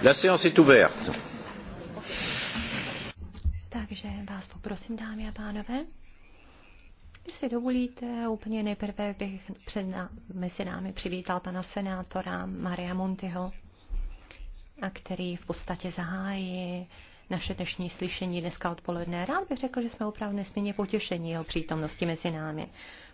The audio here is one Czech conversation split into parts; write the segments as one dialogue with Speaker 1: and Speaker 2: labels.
Speaker 1: La séance est ouverte.
Speaker 2: Takže vás poprosím, dámy a pánové, jestli dovolíte, úplně nejprve bych před na, mezi námi přivítal pana senátora Maria Montiho, a který v podstatě zahájí naše dnešní slyšení dneska odpoledne. Rád bych řekl, že jsme opravdu nesmírně potěšení jeho přítomnosti mezi námi.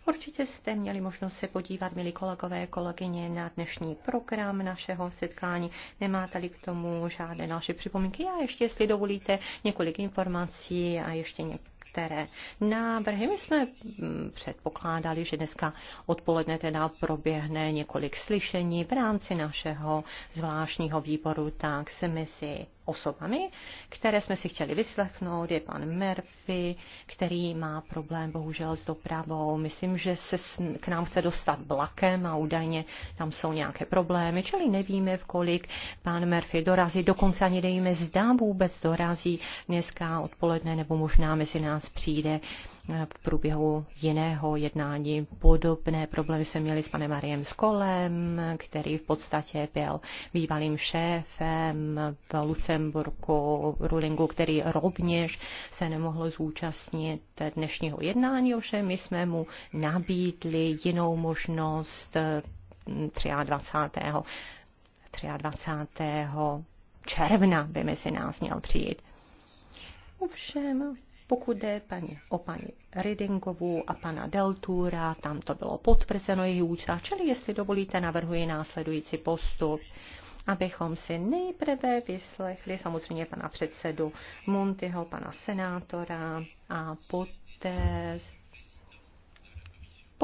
Speaker 2: Určitě jste měli možnost se podívat, milí kolegové, kolegyně, na dnešní program našeho setkání. Nemáte-li k tomu žádné další připomínky? Já ještě, jestli dovolíte, několik informací a ještě několik některé návrhy. My jsme mm, předpokládali, že dneska odpoledne teda proběhne několik slyšení v rámci našeho zvláštního výboru, tak jsme si osobami, které jsme si chtěli vyslechnout. Je pan Murphy, který má problém bohužel s dopravou. Myslím, že se k nám chce dostat blakem a údajně tam jsou nějaké problémy, čili nevíme, v kolik pan Murphy dorazí. Dokonce ani nevíme, zda vůbec dorazí dneska odpoledne nebo možná mezi nás přijde v průběhu jiného jednání. Podobné problémy se měli s panem Mariem Skolem, který v podstatě byl bývalým šéfem v Lucemburku Rulingu, který rovněž se nemohl zúčastnit dnešního jednání, ovšem my jsme mu nabídli jinou možnost 23. 23. června by mezi nás měl přijít. Ovšem, pokud jde paní, o paní Ridingovou a pana Deltura, tam to bylo potvrzeno její účast, čili jestli dovolíte, navrhuji následující postup abychom si nejprve vyslechli samozřejmě pana předsedu Montyho, pana senátora a poté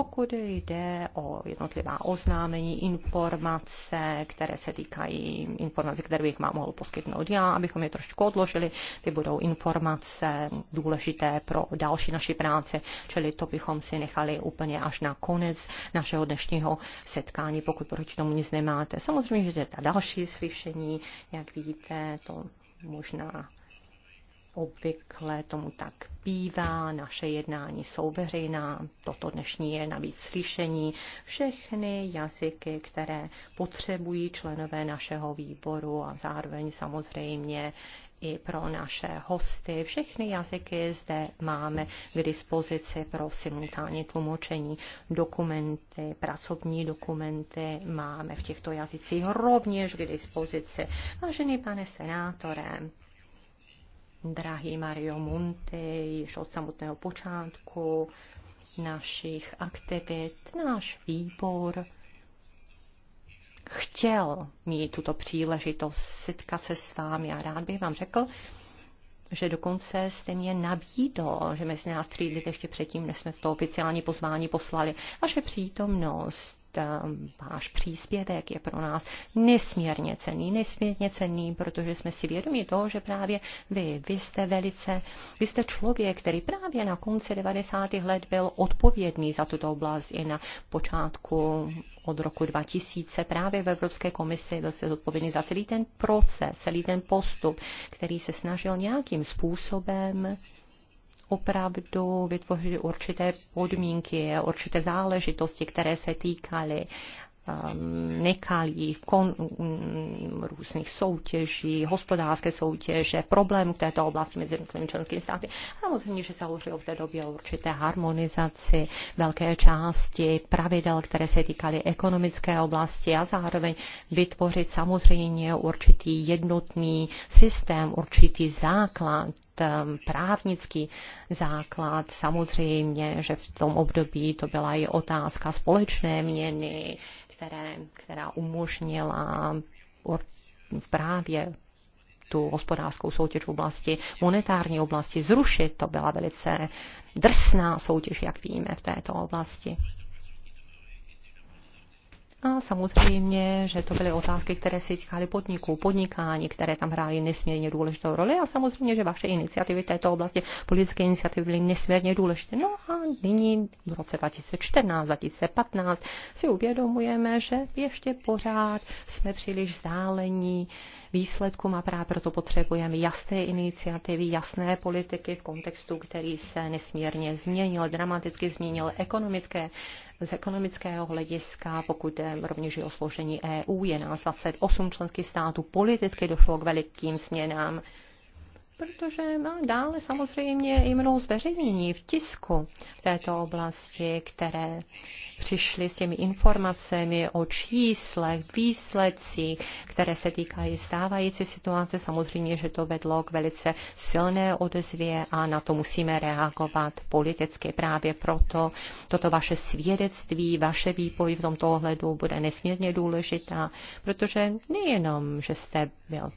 Speaker 2: pokud jde o jednotlivá oznámení, informace, které se týkají informací, které bych vám mohl poskytnout já, abychom je trošku odložili, ty budou informace důležité pro další naši práci, čili to bychom si nechali úplně až na konec našeho dnešního setkání, pokud proti tomu nic nemáte. Samozřejmě, že ta další slyšení, jak vidíte, to možná obvykle tomu tak bývá, naše jednání jsou veřejná, toto dnešní je navíc slyšení, všechny jazyky, které potřebují členové našeho výboru a zároveň samozřejmě i pro naše hosty. Všechny jazyky zde máme k dispozici pro simultánní tlumočení. Dokumenty, pracovní dokumenty máme v těchto jazycích rovněž k dispozici. Vážený pane senátore, drahý Mario Monte, již od samotného počátku našich aktivit. Náš výbor chtěl mít tuto příležitost setkat se s vámi a rád bych vám řekl, že dokonce jste mě nabídl, že mezi nás přijdete ještě předtím, než jsme to oficiální pozvání poslali, vaše přítomnost váš příspěvek je pro nás nesmírně cený, nesmírně cený, protože jsme si vědomi toho, že právě vy, vy jste velice, vy jste člověk, který právě na konci 90. let byl odpovědný za tuto oblast i na počátku od roku 2000 právě v Evropské komisi byl se odpovědný za celý ten proces, celý ten postup, který se snažil nějakým způsobem opravdu vytvořili určité podmínky, určité záležitosti, které se týkaly um, nekalých kon, mm, různých soutěží, hospodářské soutěže, problém v této oblasti mezi jednotlivými členskými státy. Samozřejmě, že se hovořilo v té době o určité harmonizaci velké části pravidel, které se týkaly ekonomické oblasti a zároveň vytvořit samozřejmě určitý jednotný systém, určitý základ Um, právnický základ. Samozřejmě, že v tom období to byla i otázka společné měny, které, která umožnila právě tu hospodářskou soutěž v oblasti monetární oblasti zrušit. To byla velice drsná soutěž, jak víme, v této oblasti. A samozřejmě, že to byly otázky, které se týkaly podniků, podnikání, které tam hrály nesmírně důležitou roli a samozřejmě, že vaše iniciativy v této oblasti, politické iniciativy byly nesmírně důležité. No a nyní v roce 2014, 2015 si uvědomujeme, že ještě pořád jsme příliš vzdálení výsledkům a právě proto potřebujeme jasné iniciativy, jasné politiky v kontextu, který se nesmírně změnil, dramaticky změnil ekonomické z ekonomického hlediska, pokud je rovněž o složení EU, je nás 28 členských států, politicky došlo k velikým změnám protože no, dále samozřejmě i mnoho zveřejnění v tisku v této oblasti, které přišly s těmi informacemi o číslech, výsledcích, které se týkají stávající situace. Samozřejmě, že to vedlo k velice silné odezvě a na to musíme reagovat politicky. Právě proto toto vaše svědectví, vaše výpověď v tomto ohledu bude nesmírně důležitá, protože nejenom, že jste byl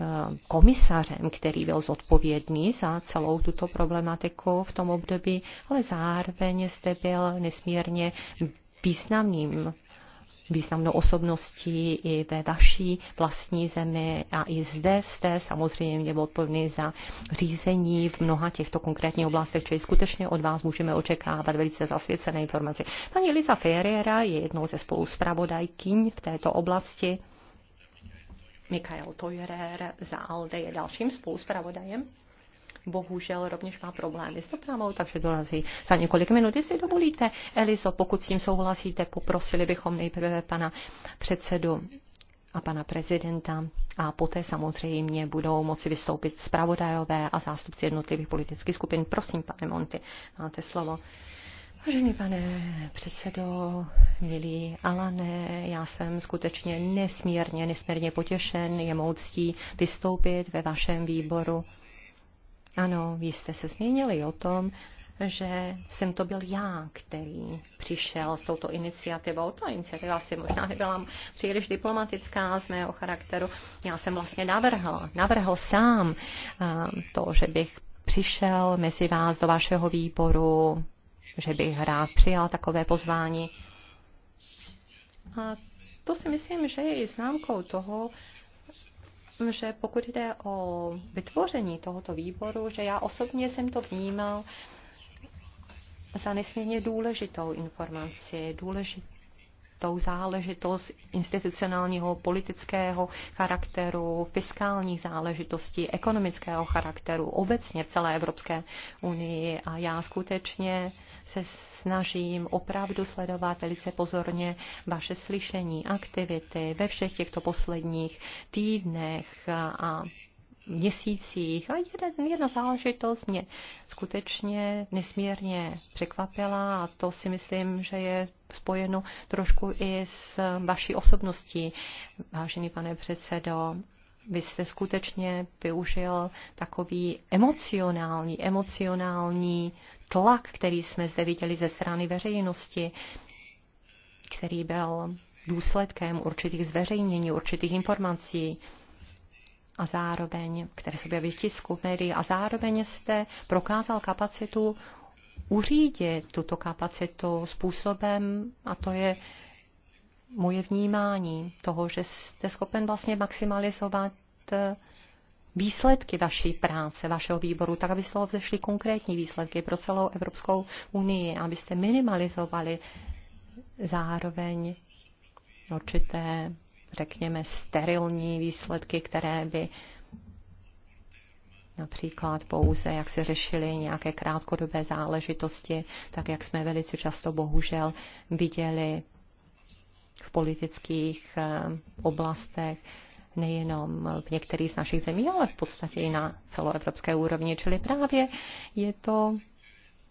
Speaker 2: Eh, komisařem, který byl zodpovědný za celou tuto problematiku v tom období, ale zároveň jste byl nesmírně významným významnou osobností i ve vaší vlastní zemi a i zde jste samozřejmě odpovědný za řízení v mnoha těchto konkrétních oblastech, čili skutečně od vás můžeme očekávat velice zasvěcené informace. Paní Liza Ferreira je jednou ze spoluzpravodajkyň v této oblasti. Mikael Tojerer za ALDE je dalším spoluzpravodajem. Bohužel rovněž má problémy s dopravou, takže dorazí za několik minut. Jestli dovolíte, Eliso? pokud s tím souhlasíte, poprosili bychom nejprve pana předsedu a pana prezidenta a poté samozřejmě budou moci vystoupit zpravodajové a zástupci jednotlivých politických skupin. Prosím, pane Monty, máte slovo. Vážený pane předsedo, milý Alane, já jsem skutečně nesmírně, nesmírně potěšen, je mou ctí vystoupit ve vašem výboru. Ano, vy jste se změnili o tom, že jsem to byl já, který přišel s touto iniciativou. Ta iniciativa si možná nebyla příliš diplomatická z mého charakteru. Já jsem vlastně navrhl, navrhl sám eh, to, že bych přišel mezi vás do vašeho výboru že bych rád přijal takové pozvání. A to si myslím, že je i známkou toho, že pokud jde o vytvoření tohoto výboru, že já osobně jsem to vnímal za nesmírně důležitou informaci, důležitou záležitost institucionálního, politického charakteru, fiskálních záležitostí, ekonomického charakteru, obecně v celé Evropské unii. A já skutečně se snažím opravdu sledovat velice pozorně vaše slyšení, aktivity ve všech těchto posledních týdnech a měsících. A jeden, jedna záležitost mě skutečně nesmírně překvapila a to si myslím, že je spojeno trošku i s vaší osobností, vážený pane předsedo. Vy jste skutečně využil takový emocionální, emocionální tlak, který jsme zde viděli ze strany veřejnosti, který byl důsledkem určitých zveřejnění, určitých informací a zároveň, které se objeví v tisku, v médii, a zároveň jste prokázal kapacitu uřídit tuto kapacitu způsobem, a to je moje vnímání toho, že jste schopen vlastně maximalizovat výsledky vaší práce, vašeho výboru, tak aby z toho vzešly konkrétní výsledky pro celou Evropskou unii, abyste minimalizovali zároveň určité, řekněme, sterilní výsledky, které by například pouze, jak se řešily nějaké krátkodobé záležitosti, tak jak jsme velice často bohužel viděli v politických eh, oblastech, nejenom v některých z našich zemí, ale v podstatě i na celoevropské úrovni. Čili právě je to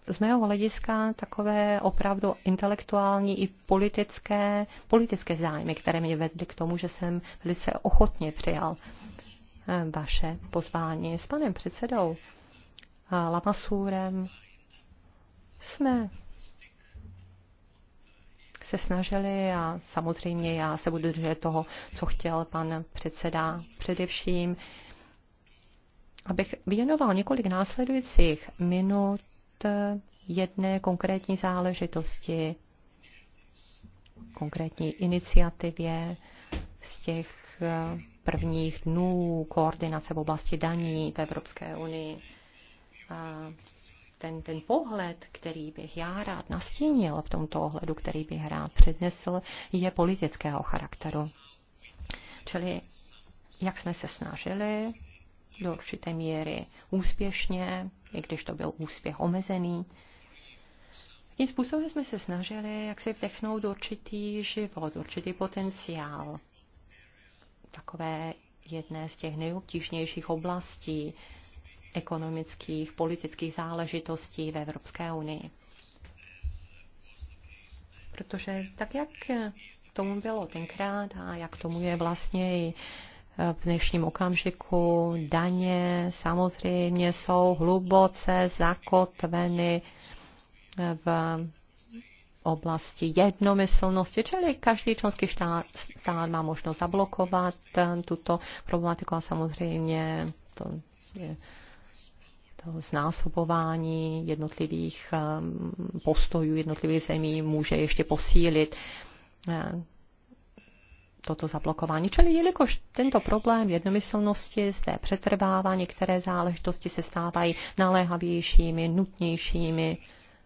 Speaker 2: z mého hlediska takové opravdu intelektuální i politické, politické zájmy, které mě vedly k tomu, že jsem velice ochotně přijal eh, vaše pozvání s panem předsedou eh, Lamasurem. Jsme se snažili a samozřejmě já se budu držet toho, co chtěl pan předseda především, abych věnoval několik následujících minut jedné konkrétní záležitosti, konkrétní iniciativě z těch eh, prvních dnů koordinace v oblasti daní v Evropské unii ten, ten pohled, který bych já rád nastínil v tomto ohledu, který bych rád přednesl, je politického charakteru. Čili jak jsme se snažili do určité míry úspěšně, i když to byl úspěch omezený, tím způsobem jsme se snažili, jak si vdechnout určitý život, určitý potenciál takové jedné z těch nejobtížnějších oblastí ekonomických, politických záležitostí v Evropské unii. Protože tak, jak tomu bylo tenkrát a jak tomu je vlastně i v dnešním okamžiku, daně samozřejmě jsou hluboce zakotveny v oblasti jednomyslnosti, čili každý členský štát, stát má možnost zablokovat tuto problematiku a samozřejmě to je to znásobování jednotlivých ehm, postojů jednotlivých zemí může ještě posílit eh, toto zablokování. Čili jelikož tento problém jednomyslnosti zde přetrvává, některé záležitosti se stávají naléhavějšími, nutnějšími,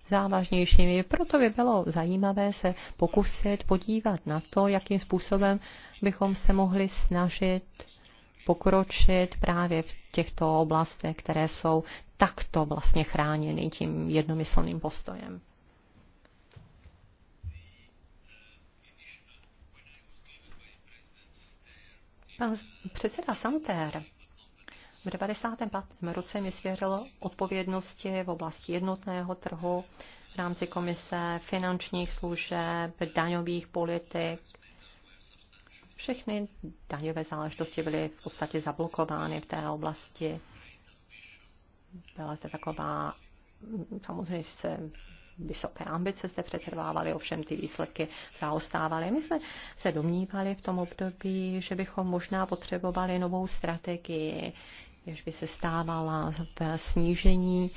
Speaker 2: závažnějšími. Proto by bylo zajímavé se pokusit podívat na to, jakým způsobem bychom se mohli snažit pokročit právě v těchto oblastech, které jsou takto vlastně chráněny tím jednomyslným postojem. Pan předseda Santer v 95. roce mi svěřil odpovědnosti v oblasti jednotného trhu v rámci komise finančních služeb, daňových politik, všechny daňové záležitosti byly v podstatě zablokovány v té oblasti. Byla zde taková, samozřejmě se vysoké ambice zde přetrvávaly, ovšem ty výsledky zaostávaly. My jsme se domnívali v tom období, že bychom možná potřebovali novou strategii, jež by se stávala v snížení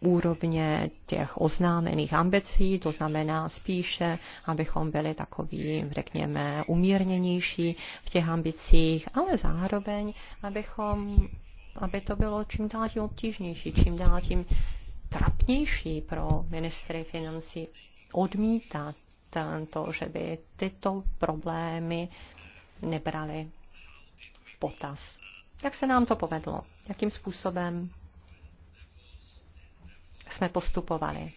Speaker 2: úrovně těch oznámených ambicí, to znamená spíše, abychom byli takový, řekněme, umírněnější v těch ambicích, ale zároveň, abychom, aby to bylo čím dál tím obtížnější, čím dál tím trapnější pro ministry financí odmítat to, že by tyto problémy nebrali potaz. Jak se nám to povedlo? Jakým způsobem jsme postupovali.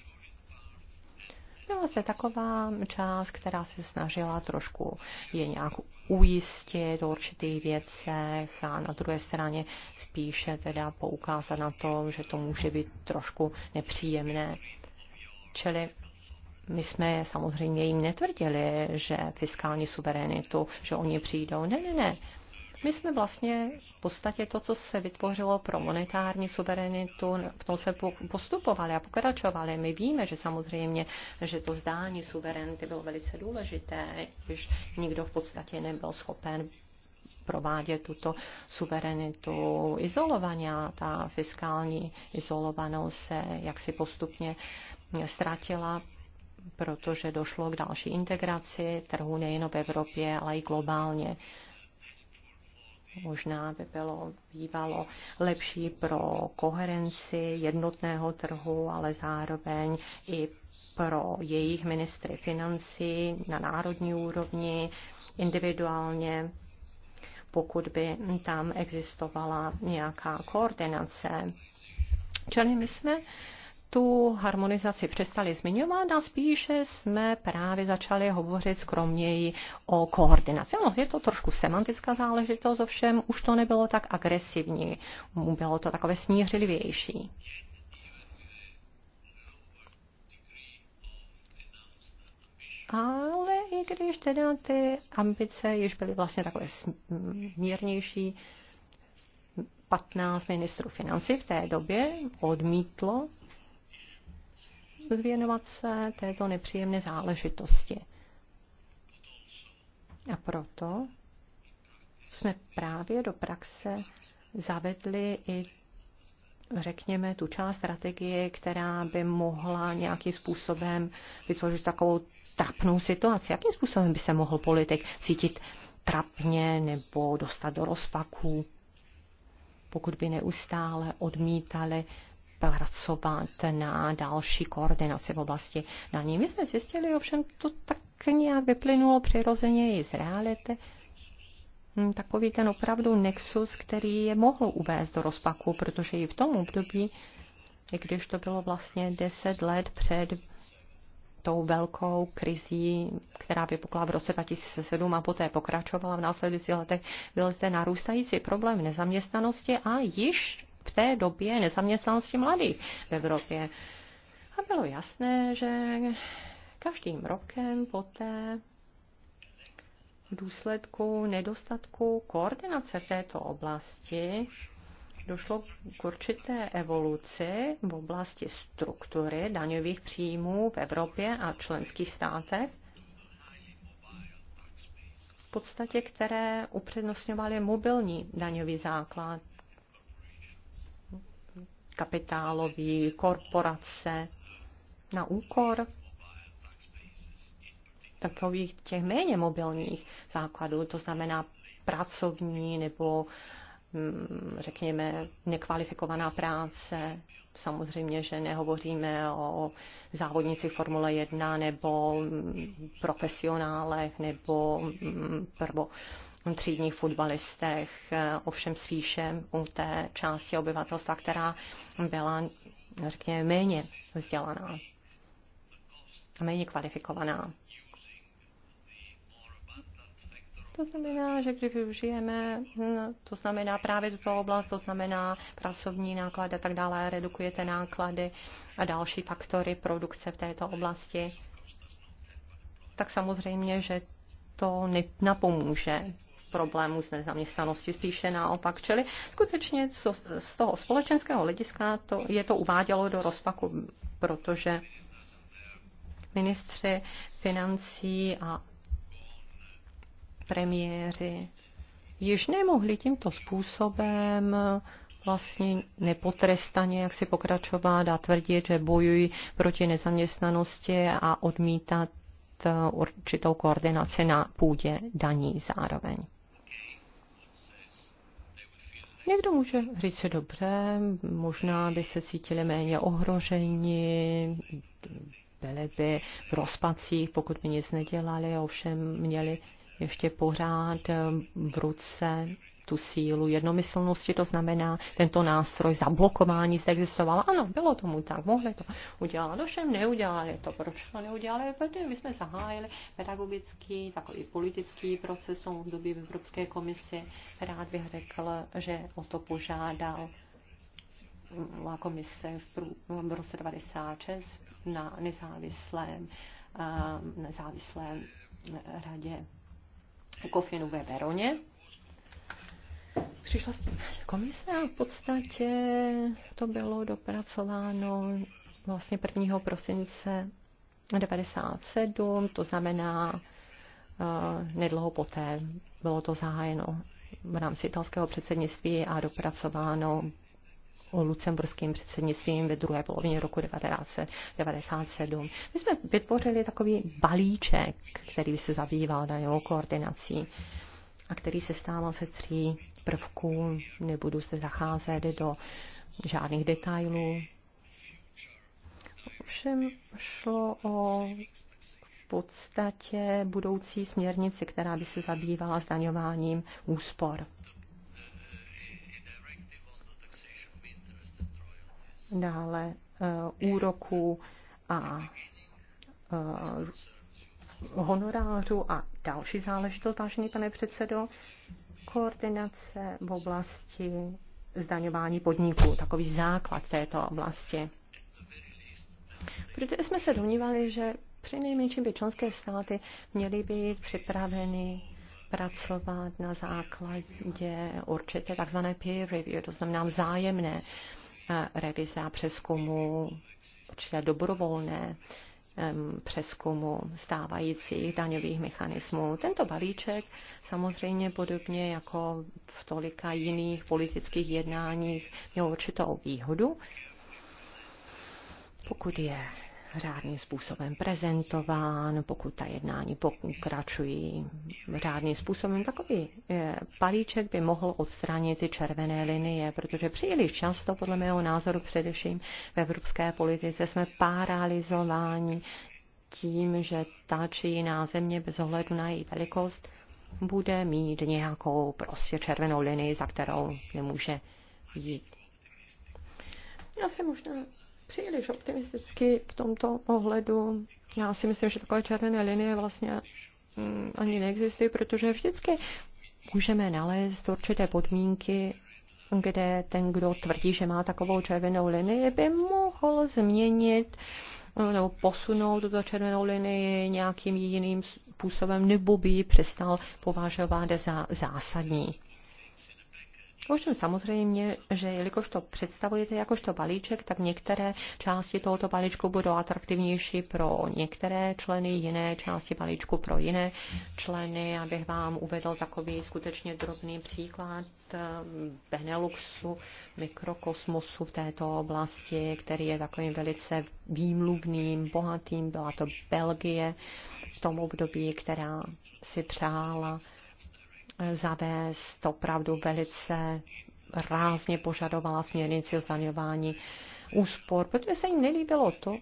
Speaker 2: Byla zde taková část, která se snažila trošku je nějak ujistit o určitých věcech a na druhé straně spíše teda poukázat na to, že to může být trošku nepříjemné. Čili my jsme samozřejmě jim netvrdili, že fiskální suverenitu, že oni přijdou. Ne, ne, ne. My jsme vlastně v podstatě to, co se vytvořilo pro monetární suverenitu, v tom se postupovali a pokračovali. My víme, že samozřejmě, že to zdání suverenity bylo velice důležité, když nikdo v podstatě nebyl schopen provádět tuto suverenitu izolovaně a ta fiskální izolovanost se jaksi postupně ztratila protože došlo k další integraci trhu nejen v Evropě, ale i globálně možná by bylo bývalo lepší pro koherenci jednotného trhu, ale zároveň i pro jejich ministry financí na národní úrovni individuálně, pokud by tam existovala nějaká koordinace. Čili my jsme uh, tu harmonizaci přestali zmiňovat a spíše jsme právě začali hovořit skromněji o koordinaci. No, je to trošku semantická záležitost, ovšem už to nebylo tak agresivní, bylo to takové smířlivější. Ale i když teda ty ambice již byly vlastně takové mírnější, 15 ministrů financí v té době odmítlo věnovat se této nepříjemné záležitosti. A proto jsme právě do praxe zavedli i řekněme, tu část strategie, která by mohla nějakým způsobem vytvořit takovou trapnou situaci. Jakým způsobem by se mohl politik cítit trapně nebo dostat do rozpaků, pokud by neustále odmítali pracovat na další koordinaci v oblasti daní. My jsme zjistili, ovšem to tak nějak vyplynulo přirozeně i z reality, hm, takový ten opravdu nexus, který je mohl uvést do rozpaku, protože i v tom období, i když to bylo vlastně 10 let před tou velkou krizí, která vypukla v roce 2007 a poté pokračovala v následujících letech, byl zde narůstající problém nezaměstnanosti a již v té době nezaměstnanosti mladých v Evropě. A bylo jasné, že každým rokem poté v důsledku nedostatku koordinace v této oblasti došlo k určité evoluci v oblasti struktury daňových příjmů v Evropě a členských státech, v podstatě které upřednostňovaly mobilní daňový základ kapitálový, korporace na úkor takových těch méně mobilních základů, to znamená pracovní nebo mm, řekněme nekvalifikovaná práce. Samozřejmě, že nehovoříme o závodnicích Formule 1 nebo profesionálech nebo mm, prvo třídních fotbalistech, eh, ovšem spíše u té části obyvatelstva, která byla, řekněme, méně vzdělaná, méně kvalifikovaná. To znamená, že když využijeme, hm, to znamená právě tuto oblast, to znamená pracovní náklady a tak dále, redukujete náklady a další faktory produkce v této oblasti, tak samozřejmě, že to napomůže problémů s nezaměstnaností, spíše naopak. Čili skutečně co, z toho společenského hlediska to, je to uvádělo do rozpaku, protože ministři financí a premiéři již nemohli tímto způsobem vlastně nepotrestaně, jak si pokračovat a tvrdit, že bojují proti nezaměstnanosti a odmítat uh, určitou koordinaci na půdě daní zároveň. Někdo může říct si dobře, možná by se cítili méně ohroženi, byli by v rozpacích, pokud by nic nedělali, ovšem měli ještě pořád v ruce tu sílu jednomyslnosti, to znamená tento nástroj zablokování zde existoval. Ano, bylo tomu tak, mohli to udělat, ovšem neudělali to, proč to neudělali, protože my jsme zahájili pedagogický, takový politický proces v tom období v Evropské komisi. Rád bych řekl, že o to požádal komise v, prů, v roce 96 na nezávislém, eh, nezávislém eh, radě Kofinu ve Veroně přišla s tím komise a v podstatě to bylo dopracováno vlastně 1. prosince 97, to znamená eh, nedlouho poté bylo to zahájeno v rámci italského předsednictví a dopracováno lucemburským předsednictvím ve druhé polovině roku 1997. My jsme vytvořili takový balíček, který by se zabýval jeho koordinací a který se stával se tří prvků, nebudu se zacházet do žádných detailů. Ovšem šlo o v podstatě budoucí směrnici, která by se zabývala zdaňováním úspor. Dále uh, eh, úroků a uh, honorářů a další záležitost, vážený pane předsedo koordinace v oblasti zdaňování podniků, takový základ této oblasti. Protože jsme se domnívali, že při nejmenším by členské státy měly být připraveny pracovat na základě určité tzv. peer review, to znamená vzájemné eh, revize a přeskumu určité dobrovolné přeskumu stávajících daňových mechanismů. Tento balíček samozřejmě podobně jako v tolika jiných politických jednáních měl určitou výhodu, pokud je řádným způsobem prezentován, pokud ta jednání pokračují řádným způsobem. Takový eh, palíček by mohl odstranit ty červené linie, protože příliš často, podle mého názoru především v evropské politice, jsme paralizováni tím, že ta či jiná země bez ohledu na její velikost bude mít nějakou prostě červenou linii, za kterou nemůže jít. Já se možná příliš optimisticky v tomto ohledu. Já si myslím, že takové červené linie vlastně mm, ani neexistují, protože vždycky můžeme nalézt určité podmínky, kde ten, kdo tvrdí, že má takovou červenou linii, by mohl změnit eh, nebo posunout tuto červenou linii nějakým jiným způsobem, nebo by ji přestal považovat za zásadní. Ovšem samozřejmě, že jelikož to představujete jakožto balíček, tak některé části tohoto balíčku budou atraktivnější pro některé členy, jiné části balíčku pro jiné členy. Abych vám uvedl takový skutečně drobný příklad eh, Beneluxu, mikrokosmosu v této oblasti, který je takovým velice výmluvným, bohatým. Byla to Belgie v tom období, která si přála Eh, zavést opravdu velice rázně požadovala směrnici o zdaňování úspor, protože se jim nelíbilo to,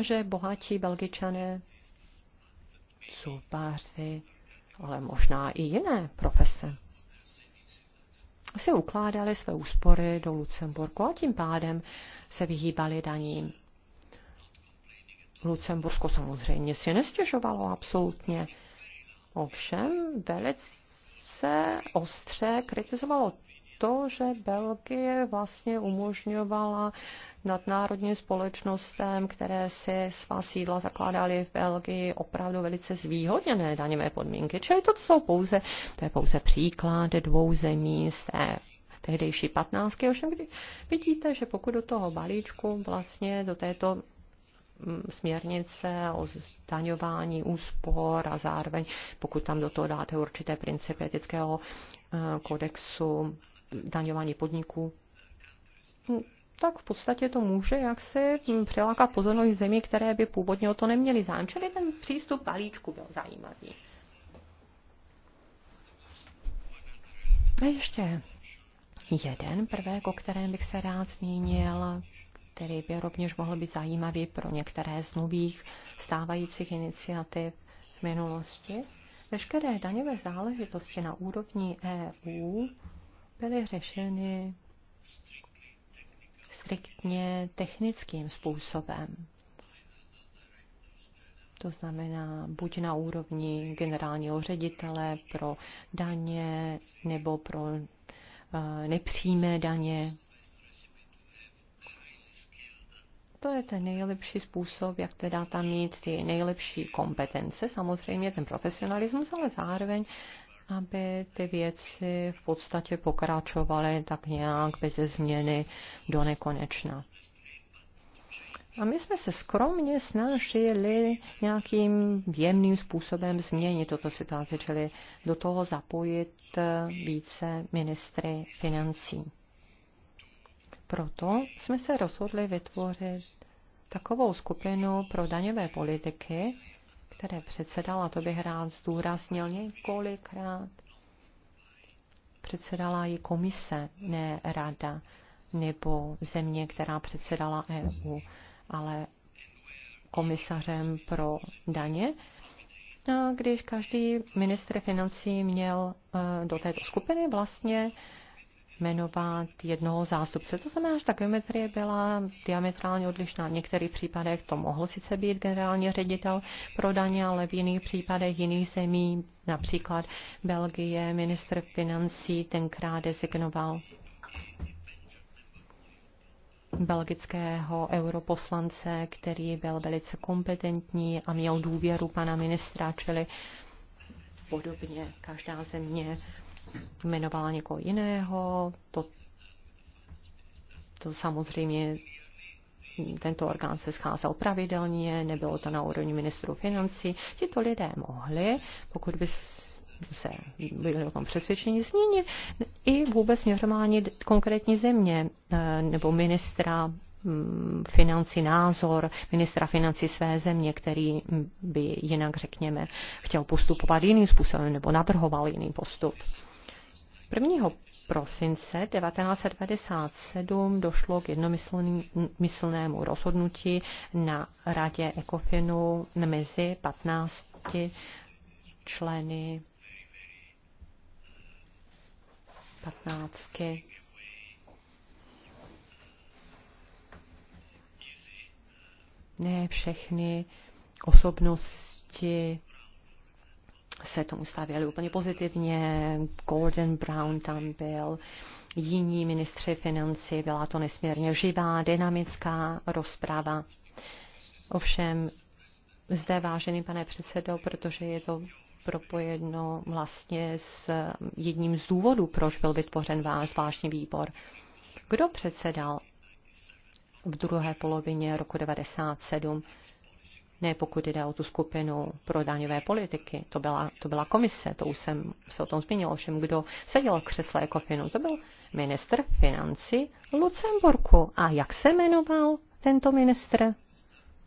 Speaker 2: že bohatí belgičané, páři, ale možná i jiné profese, si ukládali své úspory do Lucemburku a tím pádem se vyhýbali daním. Lucembursko samozřejmě si nestěžovalo absolutně. Ovšem, velice velice ostře kritizovalo to, že Belgie vlastně umožňovala nadnárodním společnostem, které si svá sídla zakládaly v Belgii, opravdu velice zvýhodněné daněvé podmínky. Čili to jsou pouze, to je pouze příklad dvou zemí z té tehdejší patnáctky. Ovšem, vidíte, že pokud do toho balíčku vlastně do této Mm, směrnice o zdaňování úspor a zároveň, pokud tam do toho dáte určité principy etického eh, kodexu daňování podniků, mm, tak v podstatě to může jaksi mm, přilákat pozornost zemí, které by původně o to neměly zájem. Čili ten přístup balíčku byl zajímavý. A ještě jeden prvek, o kterém bych se rád zmínil, který by rovněž mohl být zajímavý pro některé z nových stávajících iniciativ v minulosti. Veškeré daňové záležitosti na úrovni EU byly řešeny striktně technickým způsobem. To znamená buď na úrovni generálního ředitele pro daně nebo pro eh, nepřímé daně to je ten nejlepší způsob, jak teda tam mít ty nejlepší kompetence, samozřejmě ten profesionalismus, ale zároveň aby ty věci v podstatě pokračovaly tak nějak bez změny do nekonečna. A my jsme se skromně snažili nějakým jemným způsobem změnit tuto situaci, čili do toho zapojit eh, více ministry financí. Proto jsme se rozhodli vytvořit takovou skupinu pro daňové politiky, které předsedala, to bych rád zdůraznil několikrát, předsedala ji komise, ne rada, nebo země, která předsedala EU, ale komisařem pro daně. A když každý ministr financí měl eh, do této skupiny vlastně jmenovat jednoho zástupce. To znamená, že ta geometrie byla diametrálně odlišná. V některých případech to mohl sice být generální ředitel pro daně, ale v jiných případech jiných zemí, například Belgie, ministr financí tenkrát designoval belgického europoslance, který byl velice kompetentní a měl důvěru pana ministra, čili podobně každá země jmenovala někoho jiného, to, to samozřejmě tento orgán se scházel pravidelně, nebylo to na úrovni ministru financí. Tito lidé mohli, pokud by se byli o tom přesvědčení změnit, i vůbec měřování konkrétní země eh, nebo ministra mm, financí názor ministra financí své země, který by jinak, řekněme, chtěl postupovat jiným způsobem nebo navrhoval jiný postup. 1. prosince 1997 došlo k jednomyslnému rozhodnutí na radě Ekofinu mezi 15 členy 15. Ne všechny osobnosti se tomu stavěli úplně pozitivně. Gordon Brown tam byl, jiní ministři financí, byla to nesmírně živá, dynamická rozprava. Ovšem, zde, vážený pane předsedo, protože je to propojeno vlastně s jedním z důvodů, proč byl vytvořen váš zvláštní výbor. Kdo předsedal v druhé polovině roku 1997 ne pokud jde o tu skupinu pro daňové politiky. To byla, to byla komise, to už jsem se o tom zmínil, ovšem kdo seděl v křesle Ekofinu. To byl ministr financí Lucemburku. A jak se jmenoval tento ministr?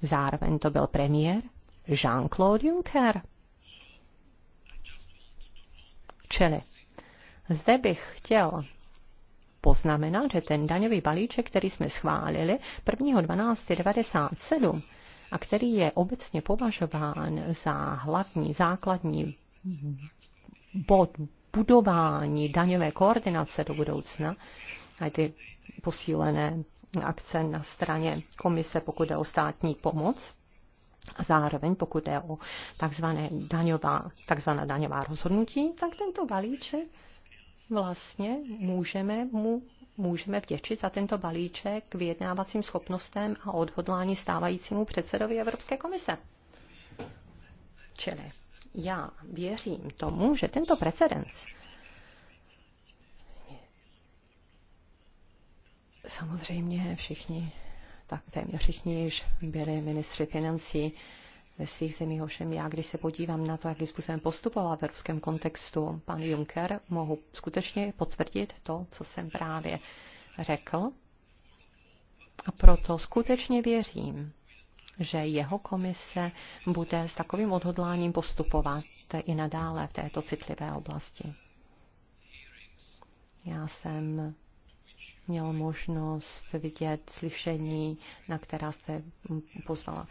Speaker 2: Zároveň to byl premiér Jean-Claude Juncker. Čili zde bych chtěl poznamenat, že ten daňový balíček, který jsme schválili 97 a který je obecně považován za hlavní, základní bod budování daňové koordinace do budoucna, a ty posílené akce na straně komise, pokud jde o státní pomoc, a zároveň, pokud jde o takzvané daňová, takzvaná daňová rozhodnutí, tak tento balíček vlastně můžeme mu můžeme vděčit za tento balíček k vyjednávacím schopnostem a odhodlání stávajícímu předsedovi Evropské komise. Čili já věřím tomu, že tento precedens samozřejmě všichni, tak téměř všichni již byli ministři financí ve svých zemích. Ovšem já, když se podívám na to, jakým způsobem postupovala v evropském kontextu pan Juncker, mohu skutečně potvrdit to, co jsem právě řekl. A proto skutečně věřím, že jeho komise bude s takovým odhodláním postupovat i nadále v této citlivé oblasti. Já jsem měl možnost vidět slyšení, na která jste pozvala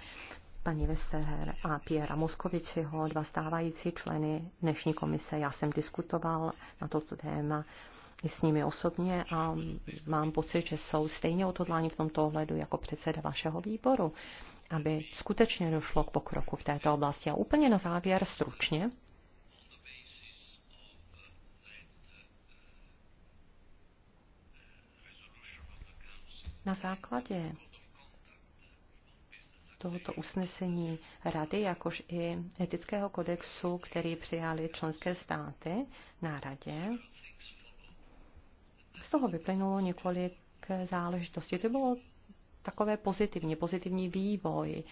Speaker 2: paní Vesterher a Piera Moskovičiho, dva stávající členy dnešní komise. Já jsem diskutoval na toto téma i s nimi osobně a mám pocit, že jsou stejně odhodláni v tomto ohledu jako předseda vašeho výboru, aby skutečně došlo k pokroku v této oblasti. A úplně na závěr stručně. Na základě tohoto usnesení Rady, jakož i etického kodexu, který přijali členské státy na Radě, z toho vyplynulo několik záležitostí. To bylo takové pozitivní, pozitivní vývoj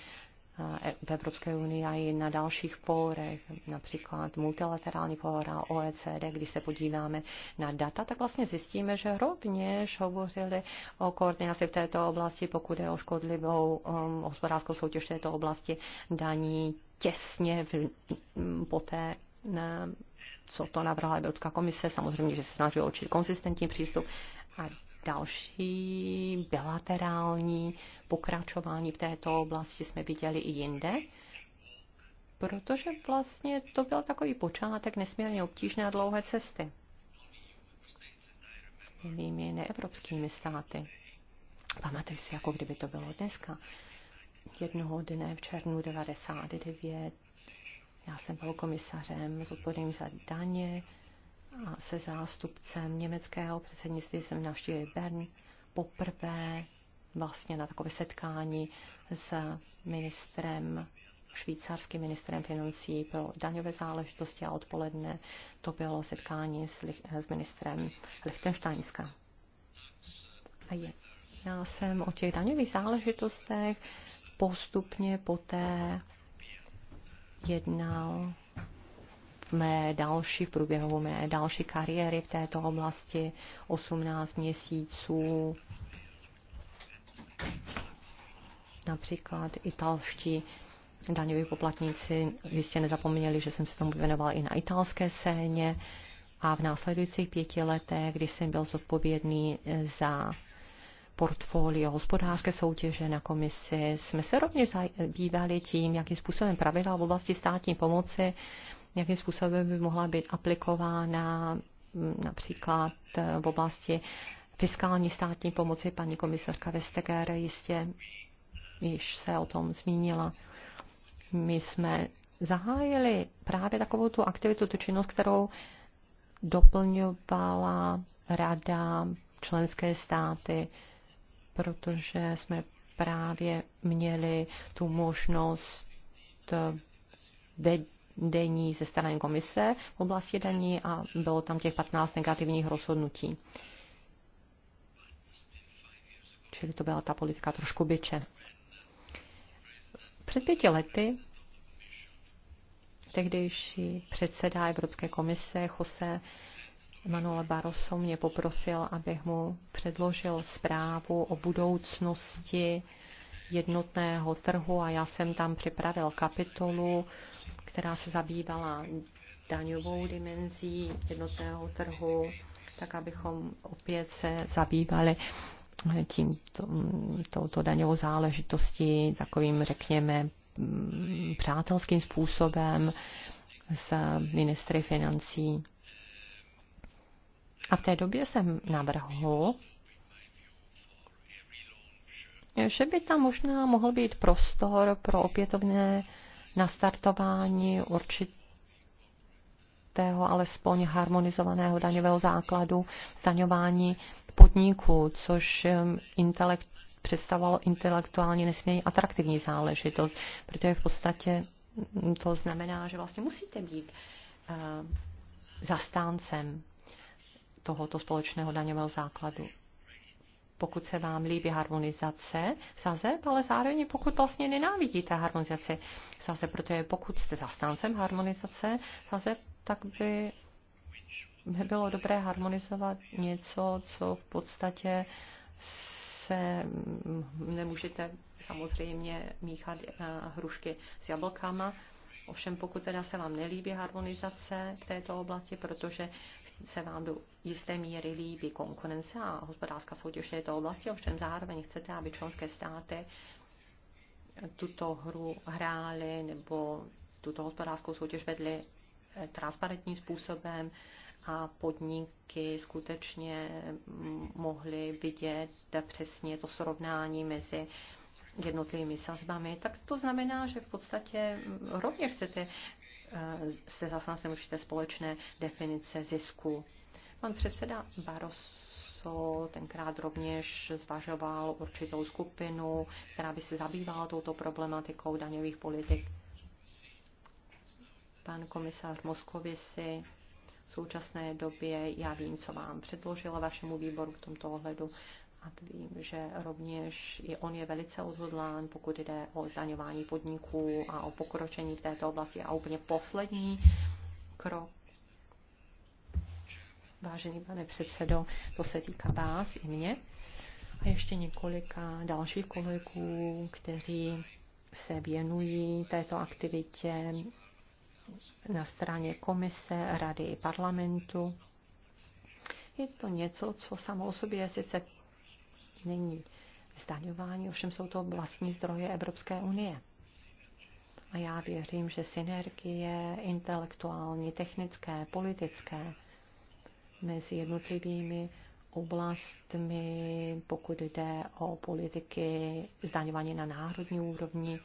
Speaker 2: E, v Evropské unii a i na dalších pórech, například multilaterální fóra, OECD, když se podíváme na data, tak vlastně zjistíme, že rovněž hovořili o koordinaci v této oblasti, pokud je o škodlivou um, hospodářskou soutěž v této oblasti daní těsně v, um, poté ne, co to navrhla Evropská komise, samozřejmě, že se snaží určit konsistentní přístup a další bilaterální pokračování v této oblasti jsme viděli i jinde, protože vlastně to byl takový počátek nesmírně obtížné a dlouhé cesty jinými neevropskými státy. Pamatuju si, jako kdyby to bylo dneska. Jednoho dne v červnu 99 já jsem byl komisařem zodpovědným za daně, a se zástupcem německého předsednictví jsem navštívil Bern poprvé vlastně na takové setkání s ministrem, švýcarským ministrem financí pro daňové záležitosti a odpoledne to bylo setkání s, s ministrem Lichtensteinska. A je. Já jsem o těch daňových záležitostech postupně poté jednal mé další, v průběhu mé další kariéry v této oblasti, 18 měsíců. Například italští daňoví poplatníci jistě nezapomněli, že jsem se tomu věnoval i na italské scéně a v následujících pěti letech, kdy jsem byl zodpovědný za portfolio hospodářské soutěže na komisi, jsme se rovněž zabývali tím, jakým způsobem pravidla v oblasti státní pomoci jakým způsobem by mohla být aplikována mm, například eh, v oblasti fiskální státní pomoci. Paní komisařka Vestager jistě již se o tom zmínila. My jsme zahájili právě takovou tu aktivitu, tu činnost, kterou doplňovala rada členské státy, protože jsme právě měli tu možnost eh, denní ze strany komise v oblasti daní a bylo tam těch 15 negativních rozhodnutí. Čili to byla ta politika trošku byče. Před pěti lety tehdejší předseda Evropské komise Jose Manuel Barroso mě poprosil, abych mu předložil zprávu o budoucnosti jednotného trhu a já jsem tam připravil kapitolu, která se zabývala daňovou dimenzí jednotného trhu, tak abychom opět se zabývali tím, to, touto daňovou záležitostí takovým, řekněme, mm, přátelským způsobem s ministry financí. A v té době jsem navrhl, že by tam možná mohl být prostor pro opětovné nastartování určitého alespoň harmonizovaného daňového základu zdaňování podniků, což um, intelekt, představovalo intelektuálně nesmírně atraktivní záležitost, protože v podstatě mm, to znamená, že vlastně musíte být uh, zastáncem tohoto společného daňového základu pokud se vám líbí harmonizace sazeb, ale zároveň pokud vlastně nenávidíte harmonizace sazeb, protože pokud jste zastáncem harmonizace sazeb, tak by nebylo dobré harmonizovat něco, co v podstatě se mm, nemůžete samozřejmě míchat eh, hrušky s jablkama. Ovšem pokud teda se vám nelíbí harmonizace v této oblasti, protože se vám do jisté míry líbí konkurence a hospodářská soutěž v této oblasti, ovšem zároveň chcete, aby členské státy tuto hru hrály nebo tuto hospodářskou soutěž vedli eh, transparentním způsobem a podniky skutečně mm, mohly vidět přesně to srovnání mezi jednotlivými sazbami, tak to znamená, že v podstatě mm, rovněž chcete Eh, se zase určité společné definice zisku. Pan předseda Barroso tenkrát rovněž zvažoval určitou skupinu, která by se zabývala touto problematikou daňových politik. Pan komisář Moskovisi v současné době, já vím, co vám předložila vašemu výboru v tomto ohledu, a vím, že rovněž i on je velice odhodlán, pokud jde o zdaňování podniků a o pokročení v této oblasti. A úplně poslední krok, vážený pane předsedo, to se týká vás i mě a ještě několika dalších kolegů, kteří se věnují této aktivitě na straně komise, rady i parlamentu. Je to něco, co samo o sobě je sice není zdaňování, ovšem jsou to vlastní zdroje Evropské unie. A já věřím, že synergie intelektuální, technické, politické mezi jednotlivými oblastmi, pokud jde o politiky zdaňování na národní úrovni,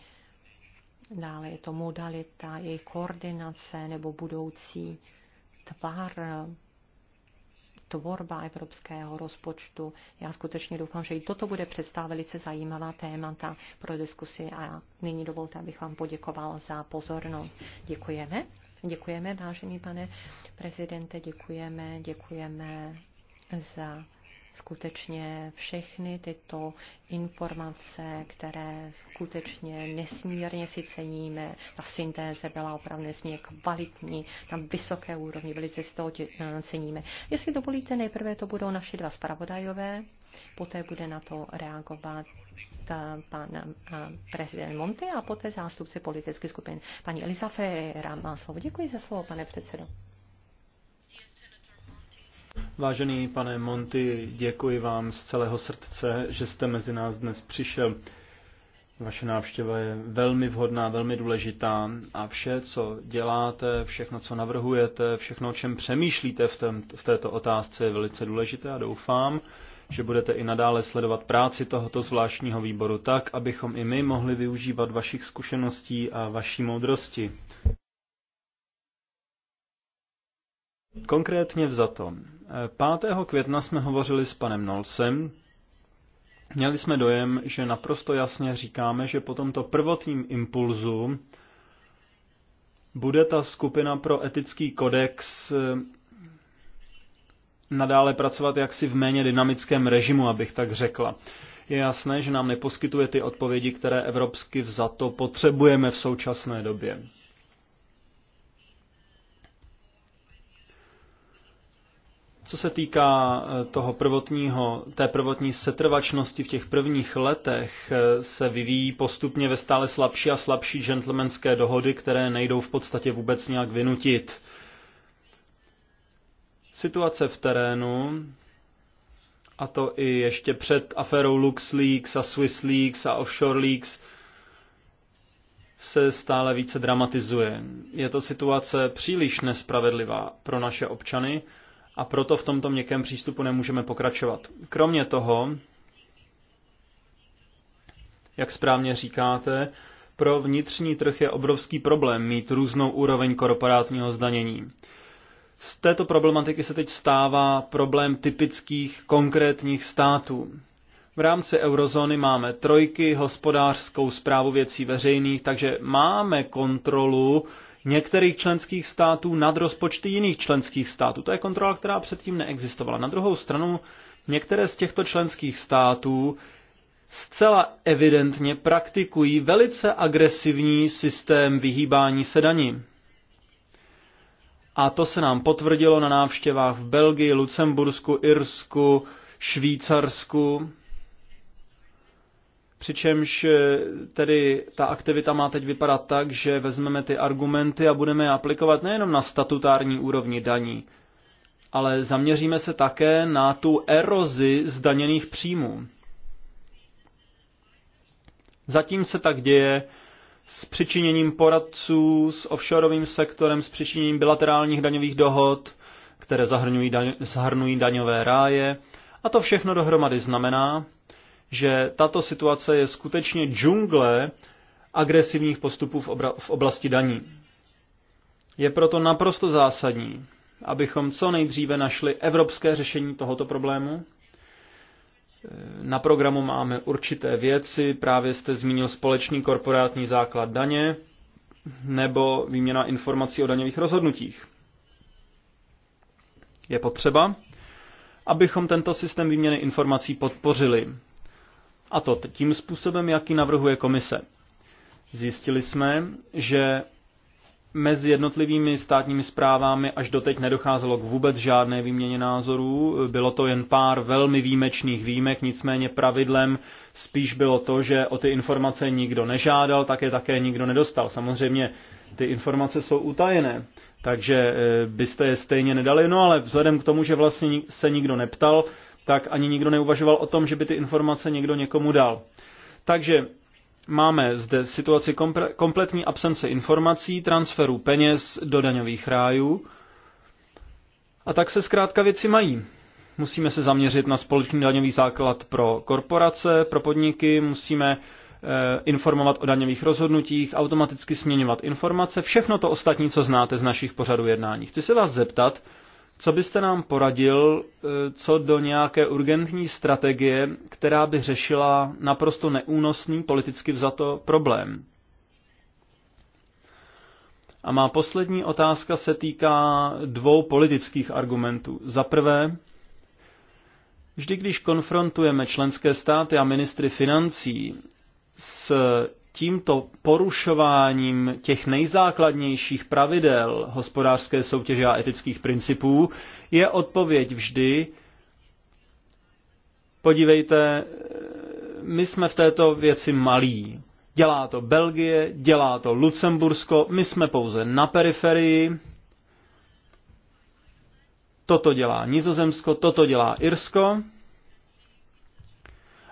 Speaker 2: dále je to modalita, její koordinace nebo budoucí tvar tvorba evropského rozpočtu. Já skutečně doufám, že i toto bude představit velice zajímavá témata pro diskusi a nyní dovolte, abych vám poděkoval za pozornost. Děkujeme. Děkujeme, vážený pane prezidente, děkujeme, děkujeme za skutečně všechny tyto informace, které skutečně nesmírně si ceníme. Ta syntéze byla opravdu nesmírně kvalitní, na vysoké úrovni, velice si toho eh, ceníme. Jestli dovolíte, nejprve to budou naši dva zpravodajové, poté bude na to reagovat eh, pan eh, prezident Monte a poté zástupci politických skupin. Paní Eliza Ferreira má slovo. Děkuji za slovo, pane předsedo.
Speaker 3: Vážený pane Monty, děkuji vám z celého srdce, že jste mezi nás dnes přišel. Vaše návštěva je velmi vhodná, velmi důležitá a vše, co děláte, všechno, co navrhujete, všechno, o čem přemýšlíte v, tém, v této otázce, je velice důležité a doufám, že budete i nadále sledovat práci tohoto zvláštního výboru tak, abychom i my mohli využívat vašich zkušeností a vaší moudrosti. Konkrétně vzato, 5. května jsme hovořili s panem Nolsem. Měli jsme dojem, že naprosto jasně říkáme, že po tomto prvotním impulzu bude ta skupina pro etický kodex eh, nadále pracovat jaksi v méně dynamickém režimu, abych tak řekla. Je jasné, že nám neposkytuje ty odpovědi, které evropsky vzato potřebujeme v současné době. Co se týká eh, toho prvotního, té prvotní setrvačnosti v těch prvních letech, eh, se vyvíjí postupně ve stále slabší a slabší gentlemanské dohody, které nejdou v podstatě vůbec nějak vynutit. Situace v terénu, a to i ještě před aférou LuxLeaks a SwissLeaks a Offshore Leaks, se stále více dramatizuje. Je to situace příliš nespravedlivá pro naše občany, a proto v tomto měkkém přístupu nemůžeme pokračovat. Kromě toho, jak správně říkáte, pro vnitřní trh je obrovský problém mít různou úroveň korporátního zdanění. Z této problematiky se teď stává problém typických konkrétních států. V rámci eurozóny máme trojky, hospodářskou zprávu věcí veřejných, takže máme kontrolu některých členských států nad rozpočty jiných členských států. To je kontrola, která předtím neexistovala. Na druhou stranu, některé z těchto členských států zcela evidentně praktikují velice agresivní systém vyhýbání se daní. A to se nám potvrdilo na návštěvách v Belgii, Lucembursku, Irsku, Švýcarsku Přičemž eh, tedy ta aktivita má teď vypadat tak, že vezmeme ty argumenty a budeme je aplikovat nejenom na statutární úrovni daní, ale zaměříme se také na tu erozi zdaněných příjmů. Zatím se tak děje s přičiněním poradců, s offshoreovým sektorem, s přičiněním bilaterálních daňových dohod, které zahrnují, daň, zahrnují daňové ráje. A to všechno dohromady znamená, že tato situace je skutečně džungle agresivních postupů v oblasti daní. Je proto naprosto zásadní, abychom co nejdříve našli evropské řešení tohoto problému. Na programu máme určité věci, právě jste zmínil společný korporátní základ daně nebo výměna informací o daňových rozhodnutích. Je potřeba, abychom tento systém výměny informací podpořili. A to tím způsobem, jaký navrhuje komise. Zjistili jsme, že mezi jednotlivými státními zprávami až doteď nedocházelo k vůbec žádné výměně názorů. Bylo to jen pár velmi výjimečných výjimek, nicméně pravidlem spíš bylo to, že o ty informace nikdo nežádal, tak je také nikdo nedostal. Samozřejmě ty informace jsou utajené, takže eh, byste je stejně nedali. No ale vzhledem k tomu, že vlastně se nikdo neptal, tak ani nikdo neuvažoval o tom, že by ty informace někdo někomu dal. Takže máme zde situaci kompletní absence informací, transferu peněz do daňových rájů. A tak se zkrátka věci mají. Musíme se zaměřit na společný daňový základ pro korporace, pro podniky, musíme eh, informovat o daňových rozhodnutích, automaticky směňovat informace, všechno to ostatní, co znáte z našich pořadů jednání. Chci se vás zeptat, co byste nám poradil, e, co do nějaké urgentní strategie, která by řešila naprosto neúnosný politicky vzato problém? A má poslední otázka se týká dvou politických argumentů. Za prvé, Vždy, když konfrontujeme členské státy a ministry financí s tímto porušováním těch nejzákladnějších pravidel hospodářské soutěže a etických principů je odpověď vždy, podívejte, my jsme v této věci malí. Dělá to Belgie, dělá to Lucembursko, my jsme pouze na periferii. Toto dělá Nizozemsko, toto dělá Irsko.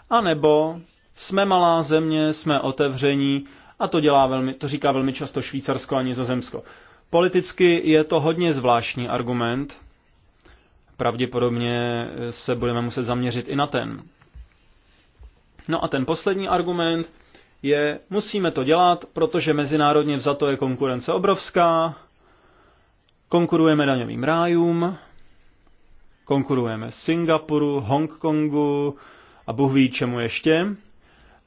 Speaker 3: A nebo jsme malá země, jsme otevření a to, dělá velmi, to říká velmi často Švýcarsko a Nizozemsko. Politicky je to hodně zvláštní argument. Pravděpodobně se budeme muset zaměřit i na ten. No a ten poslední argument je, musíme to dělat, protože mezinárodně vzato je konkurence obrovská, konkurujeme daňovým rájům, konkurujeme Singapuru, Hongkongu a Bůh ví čemu ještě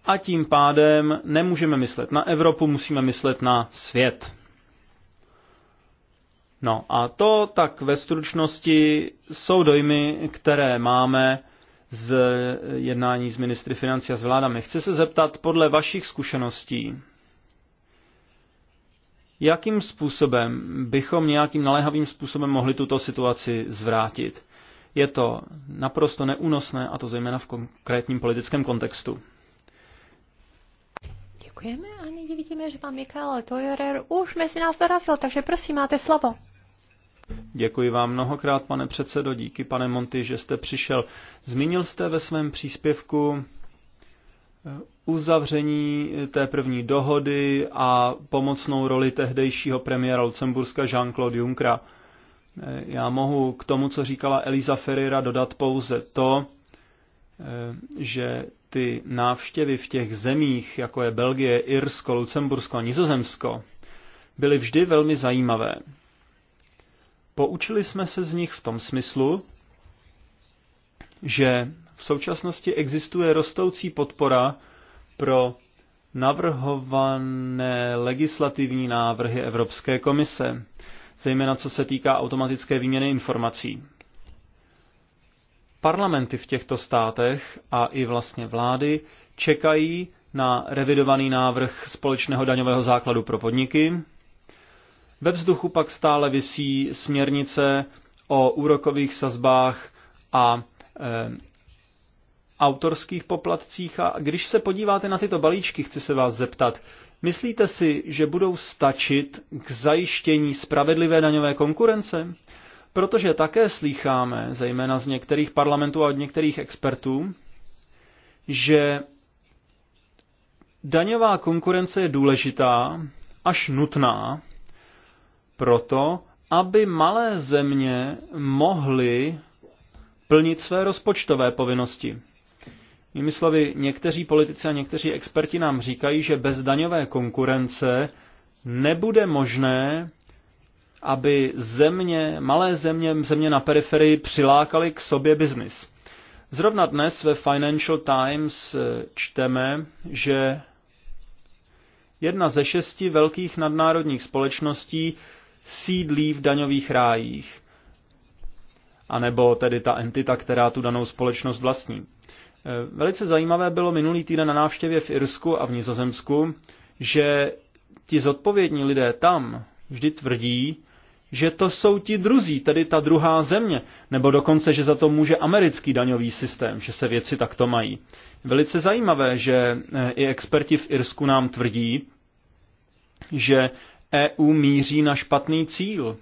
Speaker 3: a tím pádem nemůžeme myslet na Evropu, musíme myslet na svět. No a to tak ve stručnosti jsou dojmy, které máme z jednání s ministry financí a s vládami. Chci se zeptat podle vašich zkušeností, jakým způsobem bychom nějakým naléhavým způsobem mohli tuto situaci zvrátit. Je to naprosto neúnosné a to zejména v konkrétním politickém kontextu.
Speaker 2: Děkujeme a nyní vidíme, že pan Mikael Tojerer už mezi nás dorazil, takže prosím, máte slovo.
Speaker 3: Děkuji vám mnohokrát, pane předsedo, díky pane Monty, že jste přišel. Zmínil jste ve svém příspěvku eh, uzavření eh, té první dohody a pomocnou roli tehdejšího premiéra Lucemburska Jean-Claude Junckera. Eh, já mohu k tomu, co říkala Eliza Ferreira, dodat pouze to, že ty návštěvy v těch zemích, jako je Belgie, Irsko, Lucembursko a Nizozemsko, byly vždy velmi zajímavé. Poučili jsme se z nich v tom smyslu, že v současnosti existuje rostoucí podpora pro navrhované legislativní návrhy Evropské komise, zejména co se týká automatické výměny informací. Parlamenty v těchto státech a i vlastně vlády čekají na revidovaný návrh společného daňového základu pro podniky. Ve vzduchu pak stále visí směrnice o úrokových sazbách a e, autorských poplatcích. A když se podíváte na tyto balíčky, chci se vás zeptat, myslíte si, že budou stačit k zajištění spravedlivé daňové konkurence? Protože také slýcháme, zejména z některých parlamentů a od některých expertů, že daňová konkurence je důležitá, až nutná, proto, aby malé země mohly plnit své rozpočtové povinnosti. Jinými slovy, někteří politici a někteří experti nám říkají, že bez daňové konkurence nebude možné aby země, malé země, země na periferii přilákaly k sobě biznis. Zrovna dnes ve Financial Times eh, čteme, že jedna ze šesti velkých nadnárodních společností sídlí v daňových rájích. A nebo tedy ta entita, která tu danou společnost vlastní. Eh, velice zajímavé bylo minulý týden na návštěvě v Irsku a v Nizozemsku, že ti zodpovědní lidé tam vždy tvrdí, že to jsou ti druzí, tedy ta druhá země, nebo dokonce, že za to může americký daňový systém, že se věci takto mají. Velice zajímavé, že eh, i experti v Irsku nám tvrdí, že EU míří na špatný cíl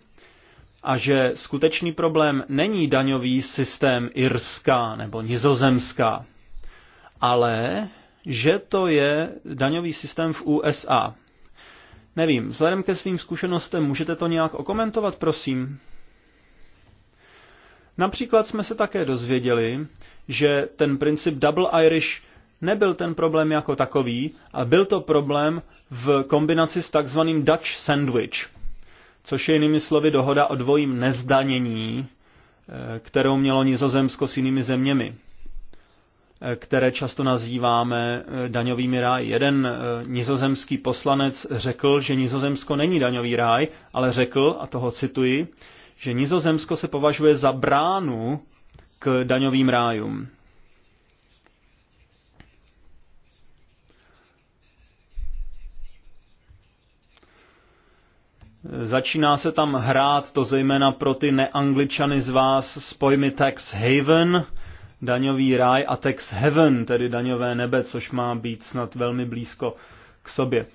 Speaker 3: a že skutečný problém není daňový systém Irska nebo Nizozemská, ale že to je daňový systém v USA. Nevím, vzhledem ke svým zkušenostem, můžete to nějak okomentovat, prosím? Například jsme se také dozvěděli, že ten princip Double Irish nebyl ten problém jako takový, a byl to problém v kombinaci s takzvaným Dutch sandwich, což je jinými slovy dohoda o dvojím nezdanění, eh, kterou mělo Nizozemsko s jinými zeměmi. Eh, které často nazýváme eh, daňovými ráj. Jeden eh, nizozemský poslanec řekl, že Nizozemsko není daňový ráj, ale řekl, a toho cituji, že Nizozemsko se považuje za bránu k daňovým rájům. Začíná se tam hrát, to zejména pro ty neangličany z vás, s pojmy tax haven, daňový ráj a tax heaven, tedy daňové nebe, což má být snad velmi blízko k sobě.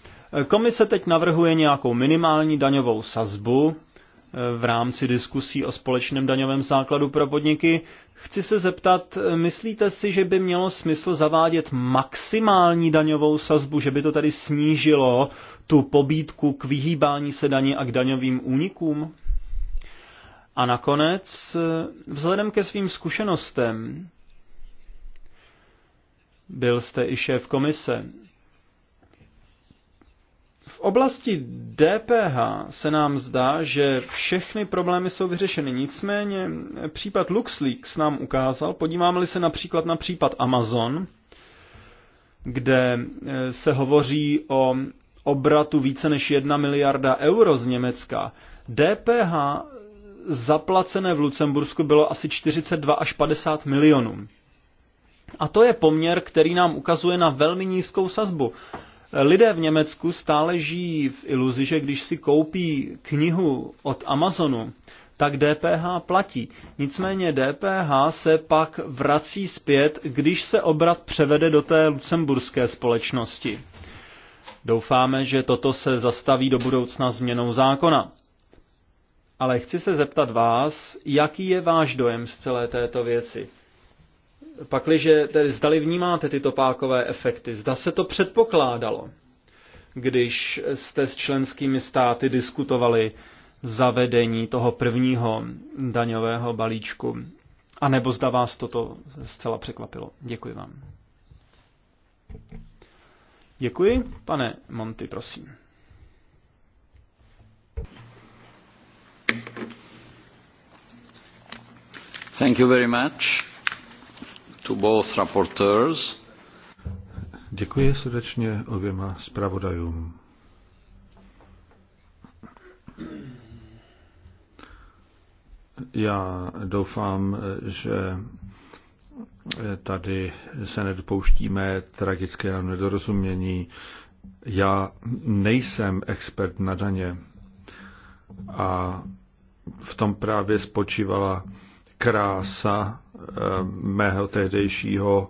Speaker 3: Komise teď navrhuje nějakou minimální daňovou sazbu eh, v rámci diskusí o společném daňovém základu pro podniky. Chci se zeptat, eh, myslíte si, že by mělo smysl zavádět maximální daňovou sazbu, že by to tady snížilo tu pobídku k vyhýbání se daní a k daňovým únikům? A nakonec, eh, vzhledem ke svým zkušenostem, byl jste i šéf komise. V oblasti DPH se nám zdá, že všechny problémy jsou vyřešeny. Nicméně eh, případ LuxLeaks nám ukázal, podíváme-li se například na případ Amazon, kde eh, se hovoří o obratu více než 1 miliarda euro z Německa. DPH zaplacené v Lucembursku bylo asi 42 až 50 milionů. A to je poměr, který nám ukazuje na velmi nízkou sazbu. Lidé v Německu stále žijí v iluzi, že když si koupí knihu od Amazonu, tak DPH platí. Nicméně DPH se pak vrací zpět, když se obrat převede do té lucemburské společnosti. Doufáme, že toto se zastaví do budoucna změnou zákona ale chci se zeptat vás, jaký je váš dojem z celé této věci? Pakliže tedy zdali vnímáte tyto pákové efekty, zda se to předpokládalo, když jste s členskými státy diskutovali zavedení toho prvního daňového balíčku, a nebo zda vás toto zcela překvapilo. Děkuji vám. Děkuji. Pane Monty, prosím.
Speaker 4: Děkuji srdečně oběma zpravodajům. Já doufám, že tady se nedopouštíme tragického nedorozumění. Já nejsem expert na daně a v tom právě spočívala krása eh, mého tehdejšího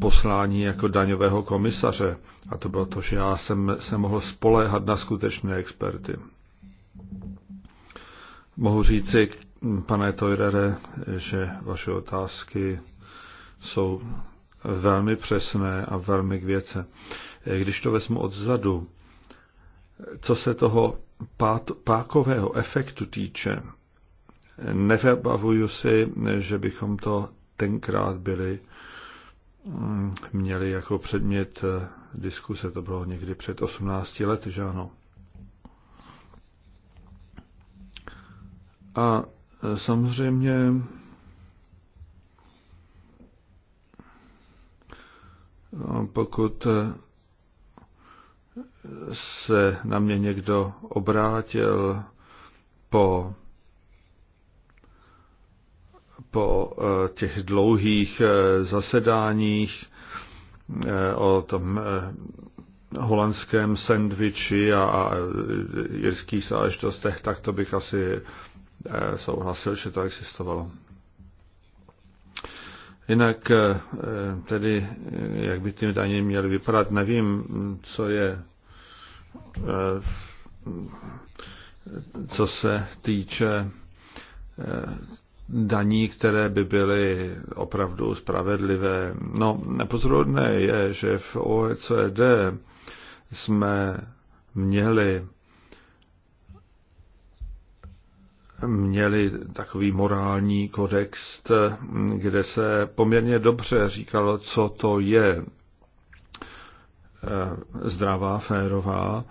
Speaker 4: poslání jako daňového komisaře. A to bylo to, že já jsem se mohl spoléhat na skutečné experty. Mohu říci, pane Toirere, že vaše otázky jsou velmi přesné a velmi k věce. Když to vezmu odzadu, co se toho pákového efektu týče, nevybavuju si, že bychom to tenkrát byli mm, měli jako předmět eh, diskuse. To bylo někdy před 18 lety, že ano. A eh, samozřejmě no, pokud eh, se na mě někdo obrátil po po eh, těch dlouhých eh, zasedáních eh, o tom holandském sendviči a jirských záležitostech, tak to bych asi souhlasil, že to existovalo. Jinak tedy, jak by ty daně měly vypadat, nevím, co je, co se týče daní, které by byly opravdu spravedlivé. No, nepozorodné je, že v OECD jsme měli měli takový morální kodex, kde se poměrně dobře říkalo, co to je eh, zdravá, férová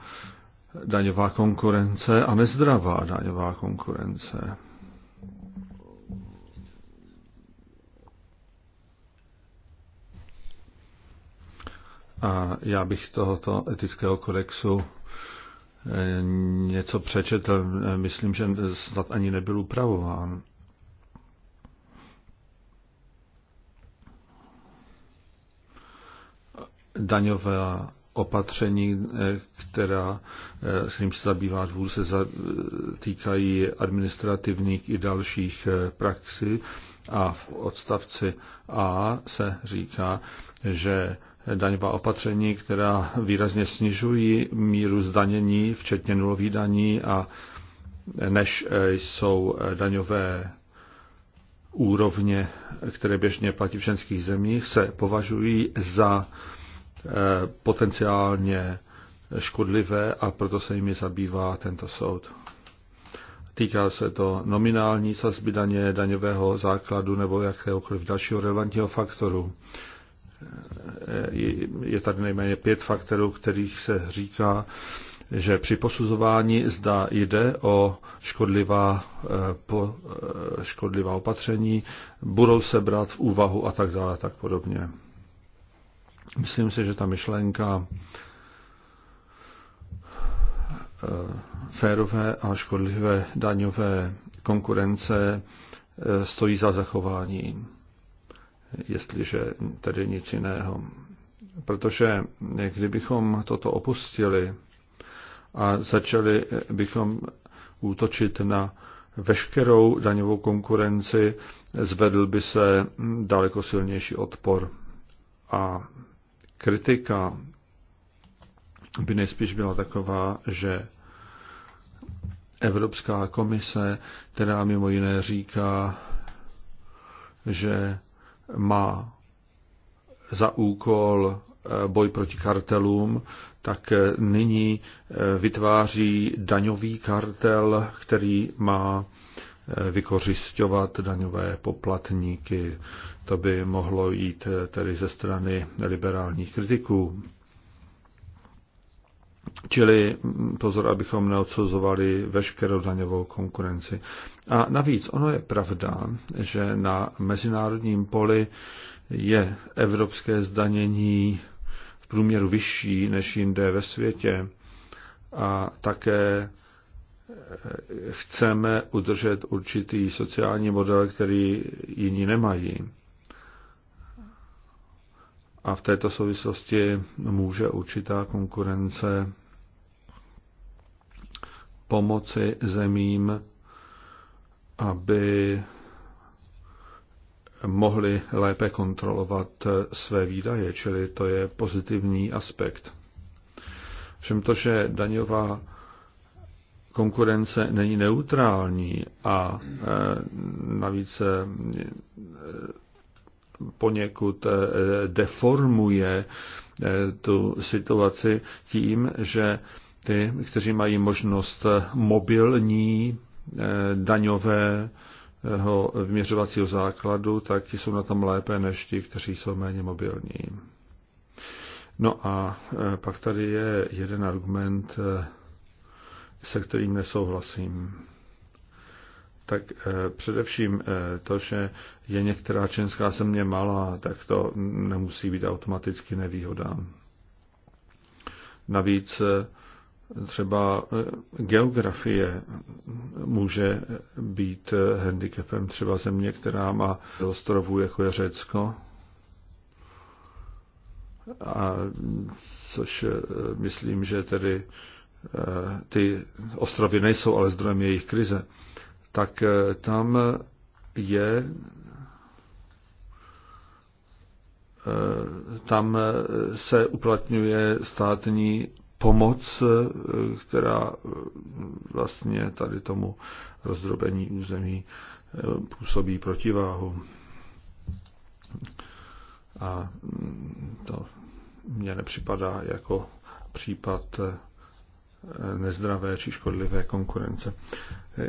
Speaker 4: daňová konkurence a nezdravá daňová konkurence. A já bych tohoto etického kodexu eh, něco přečetl, myslím, že snad ani nebyl upravován. Daňové opatření, eh, která, eh, s ním se zabývá dvůr, se týkají administrativních i dalších praxí a v odstavci A se říká, že daňová opatření, která výrazně snižují míru zdanění, včetně nulových daní a než eh, jsou eh, daňové úrovně, které běžně platí v ženských zemích, se považují za eh, potenciálně škodlivé a proto se jimi zabývá tento soud. Týká se to nominální sazby daně, daňového základu nebo jakéhokoliv dalšího relevantního faktoru je tady nejméně pět faktorů, kterých se říká, že při posuzování zda jde o škodlivá, eh, po, eh, škodlivá opatření, budou se brát v úvahu a tak dále a tak podobně. Myslím si, že ta myšlenka eh, férové a škodlivé daňové konkurence stojí za zachováním jestliže tedy nic jiného. Protože kdybychom toto opustili a začali bychom útočit na veškerou daňovou konkurenci, zvedl by se daleko silnější odpor. A kritika by nejspíš byla taková, že Evropská komise, která mimo jiné říká, že má za úkol eh, boj proti kartelům, tak eh, nyní eh, vytváří daňový kartel, který má vykořišťovat daňové poplatníky. To by mohlo jít tedy ze strany liberálních kritiků. Čili pozor, abychom neodsuzovali veškerou daňovou konkurenci. A navíc ono je pravda, že na mezinárodním poli je evropské zdanění v průměru vyšší než jinde ve světě a také eh, chceme udržet určitý sociální model, který jiní nemají. A v této souvislosti může určitá konkurence pomoci zemím, aby mohli lépe kontrolovat své výdaje, čili to je pozitivní aspekt. Všem to, že daňová konkurence není neutrální a e, navíc e, poněkud eh, deformuje eh, tu situaci tím, že ty, kteří mají možnost mobilní, eh, daňové, vměřovacího základu, tak ti jsou na tom lépe než ti, kteří jsou méně mobilní. No a pak tady je jeden argument, se kterým nesouhlasím tak eh, především eh, to, že je některá čínská země malá, tak to nemusí být automaticky nevýhoda. Navíc eh, třeba geografie může být handicapem třeba země, která má ostrovů, jako je Řecko, a což myslím, že tedy ty ostrovy nejsou ale zdrojem jejich krize tak eh, tam je eh, tam eh, se uplatňuje státní pomoc, která vlastně tady tomu rozdrobení území působí protiváhu. A mm, to mně nepřipadá jako případ nezdravé či škodlivé konkurence.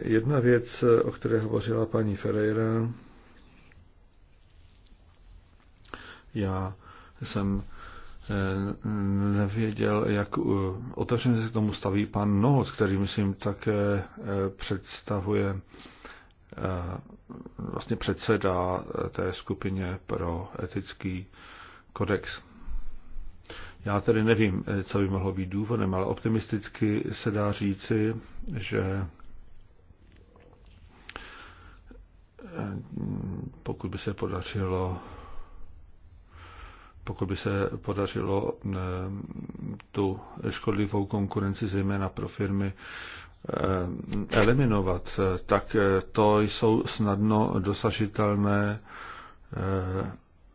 Speaker 4: Jedna věc, o které hovořila paní Ferreira, já jsem eh, nevěděl, jak eh, otevřeně se k tomu staví pan Noc, který, myslím, také eh, představuje vlastně předseda té skupině pro etický kodex. Já tedy nevím, eh, co by mohlo být důvodem, ale optimisticky se dá říci, že eh, pokud by se podařilo pokud by se podařilo eh, tu škodlivou konkurenci, zejména pro firmy, eliminovat, tak to jsou snadno dosažitelné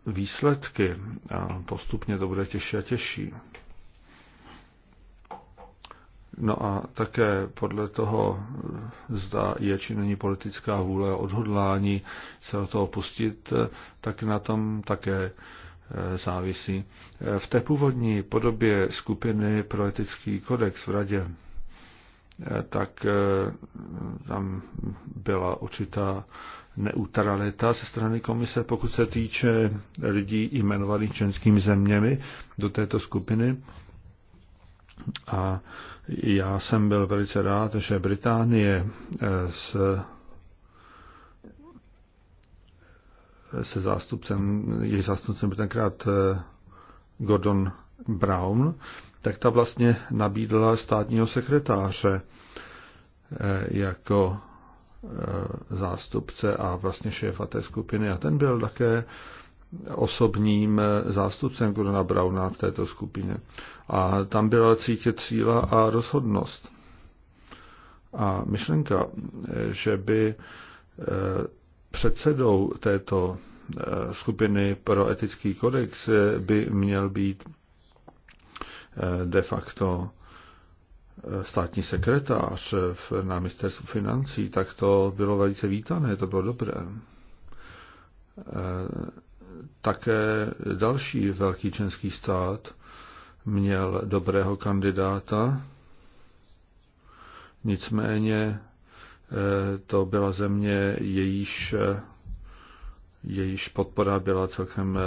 Speaker 4: výsledky a postupně to bude těžší a těžší. No a také podle toho, zda je či není politická vůle a odhodlání se do toho pustit, tak na tom také eh, závisí. V té původní podobě skupiny pro etický kodex v radě, eh, tak eh, tam byla určitá neutralita ze strany komise, pokud se týče lidí jmenovaných členskými zeměmi do této skupiny. A já jsem byl velice rád, že Británie eh, s se zástupcem, jejich zástupcem byl tenkrát eh, Gordon Brown, tak ta vlastně nabídla státního sekretáře eh, jako Eh, zástupce a vlastně šéfa té skupiny. A ten byl také osobním eh, zástupcem Gordona Brauna v této skupině. A tam byla cítit síla a rozhodnost. A myšlenka, eh, že by předsedou této skupiny pro etický kodex by měl být de facto Eh, státní sekretář na ministerstvu financí, tak to bylo velice vítané, to bylo dobré. Eh, také další velký český stát měl dobrého kandidáta, nicméně eh, to byla země, jejíž, jejíž podpora byla celkem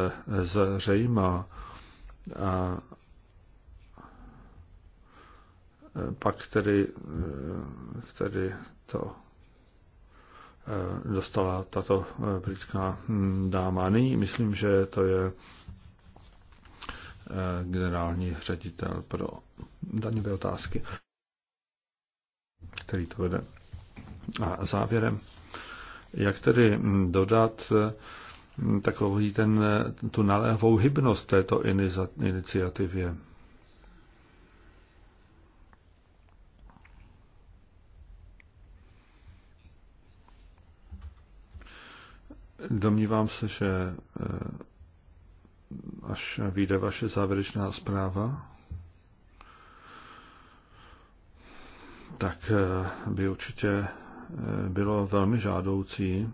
Speaker 4: zřejmá. A pak tedy, tedy to eh, dostala tato eh, britská hm, dáma. Nyní myslím, že to je eh, generální ředitel pro daňové otázky, který to vede. A závěrem, jak tedy hm, dodat hm, takový ten, tu naléhavou hybnost této iniciativě? Domnívám se, že eh, až vyjde vaše závěrečná zpráva, tak eh, by určitě eh, bylo velmi žádoucí,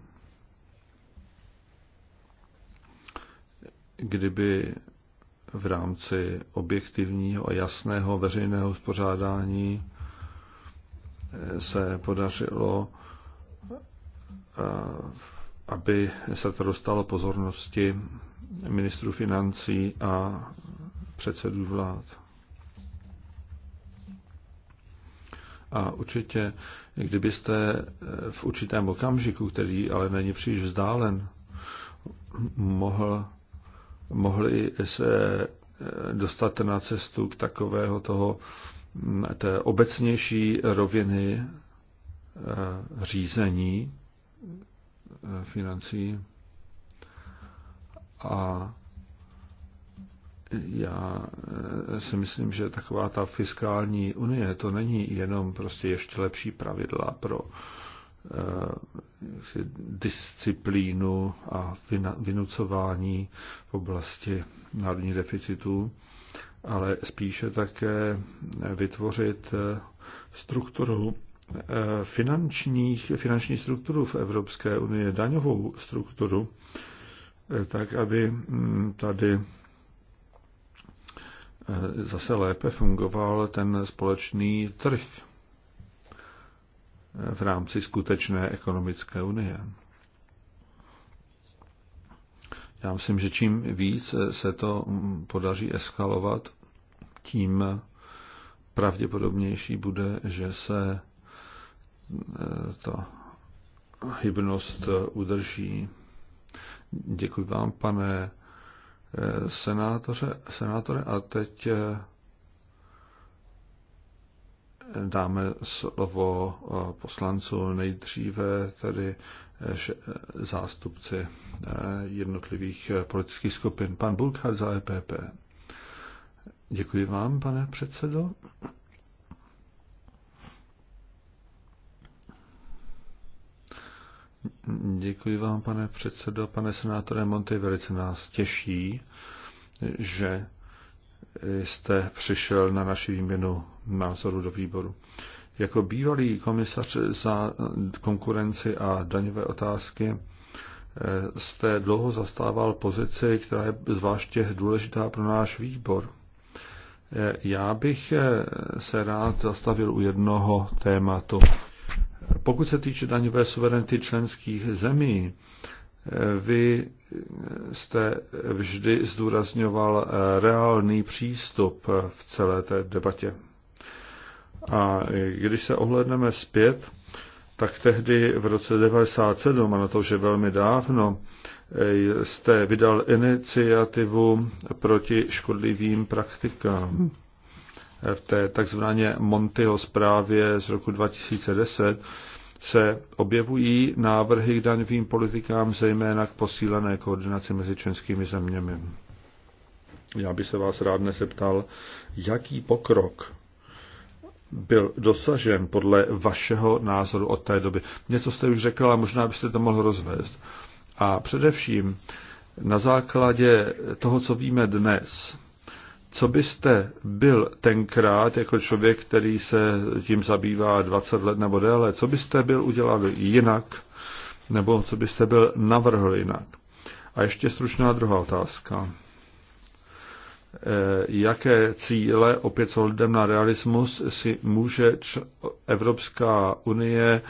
Speaker 4: kdyby v rámci objektivního a jasného veřejného spořádání se podařilo v aby se to dostalo pozornosti ministru financí a předsedů vlád. A určitě, kdybyste v určitém okamžiku, který ale není příliš vzdálen, mohl, mohli se dostat na cestu k takového toho té obecnější roviny eh, řízení Eh, financí a já eh, si myslím, že taková ta fiskální unie, to není jenom prostě ještě lepší pravidla pro eh, disciplínu a vynucování v oblasti národních deficitů, ale spíše také vytvořit eh, strukturu Eh, finančních, finanční strukturu v Evropské unii, daňovou strukturu, eh, tak aby mm, tady eh, zase lépe fungoval ten společný trh v rámci skutečné ekonomické unie. Já myslím, že čím víc se to mm, podaří eskalovat, tím pravděpodobnější bude, že se ta hybnost udrží. Děkuji vám, pane eh, senátoře, senátore, a teď eh, dáme slovo eh, poslanců nejdříve, tedy zástupci jednotlivých politických skupin. Pan Burkhardt za EPP. Děkuji vám, pane předsedo. Děkuji vám, pane předsedo, pane senátore Monty, velice nás těší, že jste přišel na naši výměnu názoru do výboru. Jako bývalý komisař za konkurenci a daňové otázky eh, jste dlouho zastával pozici, která je zvláště důležitá pro náš výbor. Eh, já bych eh, se rád zastavil u jednoho tématu. Pokud se týče daňové suverenity členských zemí, eh, vy jste vždy zdůrazňoval eh, reálný přístup v celé té debatě. A když se ohledneme zpět, tak tehdy v roce 1997, a na to už je velmi dávno, eh, jste vydal iniciativu proti škodlivým praktikám v té takzvané Montyho zprávě z roku 2010 se objevují návrhy k daňovým politikám, zejména k posílené koordinaci mezi členskými zeměmi. Já bych se vás rád nezeptal, jaký pokrok byl dosažen podle vašeho názoru od té doby. Něco jste už řekl, ale možná byste to mohl rozvést. A především na základě toho, co víme dnes, co byste byl tenkrát jako člověk, který se tím zabývá 20 let nebo déle, co byste byl udělal jinak, nebo co byste byl navrhl jinak? A ještě stručná druhá otázka. E, jaké cíle, opět s ohledem na realismus, si může Evropská unie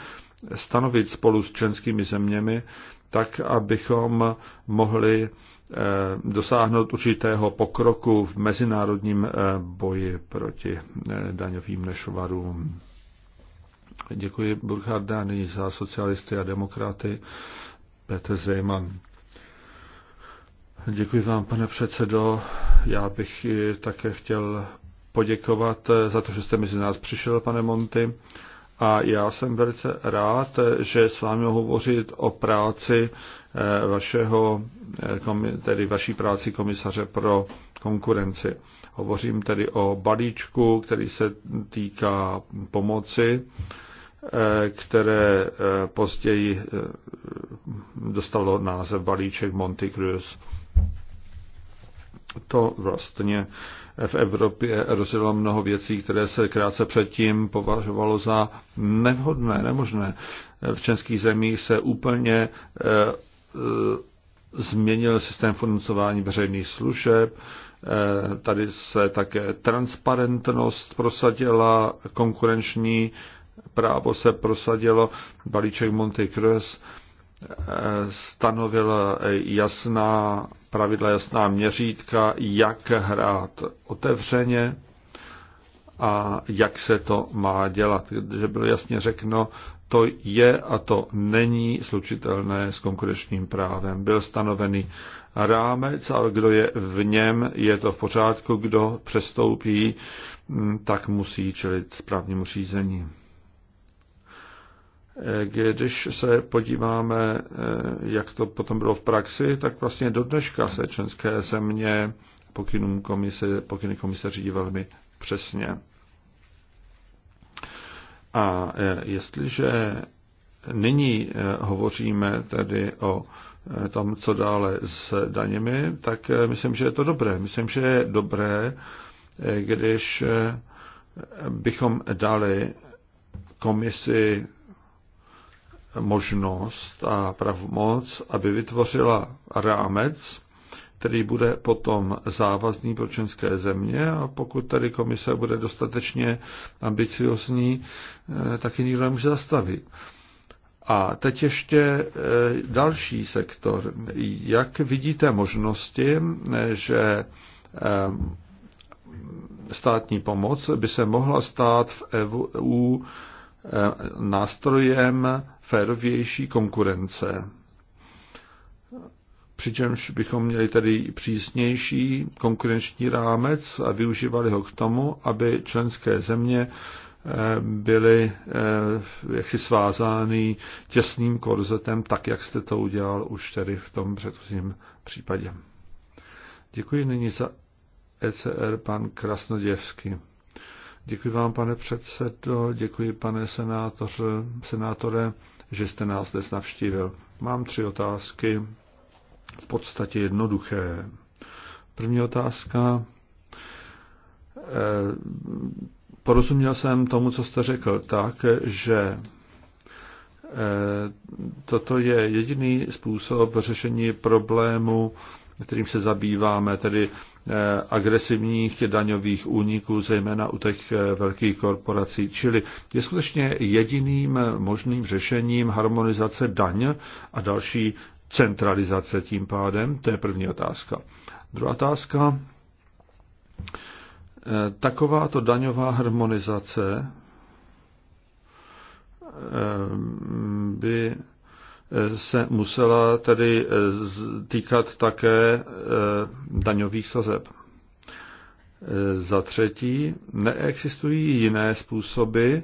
Speaker 4: stanovit spolu s členskými zeměmi, tak abychom mohli Eh, dosáhnout určitého pokroku v mezinárodním eh, boji proti eh, daňovým nešvarům. Děkuji Burcharda, nyní za socialisty a demokraty Petr Zejman. Děkuji vám, pane předsedo. Já bych také chtěl poděkovat za to, že jste mezi nás přišel, pane Monty a já jsem velice rád, že s vámi hovořit o práci eh, vašeho, eh, tedy vaší práci komisaře pro konkurenci. Hovořím tedy o balíčku, který se týká pomoci, eh, které později dostalo název balíček Monty Cruz. To vlastně v Evropě rozjelo mnoho věcí, které se krátce předtím považovalo za nevhodné, nemožné. V českých zemích se úplně eh, eh, změnil systém financování veřejných služeb, eh, tady se také transparentnost prosadila, konkurenční právo se prosadilo, balíček Monte Cruz, stanovil jasná pravidla, jasná měřítka, jak hrát otevřeně a jak se to má dělat. Že bylo jasně řekno, to je a to není slučitelné s konkurenčním právem. Byl stanovený rámec a kdo je v něm, je to v pořádku, kdo přestoupí, tak musí čelit správnímu řízení. Když se podíváme, eh, jak to potom bylo v praxi, tak vlastně do dneška se členské země pokynům komise, pokyny komise řídí velmi přesně. A eh, jestliže nyní eh, hovoříme tedy o tom, co dále s daněmi, tak myslím, že je to dobré. Myslím, že je dobré, když bychom dali komisi možnost a pravomoc, aby vytvořila rámec, který bude potom závazný pro české země a pokud tady komise bude dostatečně ambiciozní, ji eh, nikdo nemůže zastavit. A teď ještě eh, další sektor. Jak vidíte možnosti, eh, že státní pomoc by se mohla stát v EU nástrojem férovější konkurence. Přičemž bychom měli tedy přísnější konkurenční rámec a využívali ho k tomu, aby členské země eh, byly eh, jaksi svázány těsným korzetem, tak jak jste to udělal už tedy v tom předchozím případě. Děkuji nyní za ECR pan Krasnoděvský. Děkuji vám, pane předsedo, děkuji, pane senátoře, senátore že jste nás dnes navštívil. Mám tři otázky, v podstatě jednoduché. První otázka. Eh, porozuměl jsem tomu, co jste řekl, tak, že eh, toto je jediný způsob řešení problému, kterým se zabýváme, tedy Eh, agresivních daňových úniků, zejména u těch eh, velkých korporací. Čili je skutečně jediným eh, možným řešením harmonizace daň a další centralizace tím pádem? To je první otázka. Druhá otázka. Takováto daňová harmonizace by se musela tedy e, týkat také e, daňových sazeb. E, za třetí, neexistují jiné způsoby,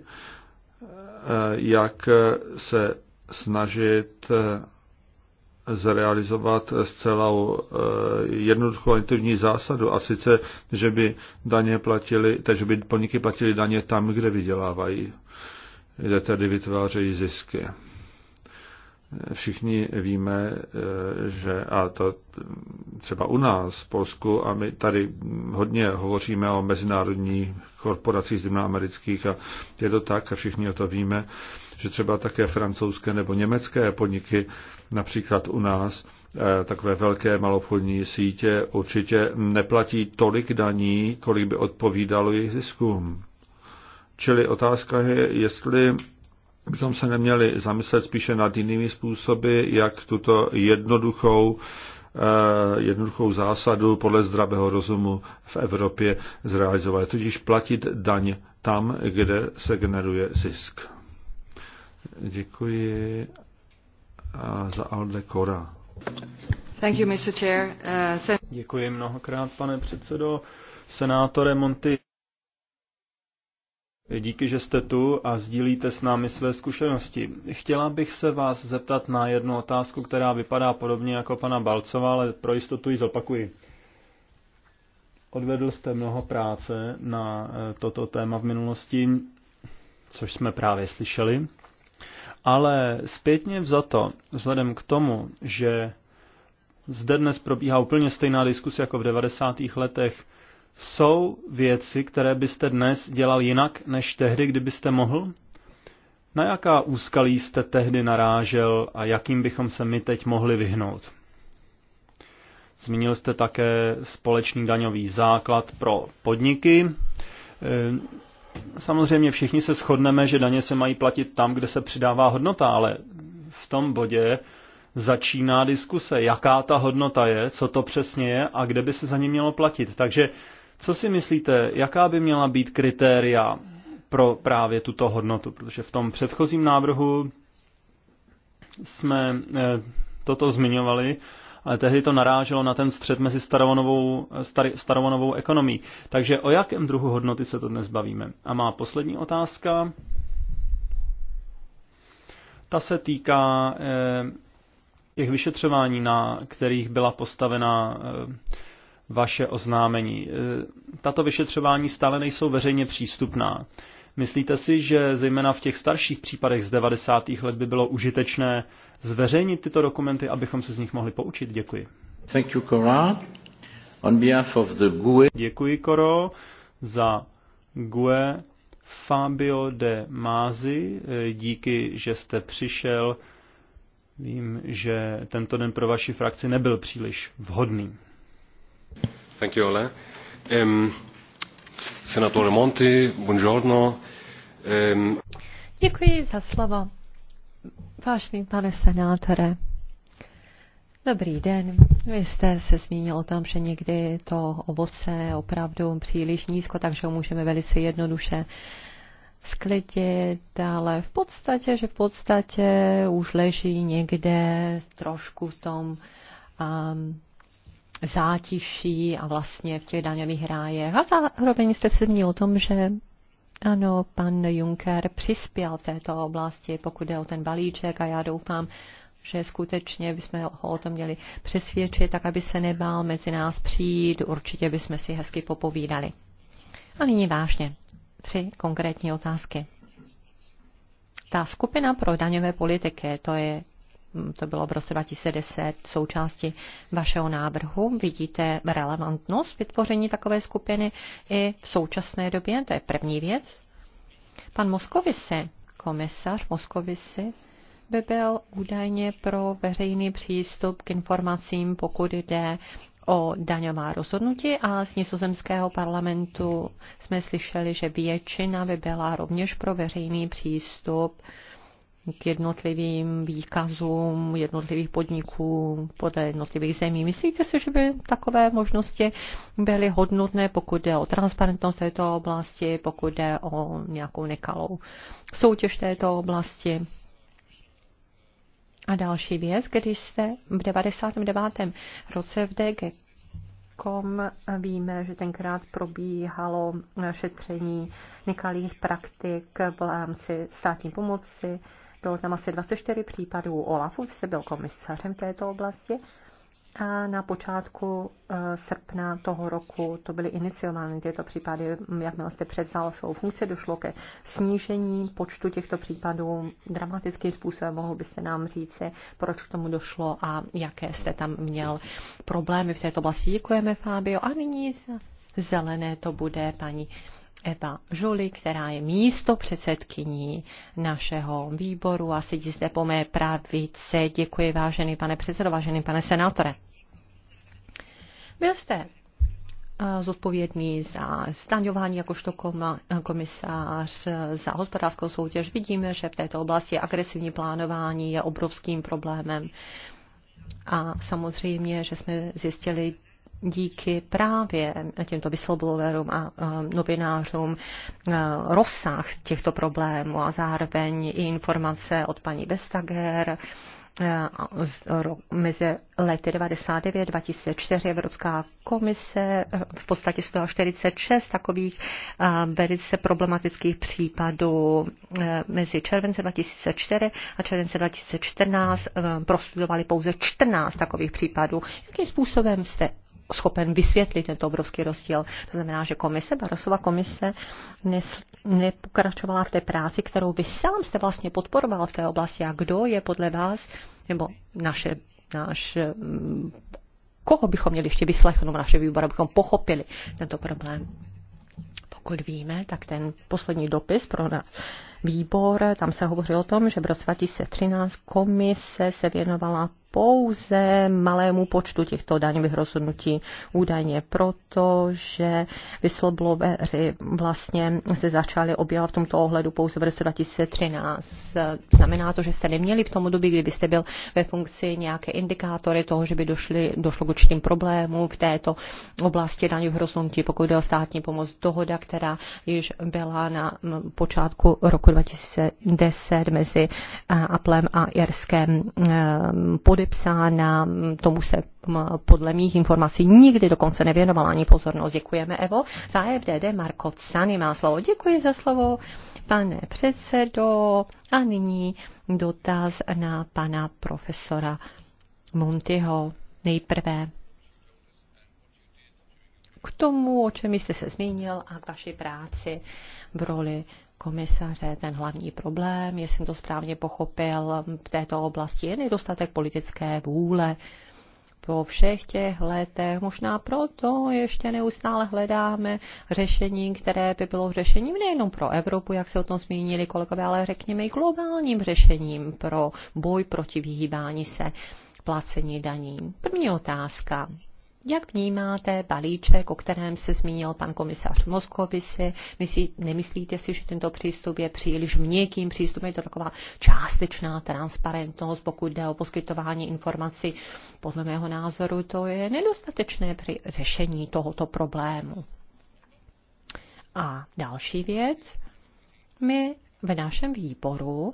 Speaker 4: jak se snažit zrealizovat zcela jednoduchou intuitivní zásadu, a sice, že by, daně platili, takže by podniky platili daně tam, kde vydělávají, kde tedy vytvářejí zisky. Všichni víme, že, a to třeba u nás v Polsku, a my tady hodně hovoříme o mezinárodní korporacích amerických, a je to tak a všichni o to víme, že třeba také francouzské nebo německé podniky, například u nás, eh, takové velké malopodní sítě určitě neplatí tolik daní, kolik by odpovídalo jejich ziskům. Čili otázka je, jestli bychom se neměli zamyslet spíše nad jinými způsoby, jak tuto jednoduchou, eh, jednoduchou zásadu podle zdravého rozumu v Evropě zrealizovat. Tudíž platit daň tam, kde se generuje zisk. Děkuji eh, za Alde Kora.
Speaker 3: Thank you, Mr. Chair. Uh, sen- Děkuji mnohokrát, pane předsedo. Senátore Monty, Díky, že jste tu a sdílíte s námi své zkušenosti. Chtěla bych se vás zeptat na jednu otázku, která vypadá podobně jako pana Balcova, ale pro jistotu ji zopakuji. Odvedl jste mnoho práce na eh, toto téma v minulosti, což jsme právě slyšeli. Ale zpětně vzato, vzhledem k tomu, že zde dnes probíhá úplně stejná diskuse jako v 90. letech, jsou věci, které byste dnes dělal jinak než tehdy, kdybyste mohl? Na jaká úskalí jste tehdy narážel a jakým bychom se my teď mohli vyhnout? Zmínil jste také společný daňový základ pro podniky. Eh, samozřejmě všichni se shodneme, že daně se mají platit tam, kde se přidává hodnota, ale v tom bodě začíná diskuse, jaká ta hodnota je, co to přesně je a kde by se za ně mělo platit. Takže co si myslíte, jaká by měla být kritéria pro právě tuto hodnotu? Protože v tom předchozím návrhu jsme eh, toto zmiňovali, ale tehdy to naráželo na ten střed mezi starovonovou, star, starovonovou ekonomí. Takže o jakém druhu hodnoty se to dnes bavíme? A má poslední otázka. Ta se týká eh, těch vyšetřování, na kterých byla postavena eh, vaše oznámení. E, tato vyšetřování stále nejsou veřejně přístupná. Myslíte si, že zejména v těch starších případech z 90. let by bylo užitečné zveřejnit tyto dokumenty, abychom se z nich mohli poučit? Děkuji. Thank you, Cora. On behalf of the GUE. Děkuji, Koro, za GUE Fabio de Mázi. E, díky, že jste přišel. Vím, že tento den pro vaši frakci nebyl příliš vhodný.
Speaker 4: Thank you, Alain. Um, senatore Monti, buongiorno. Um...
Speaker 2: Děkuji za slovo. Vážený pane senátore, Dobrý den. Vy jste se zmínil o tom, že někdy to ovoce opravdu příliš nízko, takže ho můžeme velice jednoduše sklidit, ale v podstatě, že v podstatě už leží někde trošku v tom um, zátiší a vlastně v těch daňových rájech. A zároveň jste se měl o tom, že ano, pan Juncker přispěl této oblasti, pokud je o ten balíček a já doufám, že skutečně bychom ho o tom měli přesvědčit, tak aby se nebál mezi nás přijít, určitě bychom si hezky popovídali. A nyní vážně. Tři konkrétní otázky. Ta skupina pro daňové politiky, to je Mm, to bylo v roce 2010 součástí vašeho návrhu. Vidíte relevantnost vytvoření takové skupiny i v současné době, to je první věc. Pan Moskovisi, komisař Moskovisi, by byl údajně pro veřejný přístup k informacím, pokud jde o daňová rozhodnutí a z nizozemského parlamentu jsme slyšeli, že většina by byla rovněž pro veřejný přístup k jednotlivým výkazům jednotlivých podniků podle jednotlivých zemí. Myslíte si, že by takové možnosti byly hodnotné, pokud jde o transparentnost této oblasti, pokud jde o nějakou nekalou soutěž této oblasti? A další věc, když jste v 99. roce v DG Kom víme, že tenkrát probíhalo šetření nekalých praktik v rámci státní pomoci, bylo tam asi 24 případů Olafu, jste byl komisařem této oblasti. A na počátku eh, srpna toho roku to byly iniciovány tyto případy, jakmile jste převzal svou funkci, došlo ke snížení počtu těchto případů dramatickým způsobem. Mohl byste nám říci, proč k tomu došlo a jaké jste tam měl problémy v této oblasti. Děkujeme, Fábio. A nyní zelené to bude paní Eva Žuli, která je místo předsedkyní našeho výboru a sedí zde po mé pravici. Děkuji, vážený pane předsedo, vážený pane senátore. Byl jste eh, zodpovědný za staňování jakožto komisář eh, za hospodářskou soutěž. Vidíme, že v této oblasti agresivní plánování je obrovským problémem. A samozřejmě, že jsme zjistili díky právě těmto whistleblowerům a novinářům rozsah těchto problémů a zároveň i informace od paní Vestager, mezi lety 99-2004 Evropská komise v podstatě 146 46 takových velice problematických případů mezi července 2004 a července 2014 prostudovali pouze 14 takových případů. Jakým způsobem jste schopen vysvětlit tento obrovský rozdíl. To znamená, že komise, Barosova komise, nes, nepokračovala v té práci, kterou vy sám jste vlastně podporoval v té oblasti. A kdo je podle vás, nebo naše, naš, mm, koho bychom měli ještě vyslechnout naše výbor, abychom pochopili tento problém? Pokud víme, tak ten poslední dopis pro na výbor, tam se hovořilo o tom, že v roce 2013 komise se věnovala pouze malému počtu těchto daňových rozhodnutí údajně, protože vysloblovéři vlastně se začali objevovat v tomto ohledu pouze v roce 2013. Znamená to, že jste neměli v tom době, kdybyste byl ve funkci nějaké indikátory toho, že by došli, došlo k určitým problémům v této oblasti daňových rozhodnutí, pokud jde o státní pomoc, dohoda, která již byla na počátku roku 2010 mezi Applem a Jerskem eh, pod podepsána, tomu se podle mých informací nikdy dokonce nevěnovala ani pozornost. Děkujeme, Evo. Za FDD Marko Cany má slovo. Děkuji za slovo, pane předsedo. A nyní dotaz na pana profesora Montyho. Nejprve k tomu, o čem jste se zmínil a k vaší práci v roli komisaře, ten hlavní problém, jestli jsem to správně pochopil, v této oblasti je nedostatek politické vůle. Po všech těch letech možná proto ještě neustále hledáme řešení, které by bylo řešením nejenom pro Evropu, jak se o tom zmínili kolegové, ale řekněme i globálním řešením pro boj proti vyhýbání se placení daní. První otázka. Jak vnímáte balíček, o kterém se zmínil pan komisař Moskovici? Myslí, nemyslíte si, že tento přístup je příliš měkkým přístupem? Je to taková částečná transparentnost, pokud jde o poskytování informací. Podle mého názoru to je nedostatečné při řešení tohoto problému. A další věc. My v našem výboru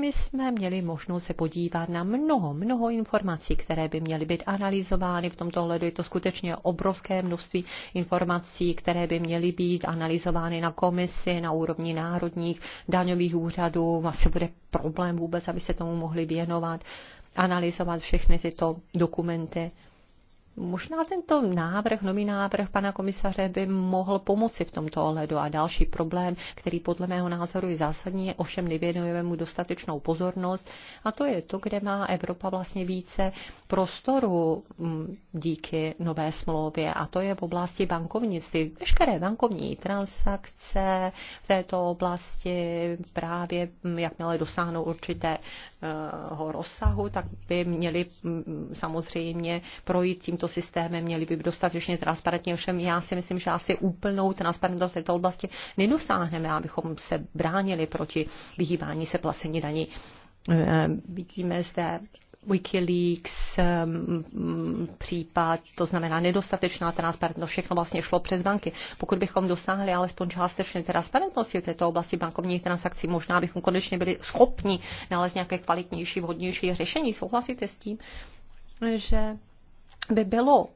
Speaker 2: my jsme měli možnost se podívat na mnoho, mnoho informací, které by měly být analyzovány. V tomto ohledu je to skutečně obrovské množství informací, které by měly být analyzovány na komisi, na úrovni národních daňových úřadů. Asi bude problém vůbec, aby se tomu mohli věnovat, analyzovat všechny tyto dokumenty. Možná tento návrh, nový návrh pana komisaře by mohl pomoci v tomto ohledu. A další problém, který podle mého názoru je zásadní, je ovšem nevěnujeme mu dostatečnou pozornost. A to je to, kde má Evropa vlastně více prostoru mm, díky nové smlouvě. A to je v oblasti bankovnictví. Veškeré bankovní transakce v této oblasti právě, mm, jakmile dosáhnou určitého eh, rozsahu, tak by měly mm, samozřejmě projít tímto tímto systémem, měly by být dostatečně transparentní. Ovšem já si myslím, že asi úplnou transparentnost v této oblasti nedosáhneme, abychom se bránili proti vyhýbání se placení daní. Eh, vidíme zde Wikileaks eh, případ, to znamená nedostatečná transparentnost, všechno vlastně šlo přes banky. Pokud bychom dosáhli alespoň částečné transparentnosti v této oblasti bankovních transakcí, možná bychom konečně byli schopni nalézt nějaké kvalitnější, vhodnější řešení. Souhlasíte s tím, že by bylo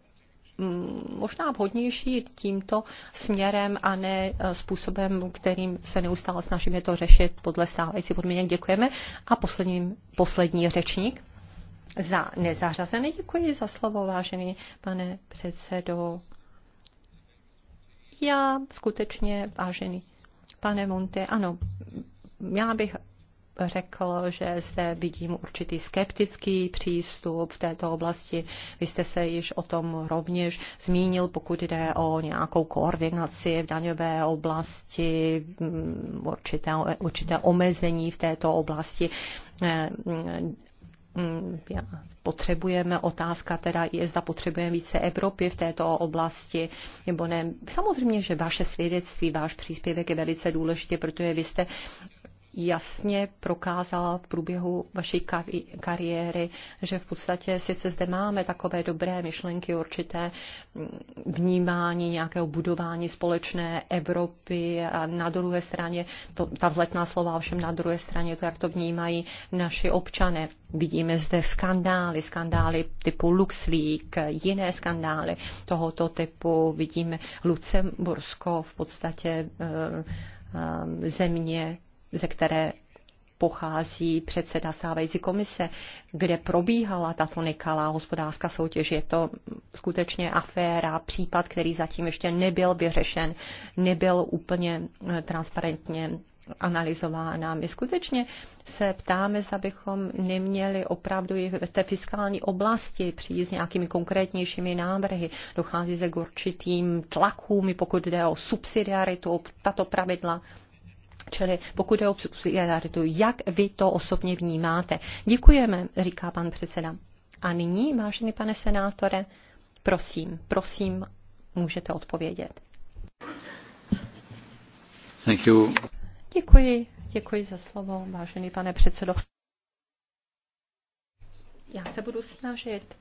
Speaker 2: mm, možná vhodnější jít tímto směrem a ne eh, způsobem, kterým se neustále snažíme to řešit podle stávající podmínek. Děkujeme. A poslední, poslední řečník za nezařazený. Děkuji za slovo, vážený pane předsedo. Já skutečně, vážený pane Monte, ano, já bych řekl, že zde vidím určitý skeptický přístup v této oblasti. Vy jste se již o tom rovněž zmínil, pokud jde o nějakou koordinaci v daňové oblasti, mm, určité, určité omezení v této oblasti eh, mm, potřebujeme, otázka teda je, zda potřebujeme více Evropy v této oblasti, nebo ne. Samozřejmě, že vaše svědectví, váš příspěvek je velice důležitý, protože vy jste jasně prokázala v průběhu vaší kariéry, že v podstatě sice zde máme takové dobré myšlenky, určité mm, vnímání nějakého budování společné Evropy a na druhé straně, to, ta vzletná slova ovšem na druhé straně, to, jak to vnímají naši občané. Vidíme zde skandály, skandály typu LuxLeak, jiné skandály tohoto typu. Vidíme Lucembursko v podstatě eh, eh, země ze které pochází předseda stávající komise, kde probíhala tato nekalá hospodářská soutěž. Je to skutečně aféra, případ, který zatím ještě nebyl vyřešen, nebyl úplně eh, transparentně analyzována. My skutečně se ptáme, zda bychom neměli opravdu i v té fiskální oblasti přijít s nějakými konkrétnějšími návrhy. Dochází se k určitým tlakům, pokud jde o subsidiaritu, tato pravidla Čili pokud je o subsidiaritu, jak vy to osobně vnímáte? Děkujeme, říká pan předseda. A nyní, vážený pane senátore, prosím, prosím, můžete odpovědět. Thank you. Děkuji, děkuji za slovo, vážený pane předsedo. Já se budu snažit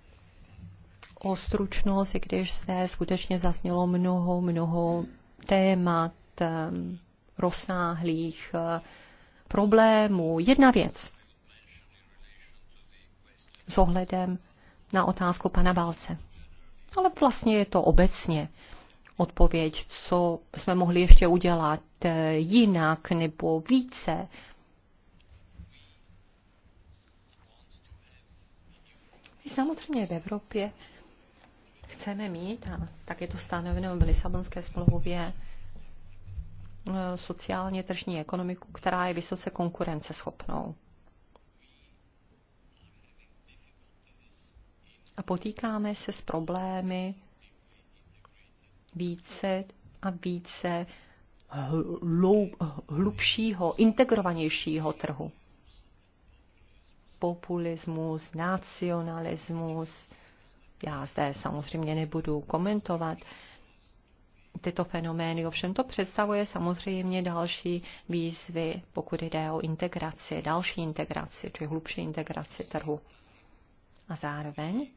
Speaker 2: o stručnost, i když se skutečně zasnělo mnoho, mnoho témat, ehm, rozsáhlých eh, problémů. Jedna věc s ohledem na otázku pana Balce. Ale vlastně je to obecně odpověď, co jsme mohli ještě udělat eh, jinak nebo více. My samozřejmě v Evropě chceme mít, a tak je to stanoveno v Lisabonské smlouvě, Eh, sociálně tržní ekonomiku, která je vysoce konkurenceschopnou. A potýkáme se s problémy více a více hlubšího, integrovanějšího trhu. Populismus, nacionalismus, já zde samozřejmě nebudu komentovat tyto fenomény. Ovšem to představuje samozřejmě další výzvy, pokud jde o integraci, další integraci, či hlubší integraci trhu. A zároveň,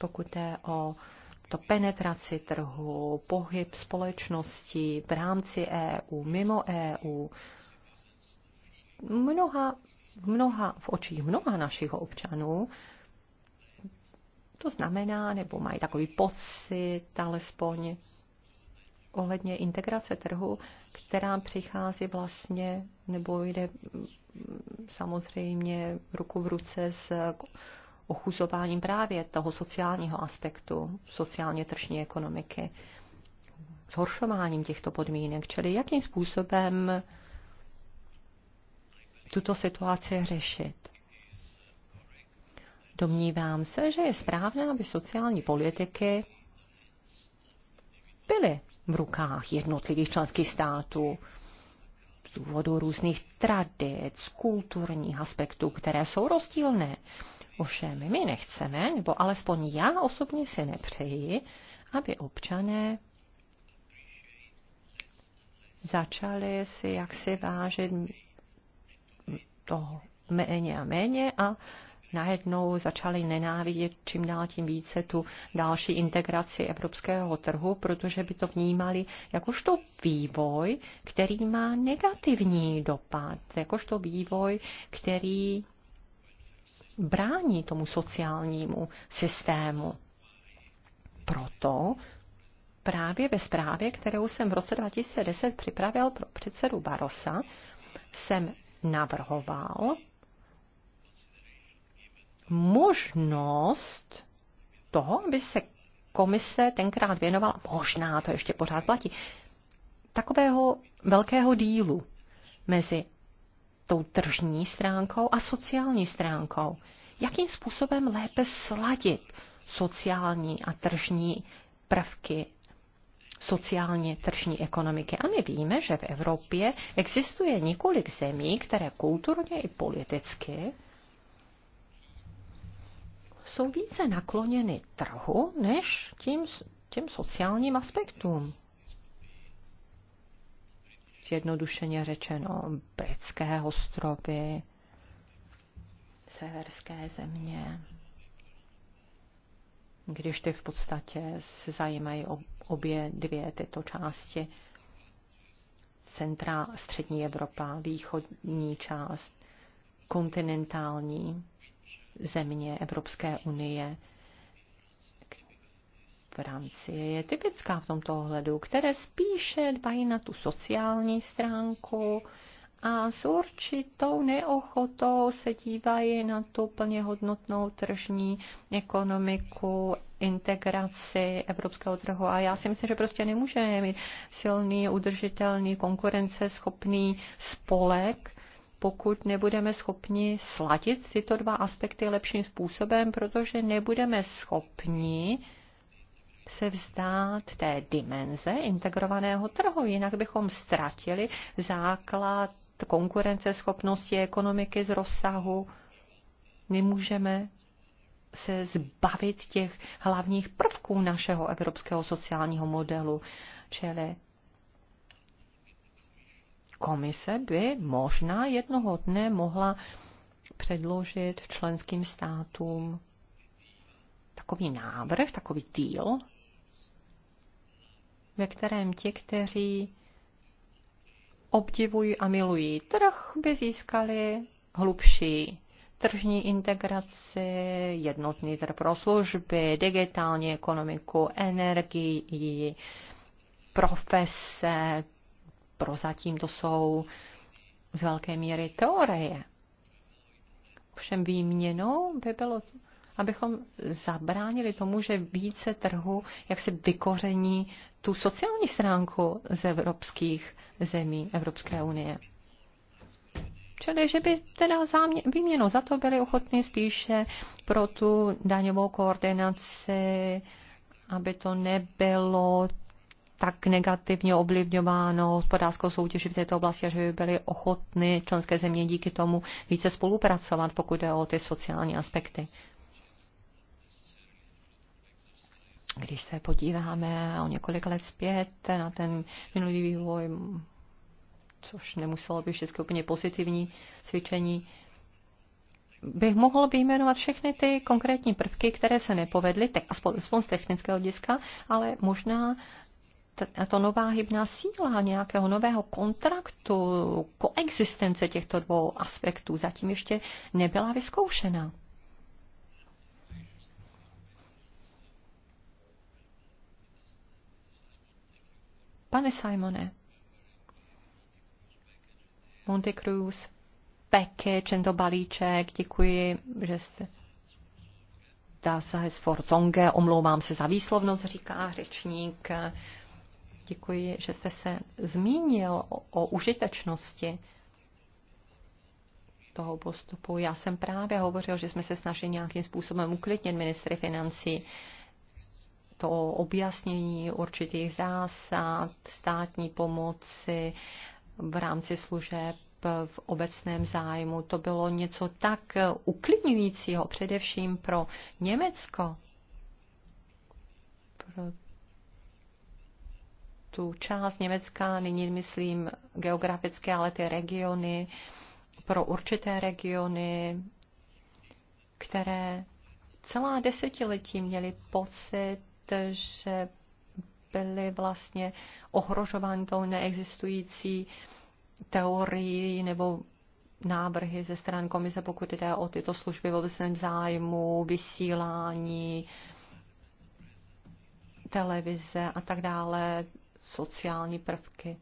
Speaker 2: pokud jde o to penetraci trhu, pohyb společnosti v rámci EU, mimo EU, mnoha, mnoha, v očích mnoha našich občanů to znamená, nebo mají takový pocit, alespoň ohledně integrace trhu, která přichází vlastně, nebo jde mm, samozřejmě ruku v ruce s ochuzováním právě toho sociálního aspektu, sociálně tržní ekonomiky, zhoršováním těchto podmínek, čili jakým způsobem tuto situaci řešit. Domnívám se, že je správné, aby sociální politiky byly v rukách jednotlivých členských států z důvodu různých tradic, kulturních aspektů, které jsou rozdílné. Ovšem, my nechceme, nebo alespoň já osobně si nepřeji, aby občané začali si jaksi vážit toho méně a méně a najednou začali nenávidět čím dál tím více tu další integraci evropského trhu, protože by to vnímali jakožto vývoj, který má negativní dopad, jakožto vývoj, který brání tomu sociálnímu systému. Proto právě ve zprávě, kterou jsem v roce 2010 připravil pro předsedu Barosa, jsem navrhoval, možnost toho, aby se komise tenkrát věnovala, možná to ještě pořád platí, takového velkého dílu mezi tou tržní stránkou a sociální stránkou. Jakým způsobem lépe sladit sociální a tržní prvky sociálně tržní ekonomiky. A my víme, že v Evropě existuje několik zemí, které kulturně i politicky jsou více nakloněny trhu než tím, těm sociálním aspektům. Zjednodušeně řečeno, britské ostrovy, severské země, když ty v podstatě se zajímají obě dvě tyto části, centra střední Evropa, východní část, kontinentální země Evropské unie. Francie je typická v tomto ohledu, které spíše dbají na tu sociální stránku a s určitou neochotou se dívají na tu plně hodnotnou tržní ekonomiku, integraci evropského trhu. A já si myslím, že prostě nemůžeme mít silný, udržitelný, konkurenceschopný spolek, pokud nebudeme schopni sladit tyto dva aspekty lepším způsobem, protože nebudeme schopni se vzdát té dimenze integrovaného trhu, jinak bychom ztratili základ konkurenceschopnosti ekonomiky z rozsahu. Nemůžeme se zbavit těch hlavních prvků našeho evropského sociálního modelu, čili komise by možná jednoho dne mohla předložit členským státům takový návrh, takový deal, ve kterém ti, kteří obdivují a milují trh, by získali hlubší tržní integraci, jednotný trh pro služby, digitální ekonomiku, energii, profese, prozatím to jsou z velké míry teorie. Všem výměnou by bylo, abychom zabránili tomu, že více trhu jak se vykoření tu sociální stránku z evropských zemí Evropské unie. Čili, že by teda zámě, výměnu za to byli ochotní spíše pro tu daňovou koordinaci, aby to nebylo tak negativně ovlivňováno hospodářskou soutěži v této oblasti, že by byly ochotny členské země díky tomu více spolupracovat, pokud jde o ty sociální aspekty. Když se podíváme o několik let zpět na ten minulý vývoj, což nemuselo být všechno úplně pozitivní cvičení, bych mohl vyjmenovat všechny ty konkrétní prvky, které se nepovedly, tak aspoň, aspoň z technického diska, ale možná tato nová hybná síla nějakého nového kontraktu, koexistence těchto dvou aspektů zatím ještě nebyla vyzkoušena. Pane Simone, Monte Cruz, Peke, Čento balíček, děkuji, že jste Das heißt Forzonge, omlouvám se za výslovnost, říká řečník. Děkuji, že jste se zmínil o, o užitečnosti toho postupu. Já jsem právě hovořil, že jsme se snažili nějakým způsobem uklidnit ministry financí to objasnění určitých zásad, státní pomoci v rámci služeb v obecném zájmu. To bylo něco tak uklidňujícího, především pro Německo, tu část Německa, nyní myslím geografické, ale ty regiony, pro určité regiony, které celá desetiletí měly pocit, že byly vlastně ohrožovány tou neexistující teorií nebo návrhy ze stran komise, pokud jde o tyto služby v obecném zájmu, vysílání, televize a tak dále sociální prvky.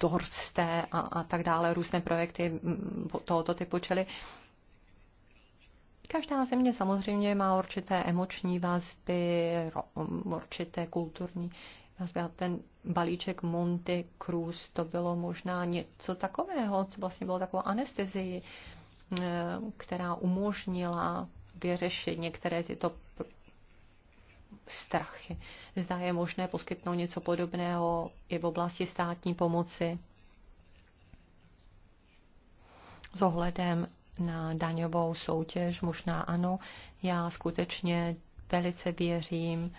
Speaker 2: Dorsté a, a tak dále, různé projekty tohoto typu, čili každá země samozřejmě má určité emoční vazby, určité kulturní vazby a ten balíček Monte Cruz, to bylo možná něco takového, co vlastně bylo takovou anestezii, e, která umožnila vyřešit některé tyto strachy. Zda je možné poskytnout něco podobného i v oblasti státní pomoci s ohledem na daňovou soutěž, možná ano. Já skutečně velice věřím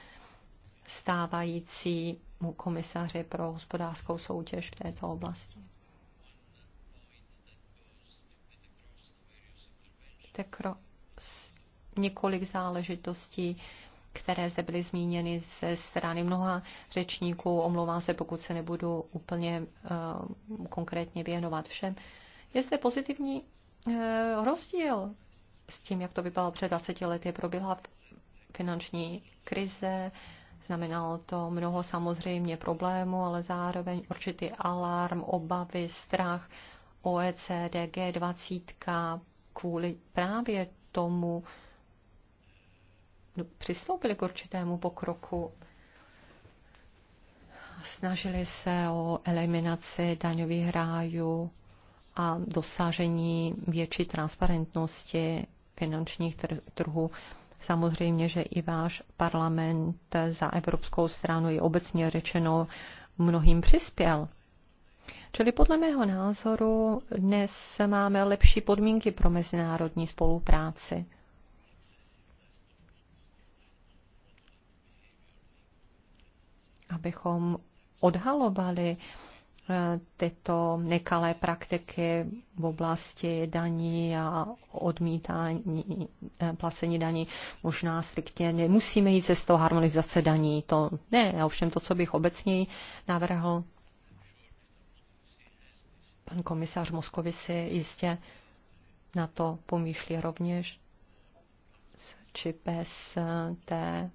Speaker 2: stávajícímu komisaři pro hospodářskou soutěž v této oblasti. Tekro několik záležitostí, které zde byly zmíněny ze strany mnoha řečníků. Omlouvám se, pokud se nebudu úplně uh, konkrétně věnovat všem. Je zde pozitivní uh, rozdíl s tím, jak to vypadalo před 20 lety. Proběhla finanční krize, znamenalo to mnoho samozřejmě problémů, ale zároveň určitý alarm, obavy, strach. OECD, G20 kvůli právě tomu, přistoupili k určitému pokroku. Snažili se o eliminaci daňových rájů a dosažení větší transparentnosti finančních trhů. Samozřejmě, že i váš parlament za Evropskou stranu je obecně řečeno mnohým přispěl. Čili podle mého názoru dnes máme lepší podmínky pro mezinárodní spolupráci. abychom odhalovali eh, tyto nekalé praktiky v oblasti daní a odmítání eh, placení daní. Možná striktně nemusíme jít toho harmonizace daní, to ne, ovšem to, co bych obecně navrhl, pan komisař Moskovi si jistě na to pomýšlí rovněž, či bez eh, té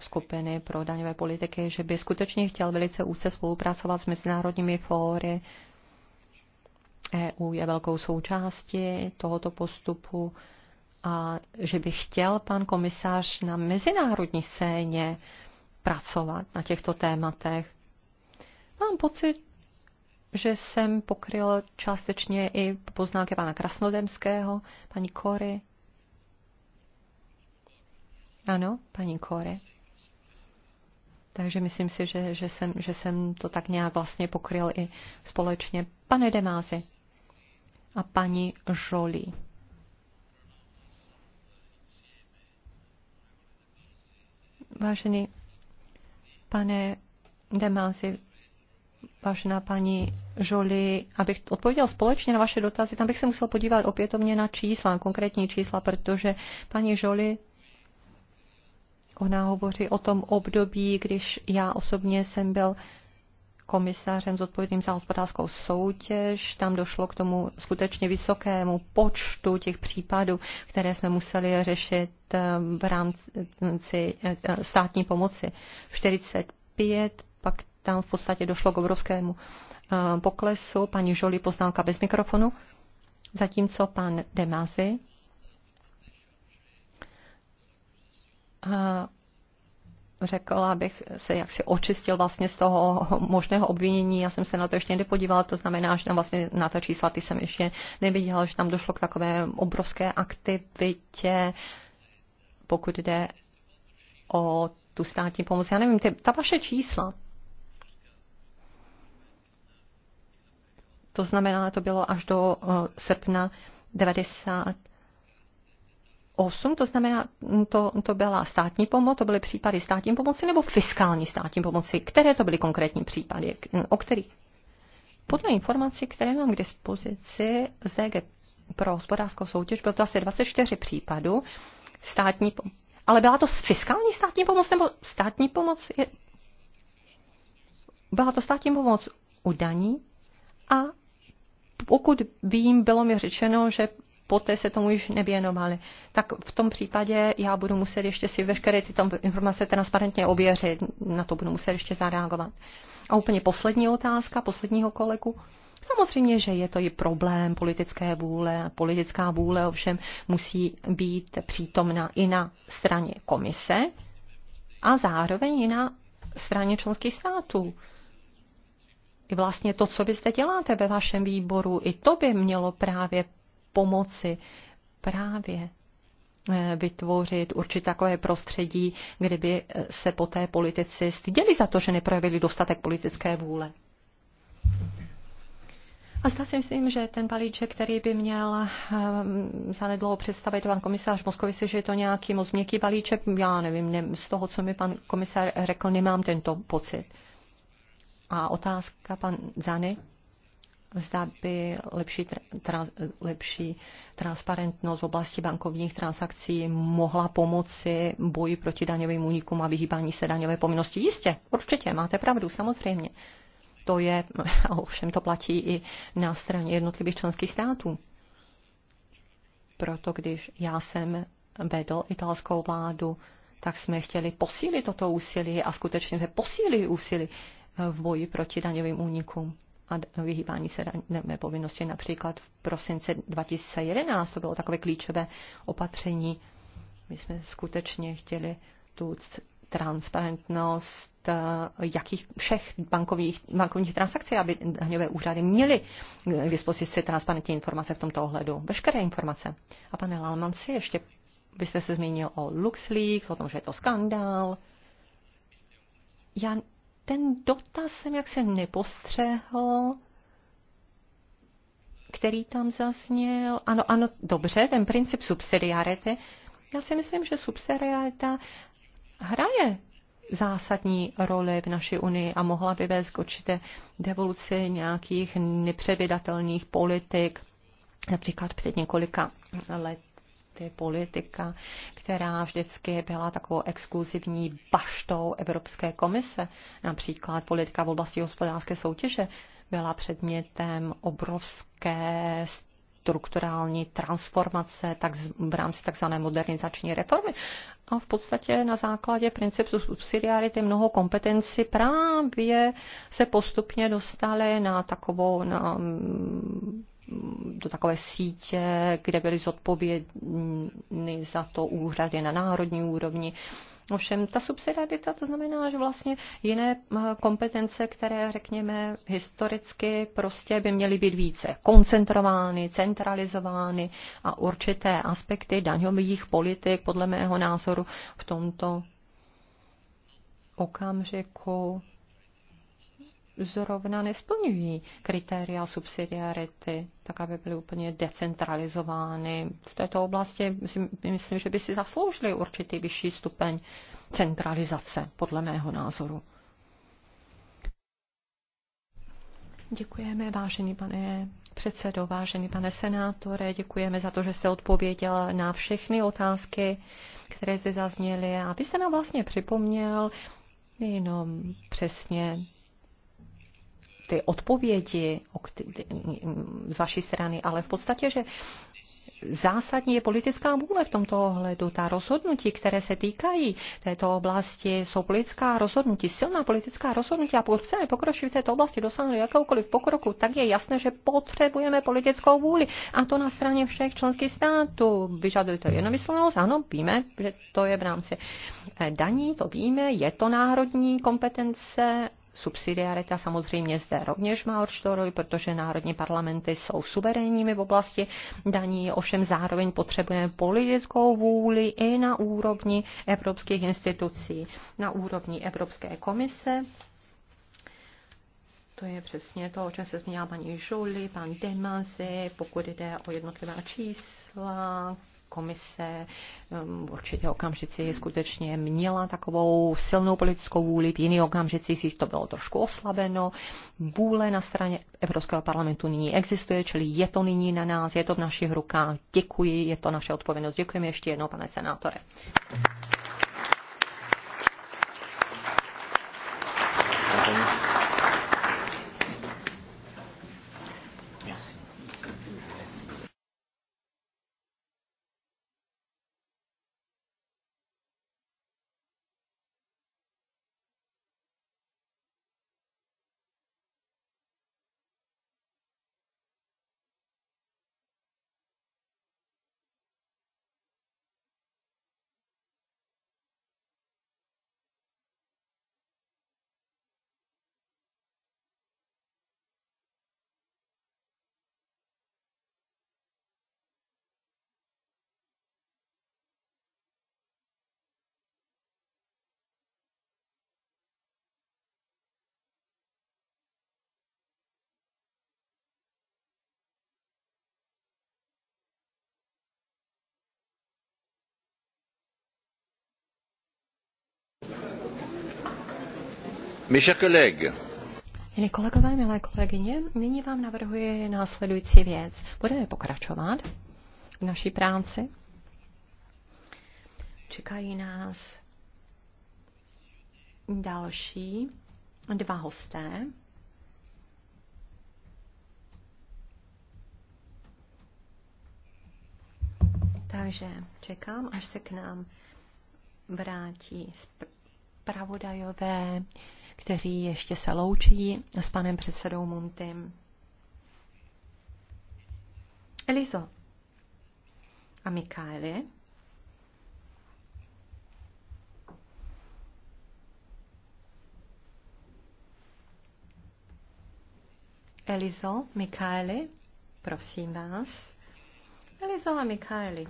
Speaker 2: skupiny pro daňové politiky, že by skutečně chtěl velice úzce spolupracovat s mezinárodními fóry. EU je velkou součástí tohoto postupu a že by chtěl pan komisář na mezinárodní scéně pracovat na těchto tématech. Mám pocit, že jsem pokryl částečně i poznámky pana Krasnodemského, paní Kory. Ano, paní Kory. Takže myslím si, že, že, jsem, že jsem to tak nějak vlastně pokryl i společně. Pane Demázy a paní Žolí. Vážený pane Demázy, vážená paní Žoli, abych odpověděl společně na vaše dotazy, tam bych se musel podívat opětovně na čísla, konkrétní čísla, protože paní Žoli Ona hovoří o tom období, když já osobně jsem byl komisařem zodpovědným za hospodářskou soutěž. Tam došlo k tomu skutečně vysokému počtu těch případů, které jsme museli řešit ehm, v rámci ehm, státní pomoci. 45, pak tam v podstatě došlo k obrovskému ehm, poklesu. Paní Žoli poznámka bez mikrofonu. Zatímco pan Demazy Eh, řekla, abych se jaksi očistil vlastně z toho možného obvinění. Já jsem se na to ještě nepodívala, to znamená, že tam vlastně na ta čísla ty jsem ještě neviděla, že tam došlo k takové obrovské aktivitě, pokud jde o tu státní pomoc. Já nevím, ty, ta vaše čísla, to znamená, to bylo až do uh, srpna 90 8, to znamená, mm, to, to byla státní pomoc, to byly případy státní pomoci nebo fiskální státní pomoci. Které to byly konkrétní případy, mm, o kterých? Podle informací, které mám k dispozici z DG pro hospodářskou soutěž, bylo to asi 24 případů státní pomoci. Ale byla to fiskální státní pomoc nebo státní pomoc? Je... Byla to státní pomoc u daní a pokud vím, bylo mi řečeno, že poté se tomu již nevěnovali. Tak v tom případě já budu muset ještě si veškeré tyto informace transparentně ověřit, na to budu muset ještě zareagovat. A úplně poslední otázka, posledního kolegu. Samozřejmě, že je to i problém politické vůle. Politická vůle ovšem musí být přítomna i na straně komise a zároveň i na straně členských států. I vlastně to, co vy zde děláte ve vašem výboru, i to by mělo právě pomoci právě eh, vytvořit určitě takové prostředí, kde by eh, se poté politici styděli za to, že neprojevili dostatek politické vůle. A zda si myslím, že ten balíček, který by měl um, zanedlouho představit pan komisář Moskovici, že je to nějaký moc měkký balíček, já nevím, ne, z toho, co mi pan komisář řekl, nemám tento pocit. A otázka pan Zany? zda by lepší, tra, lepší transparentnost v oblasti bankovních transakcí mohla pomoci boji proti daňovým únikům a vyhýbání se daňové povinnosti. Jistě, určitě, máte pravdu, samozřejmě. To je, a ovšem to platí i na straně jednotlivých členských států. Proto když já jsem vedl italskou vládu, tak jsme chtěli posílit toto úsilí a skutečně jsme posílili úsilí v boji proti daňovým únikům a vyhýbání se dané povinnosti. Například v prosince 2011 to bylo takové klíčové opatření. My jsme skutečně chtěli tu transparentnost eh, jakých všech bankovních, bankovních transakcí, aby daňové úřady měly k dispozici transparentní informace v tomto ohledu. Veškeré informace. A pane Lalman si ještě, byste se zmínil o LuxLeaks, o tom, že je to skandál. Já ten dotaz jsem jaksi nepostřehl, který tam zazněl. Ano, ano, dobře, ten princip subsidiarity. Já si myslím, že subsidiarita hraje zásadní roli v naší unii a mohla by vést k určité devoluci nějakých nepředvydatelných politik. Například před několika let elity, politika, která vždycky byla takovou exkluzivní baštou Evropské komise. Například politika v oblasti hospodářské soutěže byla předmětem obrovské strukturální transformace tak v rámci tzv. modernizační reformy. A v podstatě na základě principu subsidiarity mnoho kompetenci právě se postupně dostaly na takovou na do takové sítě, kde byly zodpovědny za to úřady na národní úrovni. Ovšem, ta subsidiarita to znamená, že vlastně jiné eh, kompetence, které, řekněme, historicky prostě by měly být více koncentrovány, centralizovány a určité aspekty daňových politik, podle mého názoru, v tomto okamžiku zrovna nesplňují kritéria subsidiarity, tak aby byly úplně decentralizovány. V této oblasti myslím, že by si zasloužili určitý vyšší stupeň centralizace, podle mého názoru. Děkujeme, vážený pane předsedo, vážený pane senátore, děkujeme za to, že jste odpověděl na všechny otázky, které zde zazněly. A vy jste nám vlastně připomněl jenom přesně ty odpovědi z vaší strany, ale v podstatě, že zásadní je politická vůle v tomto ohledu. Ta rozhodnutí, které se týkají této oblasti, jsou politická rozhodnutí, silná politická rozhodnutí. A pokud chceme pokročit v této oblasti, dosáhnout jakoukoliv pokroku, tak je jasné, že potřebujeme politickou vůli. A to na straně všech členských států. Vyžaduje to jednomyslnost? Ano, víme, že to je v rámci eh, daní, to víme, je to národní kompetence, Subsidiarita samozřejmě zde rovněž má určitou roli, protože národní parlamenty jsou suverénními v oblasti daní, ovšem zároveň potřebujeme politickou vůli i na úrovni evropských institucí, na úrovni Evropské komise. To je přesně to, o čem se zmínila paní Žuli, pan Demazy, pokud jde o jednotlivá čísla, komise v um, určitě okamžici skutečně měla takovou silnou politickou vůli, v jiný okamžici si to bylo trošku oslabeno. Vůle na straně Evropského parlamentu nyní existuje, čili je to nyní na nás, je to v našich rukách. Děkuji, je to naše odpovědnost. Děkujeme ještě jednou, pane senátore.
Speaker 1: Milí
Speaker 2: kolegové, milé kolegyně, nyní vám navrhuji následující věc. Budeme pokračovat v naší práci. Čekají nás další dva hosté. Takže čekám, až se k nám vrátí pravodajové kteří ještě se loučí s panem předsedou Muntym. Elizo a Mikáli. Elizo, Mikáli, prosím vás. Elizo a Mikáli,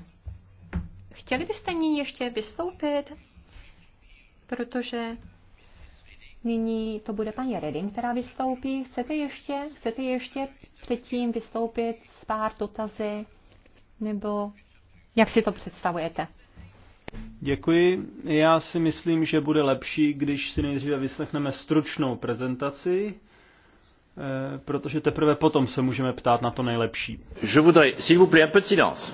Speaker 2: chtěli byste ní ještě vystoupit? Protože Nyní to bude paní Redin, která vystoupí. Chcete ještě, chcete ještě předtím vystoupit s pár dotazy? Nebo jak si to představujete?
Speaker 3: Děkuji. Já si myslím, že bude lepší, když si nejdříve vyslechneme stručnou prezentaci, eh, protože teprve potom se můžeme ptát na to nejlepší. Je voudrais, s'il vous plaît, un peu de silence.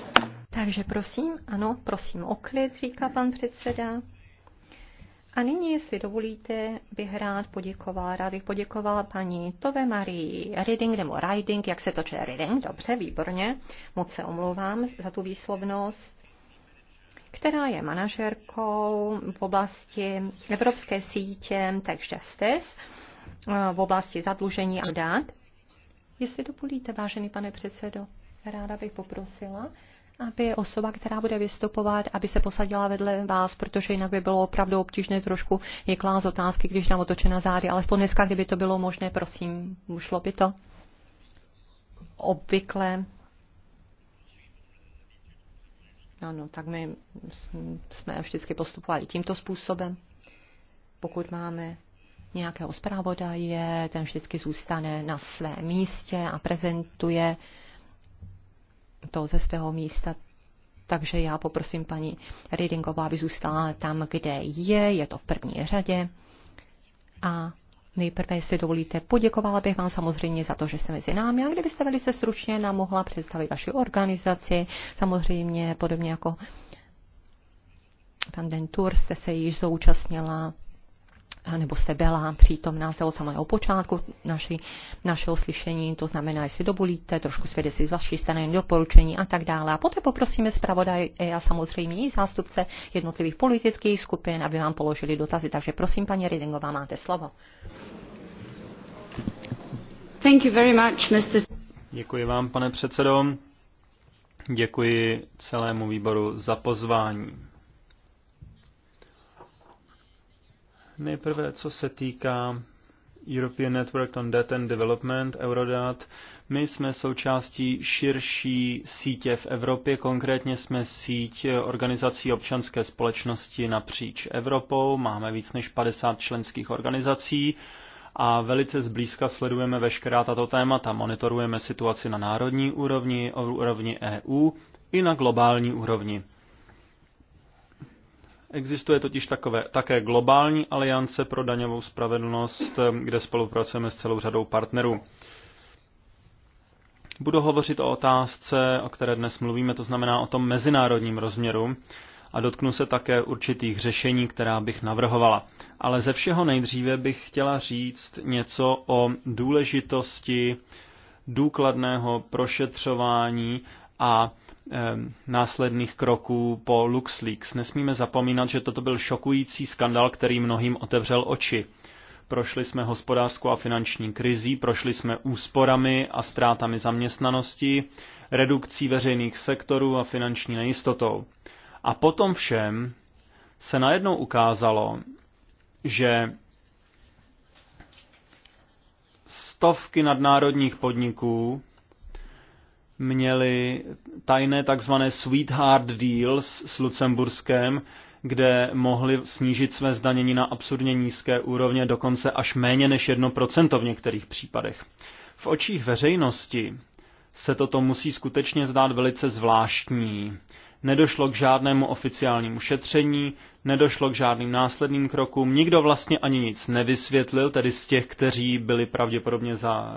Speaker 2: Takže prosím, ano, prosím o klid, říká pan předseda. A nyní, jestli dovolíte, bych rád poděkovala, rád bych poděkovala paní Tove Marii Riding nebo Riding, jak se to čte Riding, dobře, výborně, moc se omlouvám za tu výslovnost, která je manažerkou v oblasti Evropské sítě Tech Justice e v oblasti zadlužení a dát. Jestli dovolíte, vážený pane předsedo, ráda bych poprosila, aby osoba, která bude vystupovat, aby se posadila vedle vás, protože jinak by bylo opravdu obtížné trošku je klást otázky, když nám otoče na zády. Alespoň dneska, kdyby to bylo možné, prosím, ušlo by to. Obvykle ano, no, tak my jsme vždycky postupovali tímto způsobem. Pokud máme nějakého zpravodaje, ten vždycky zůstane na svém místě a prezentuje to ze svého místa. Takže já poprosím paní Readingová, aby zůstala tam, kde je, je to v první řadě. A Nejprve, jestli dovolíte, poděkovala bych vám samozřejmě za to, že jste mezi námi a kdybyste velice stručně nám mohla představit vaši organizaci, samozřejmě podobně jako pan Dentur jste se již zúčastnila nebo jste byla přítomná se od samého počátku naši, našeho slyšení, to znamená, jestli dovolíte, trošku svědět si z vaší strany doporučení a tak dále. A poté poprosíme zpravodaje a samozřejmě i zástupce jednotlivých politických skupin, aby vám položili dotazy. Takže prosím, paní Ridingová, máte slovo. Thank you very much, Mr.
Speaker 3: Děkuji vám, pane předsedo. Děkuji celému výboru za pozvání. Nejprve, co se týká European Network on Data and Development, Eurodat. My jsme součástí širší sítě v Evropě, konkrétně jsme síť organizací občanské společnosti napříč Evropou, máme víc než 50 členských organizací a velice zblízka sledujeme veškerá tato témata, monitorujeme situaci na národní úrovni, úrovni EU i na globální úrovni. Existuje totiž takové, také globální aliance pro daňovou spravedlnost, eh, kde spolupracujeme s celou řadou partnerů. Budu hovořit o otázce, o které dnes mluvíme, to znamená o tom mezinárodním rozměru a dotknu se také určitých řešení, která bych navrhovala. Ale ze všeho nejdříve bych chtěla říct něco o důležitosti důkladného prošetřování a následných kroků po LuxLeaks. Nesmíme zapomínat, že toto byl šokující skandal, který mnohým otevřel oči. Prošli jsme hospodářskou a finanční krizí, prošli jsme úsporami a ztrátami zaměstnanosti, redukcí veřejných sektorů a finanční nejistotou. A potom všem se najednou ukázalo, že stovky nadnárodních podniků měli tajné takzvané sweetheart deals s Lucemburskem, kde mohli snížit své zdanění na absurdně nízké úrovně, dokonce až méně než 1% v některých případech. V očích veřejnosti se toto musí skutečně zdát velice zvláštní, nedošlo k žádnému oficiálnímu šetření, nedošlo k žádným následným krokům, nikdo vlastně ani nic nevysvětlil, tedy z těch, kteří byli pravděpodobně za,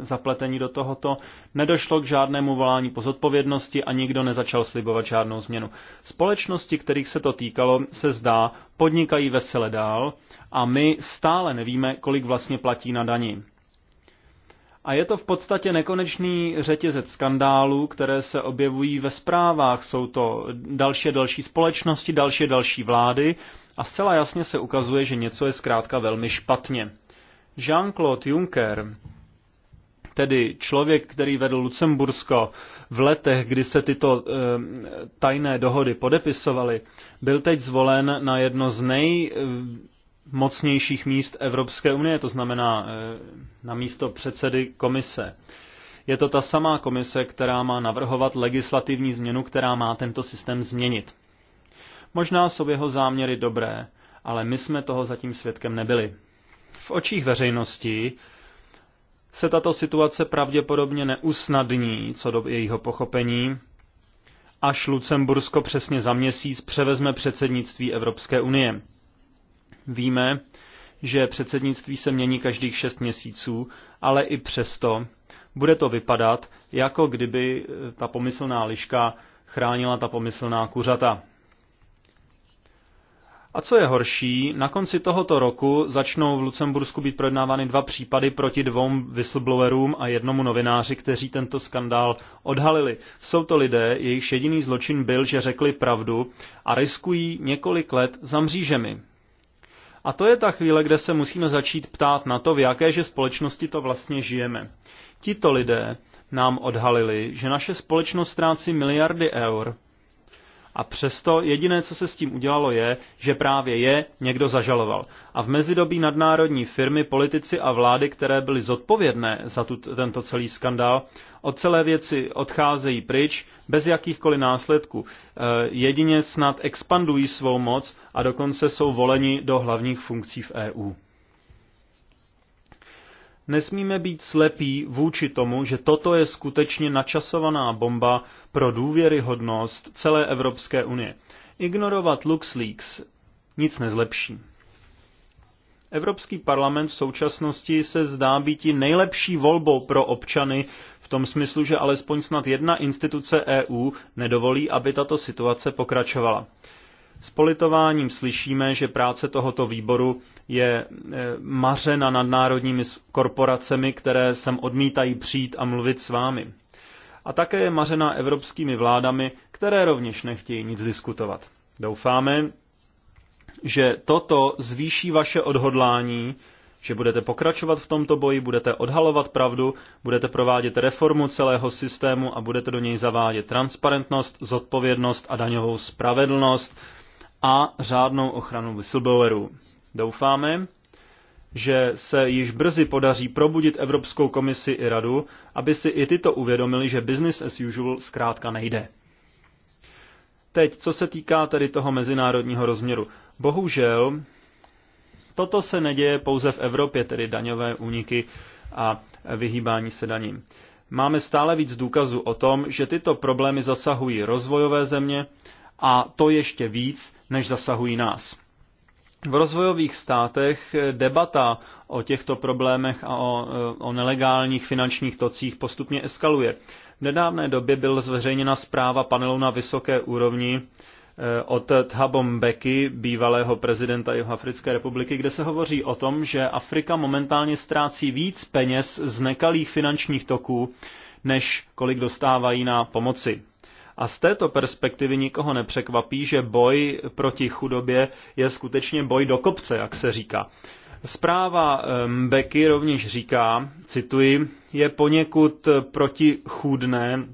Speaker 3: zapleteni do tohoto, nedošlo k žádnému volání po zodpovědnosti a nikdo nezačal slibovat žádnou změnu. Společnosti, kterých se to týkalo, se zdá, podnikají vesele dál a my stále nevíme, kolik vlastně platí na dani. A je to v podstatě nekonečný řetězec skandálů, které se objevují ve zprávách. Jsou to další a další společnosti, další a další vlády a zcela jasně se ukazuje, že něco je zkrátka velmi špatně. Jean-Claude Juncker, tedy člověk, který vedl Lucembursko v letech, kdy se tyto e, tajné dohody podepisovaly, byl teď zvolen na jedno z nej eh, mocnějších míst Evropské unie, to znamená eh, na místo předsedy komise. Je to ta samá komise, která má navrhovat legislativní změnu, která má tento systém změnit. Možná jsou jeho záměry dobré, ale my jsme toho zatím svědkem nebyli. V očích veřejnosti se tato situace pravděpodobně neusnadní co do jejího pochopení, až Lucembursko přesně za měsíc převezme předsednictví Evropské unie. Víme, že předsednictví se mění každých šest měsíců, ale i přesto bude to vypadat, jako kdyby eh, ta pomyslná liška chránila ta pomyslná kuřata. A co je horší, na konci tohoto roku začnou v Lucembursku být projednávány dva případy proti dvou whistleblowerům a jednomu novináři, kteří tento skandál odhalili. Jsou to lidé, jejichž jediný zločin byl, že řekli pravdu a riskují několik let za mřížemi. A to je ta chvíle, kde se musíme začít ptát na to, v jakéže společnosti to vlastně žijeme. Tito lidé nám odhalili, že naše společnost ztrácí miliardy eur a přesto jediné, co se s tím udělalo, je, že právě je někdo zažaloval. A v mezidobí nadnárodní firmy, politici a vlády, které byly zodpovědné za tut, tento celý skandál, od celé věci odcházejí pryč bez jakýchkoliv následků. E, jedině snad expandují svou moc a dokonce jsou voleni do hlavních funkcí v EU. Nesmíme být slepí vůči tomu, že toto je skutečně načasovaná bomba pro důvěryhodnost celé Evropské unie. Ignorovat LuxLeaks nic nezlepší. Evropský parlament v současnosti se zdá být i nejlepší volbou pro občany v tom smyslu, že alespoň snad jedna instituce EU nedovolí, aby tato situace pokračovala. S politováním slyšíme, že práce tohoto výboru je e, mařena národními korporacemi, které sem odmítají přijít a mluvit s vámi. A také je mařena evropskými vládami, které rovněž nechtějí nic diskutovat. Doufáme, že toto zvýší vaše odhodlání, že budete pokračovat v tomto boji, budete odhalovat pravdu, budete provádět reformu celého systému a budete do něj zavádět transparentnost, zodpovědnost a daňovou spravedlnost, a řádnou ochranu whistleblowerů. Doufáme, že se již brzy podaří probudit Evropskou komisi i radu, aby si i tyto uvědomili, že business as usual zkrátka nejde. Teď, co se týká tedy toho mezinárodního rozměru. Bohužel, toto se neděje pouze v Evropě, tedy daňové úniky a vyhýbání se daním. Máme stále víc důkazů o tom, že tyto problémy zasahují rozvojové země a to ještě víc, než zasahují nás. V rozvojových státech debata o těchto problémech a o, e, o nelegálních finančních tocích postupně eskaluje. V nedávné době byl zveřejněna zpráva panelu na vysoké úrovni e, od Thabom Beky, bývalého prezidenta Jihoafrické republiky, kde se hovoří o tom, že Afrika momentálně ztrácí víc peněz z nekalých finančních toků, než kolik dostávají na pomoci. A z této perspektivy nikoho nepřekvapí, že boj proti chudobě je skutečně boj do kopce, jak se říká. Zpráva ehm, Becky rovněž říká, cituji, je poněkud protichůdné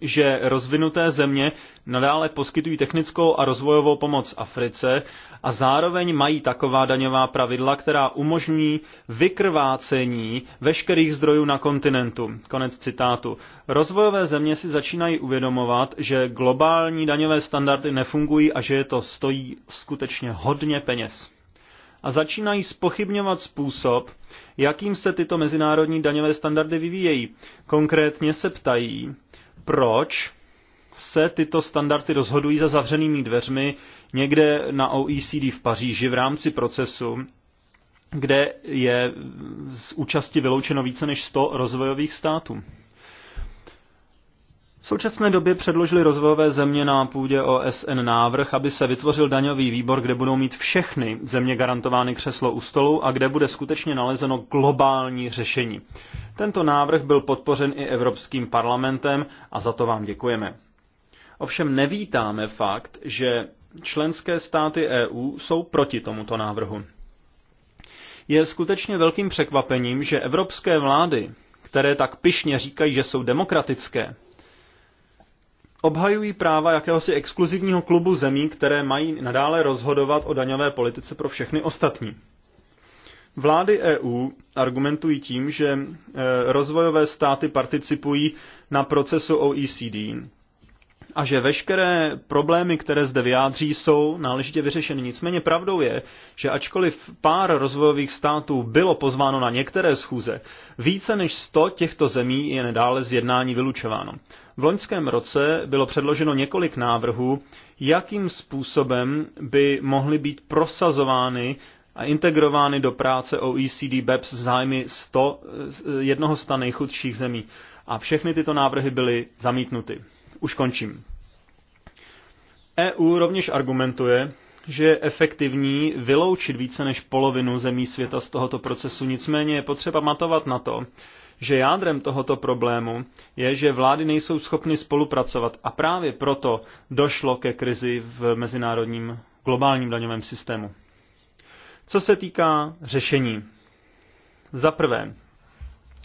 Speaker 3: že rozvinuté země nadále poskytují technickou a rozvojovou pomoc Africe a zároveň mají taková daňová pravidla, která umožní vykrvácení veškerých zdrojů na kontinentu. Konec citátu. Rozvojové země si začínají uvědomovat, že globální daňové standardy nefungují a že je to stojí skutečně hodně peněz a začínají spochybňovat způsob, jakým se tyto mezinárodní daňové standardy vyvíjejí. Konkrétně se ptají, proč se tyto standardy rozhodují za zavřenými dveřmi někde na OECD v Paříži v rámci procesu, kde je z účasti vyloučeno více než 100 rozvojových států. V současné době předložili rozvojové země na půdě OSN návrh, aby se vytvořil daňový výbor, kde budou mít všechny země garantovány křeslo u stolu a kde bude skutečně nalezeno globální řešení. Tento návrh byl podpořen i Evropským parlamentem a za to vám děkujeme. Ovšem nevítáme fakt, že členské státy EU jsou proti tomuto návrhu. Je skutečně velkým překvapením, že evropské vlády, které tak pyšně říkají, že jsou demokratické, obhajují práva jakéhosi exkluzivního klubu zemí, které mají nadále rozhodovat o daňové politice pro všechny ostatní. Vlády EU argumentují tím, že e, rozvojové státy participují na procesu OECD a že veškeré problémy, které zde vyjádří, jsou náležitě vyřešeny. Nicméně pravdou je, že ačkoliv pár rozvojových států bylo pozváno na některé schůze, více než 100 těchto zemí je nadále z jednání vylučováno. V loňském roce bylo předloženo několik návrhů, jakým způsobem by mohly být prosazovány a integrovány do práce OECD BEPS zájmy 100, jednoho z nejchudších zemí. A všechny tyto návrhy byly zamítnuty. Už končím. EU rovněž argumentuje, že je efektivní vyloučit více než polovinu zemí světa z tohoto procesu, nicméně je potřeba matovat na to, že jádrem tohoto problému je, že vlády nejsou schopny spolupracovat a právě proto došlo ke krizi v mezinárodním globálním daňovém systému. Co se týká řešení. Za prvé,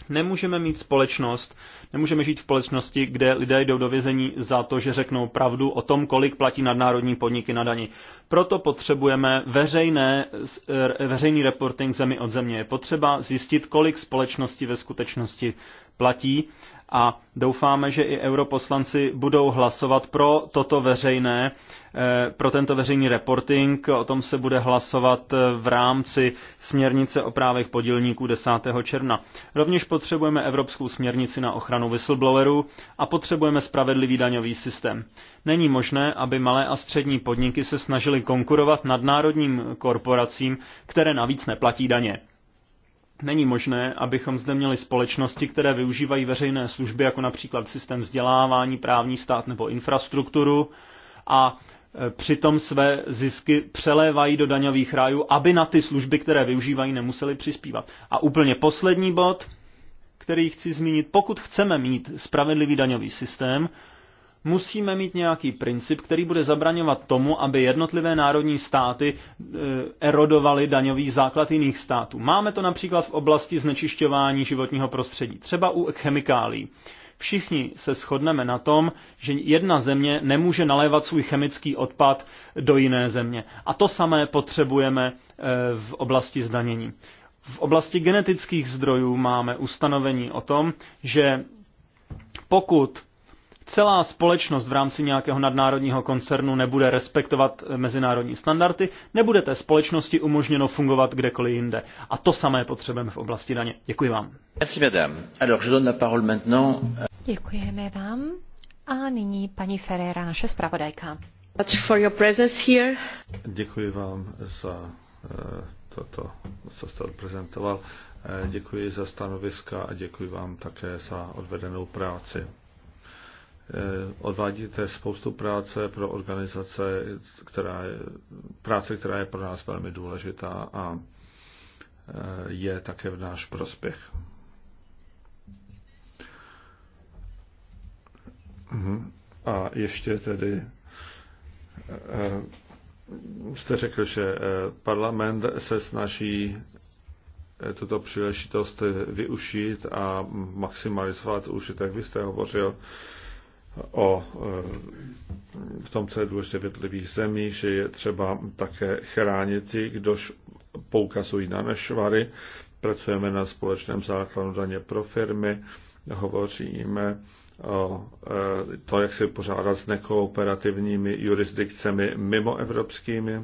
Speaker 3: nemůžeme mít společnost, Nemůžeme žít v společnosti, kde lidé jdou do vězení za to, že řeknou pravdu o tom, kolik platí nadnárodní podniky na dani. Proto potřebujeme veřejné, eh, veřejný reporting zemi od země. Je potřeba zjistit, kolik společnosti ve skutečnosti platí a doufáme, že i europoslanci budou hlasovat pro toto veřejné, eh, pro tento veřejný reporting. O tom se bude hlasovat eh, v rámci směrnice o právech podílníků 10. června. Rovněž potřebujeme evropskou směrnici na ochranu whistleblowerů a potřebujeme spravedlivý daňový systém. Není možné, aby malé a střední podniky se snažily konkurovat nadnárodním korporacím, které navíc neplatí daně. Není možné, abychom zde měli společnosti, které využívají veřejné služby, jako například systém vzdělávání, právní stát nebo infrastrukturu, a e, přitom své zisky přelévají do daňových rájů, aby na ty služby, které využívají, nemuseli přispívat. A úplně poslední bod, který chci zmínit, pokud chceme mít spravedlivý daňový systém, musíme mít nějaký princip, který bude zabraňovat tomu, aby jednotlivé národní státy e, erodovaly daňový základ jiných států. Máme to například v oblasti znečišťování životního prostředí, třeba u chemikálí. Všichni se shodneme na tom, že jedna země nemůže nalévat svůj chemický odpad do jiné země. A to samé potřebujeme e, v oblasti zdanění. V oblasti genetických zdrojů máme ustanovení o tom, že pokud celá společnost v rámci nějakého nadnárodního koncernu nebude respektovat eh, mezinárodní standardy, nebude té společnosti umožněno fungovat kdekoliv jinde. A to samé potřebujeme v oblasti daně. Děkuji vám. Merci, Alors, je donne la parole maintenant. Euh,
Speaker 2: Děkujeme vám. A nyní paní Ferreira, naše zpravodajka. For your
Speaker 5: presence
Speaker 2: here.
Speaker 4: Děkuji vám za eh, toto, co jste odprezentoval. Eh, děkuji za stanoviska a děkuji vám také za odvedenou práci. Eh, odvádíte spoustu práce pro organizace, která je, práce, která je pro nás velmi důležitá a eh, je také v náš prospěch. Mhm. A ještě tedy eh, jste řekl, že parlament se snaží tuto příležitost využít a maximalizovat užitek. Vy jste hovořil o eh, v tom, co je důležité v jednotlivých zemích, že je třeba také chránit ti, kdož poukazují na nešvary. Pracujeme na společném základu daně pro firmy, hovoříme o eh, to, jak se pořádat s nekooperativními jurisdikcemi mimo evropskými, eh,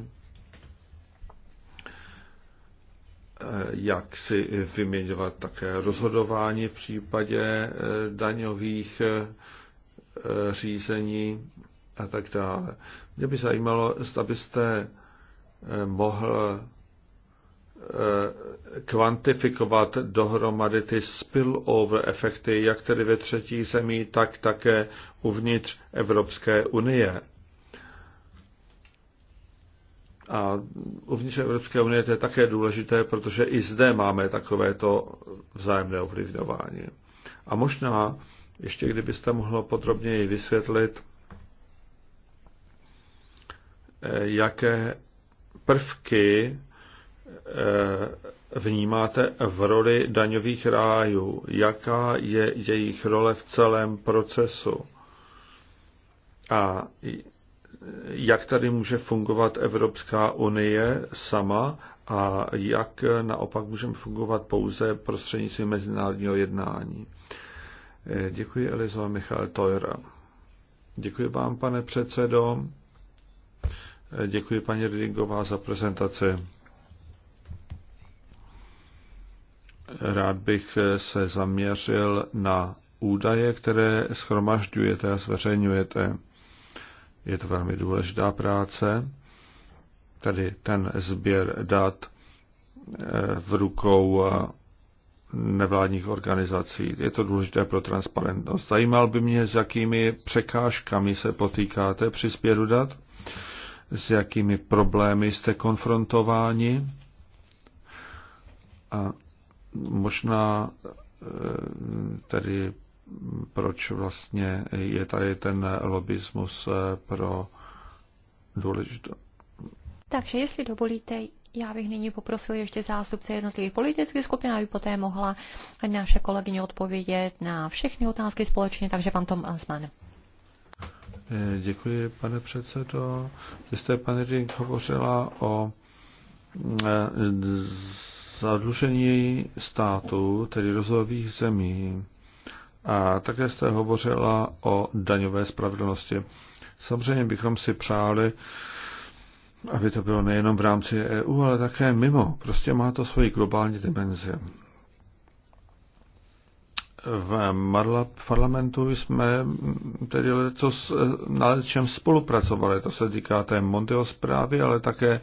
Speaker 4: jak si vyměňovat také rozhodování v případě daňových Eh, řízení a tak dále. Mě by zajímalo, zda byste eh, mohl eh, kvantifikovat dohromady ty spillover efekty, jak tedy ve třetí zemí, tak také uvnitř Evropské unie. A uvnitř Evropské unie to je také důležité, protože i zde máme takovéto vzájemné ovlivňování. A možná ještě kdybyste mohlo podrobněji vysvětlit, eh, jaké prvky eh, vnímáte v roli daňových rájů, jaká je jejich role v celém procesu a jak tady může fungovat Evropská unie sama a jak naopak můžeme fungovat pouze prostřednictvím mezinárodního jednání. Eh, děkuji Elizo Michal Tojra. Děkuji vám, pane předsedo. Eh, děkuji paní Ridingová za prezentaci. Rád bych eh, se zaměřil na údaje, které schromažďujete a zveřejňujete. Je to velmi důležitá práce, tedy ten sběr dat v rukou nevládních organizací. Je to důležité pro transparentnost. Zajímal by mě, s jakými překážkami se potýkáte při sběru dat, s jakými problémy jste konfrontováni a možná eh, tedy proč vlastně je tady ten lobismus eh, pro důležitou.
Speaker 2: Takže jestli dovolíte, já bych nyní poprosil ještě zástupce jednotlivých politických skupin, aby poté mohla naše kolegyně odpovědět na všechny otázky společně, takže pan Tom Asman. Eh,
Speaker 4: děkuji, pane předsedo. Vy jste, pane Rink, hovořila o eh, zadlužení státu, tedy rozvojových zemí. A také jste hovořila o daňové spravedlnosti. Samozřejmě bychom si přáli aby to bylo nejenom v rámci EU, ale také mimo. Prostě má to svoji globální dimenzi. V Marla parlamentu jsme tedy co eh, na čem spolupracovali. To se týká té Monteho zprávy, ale také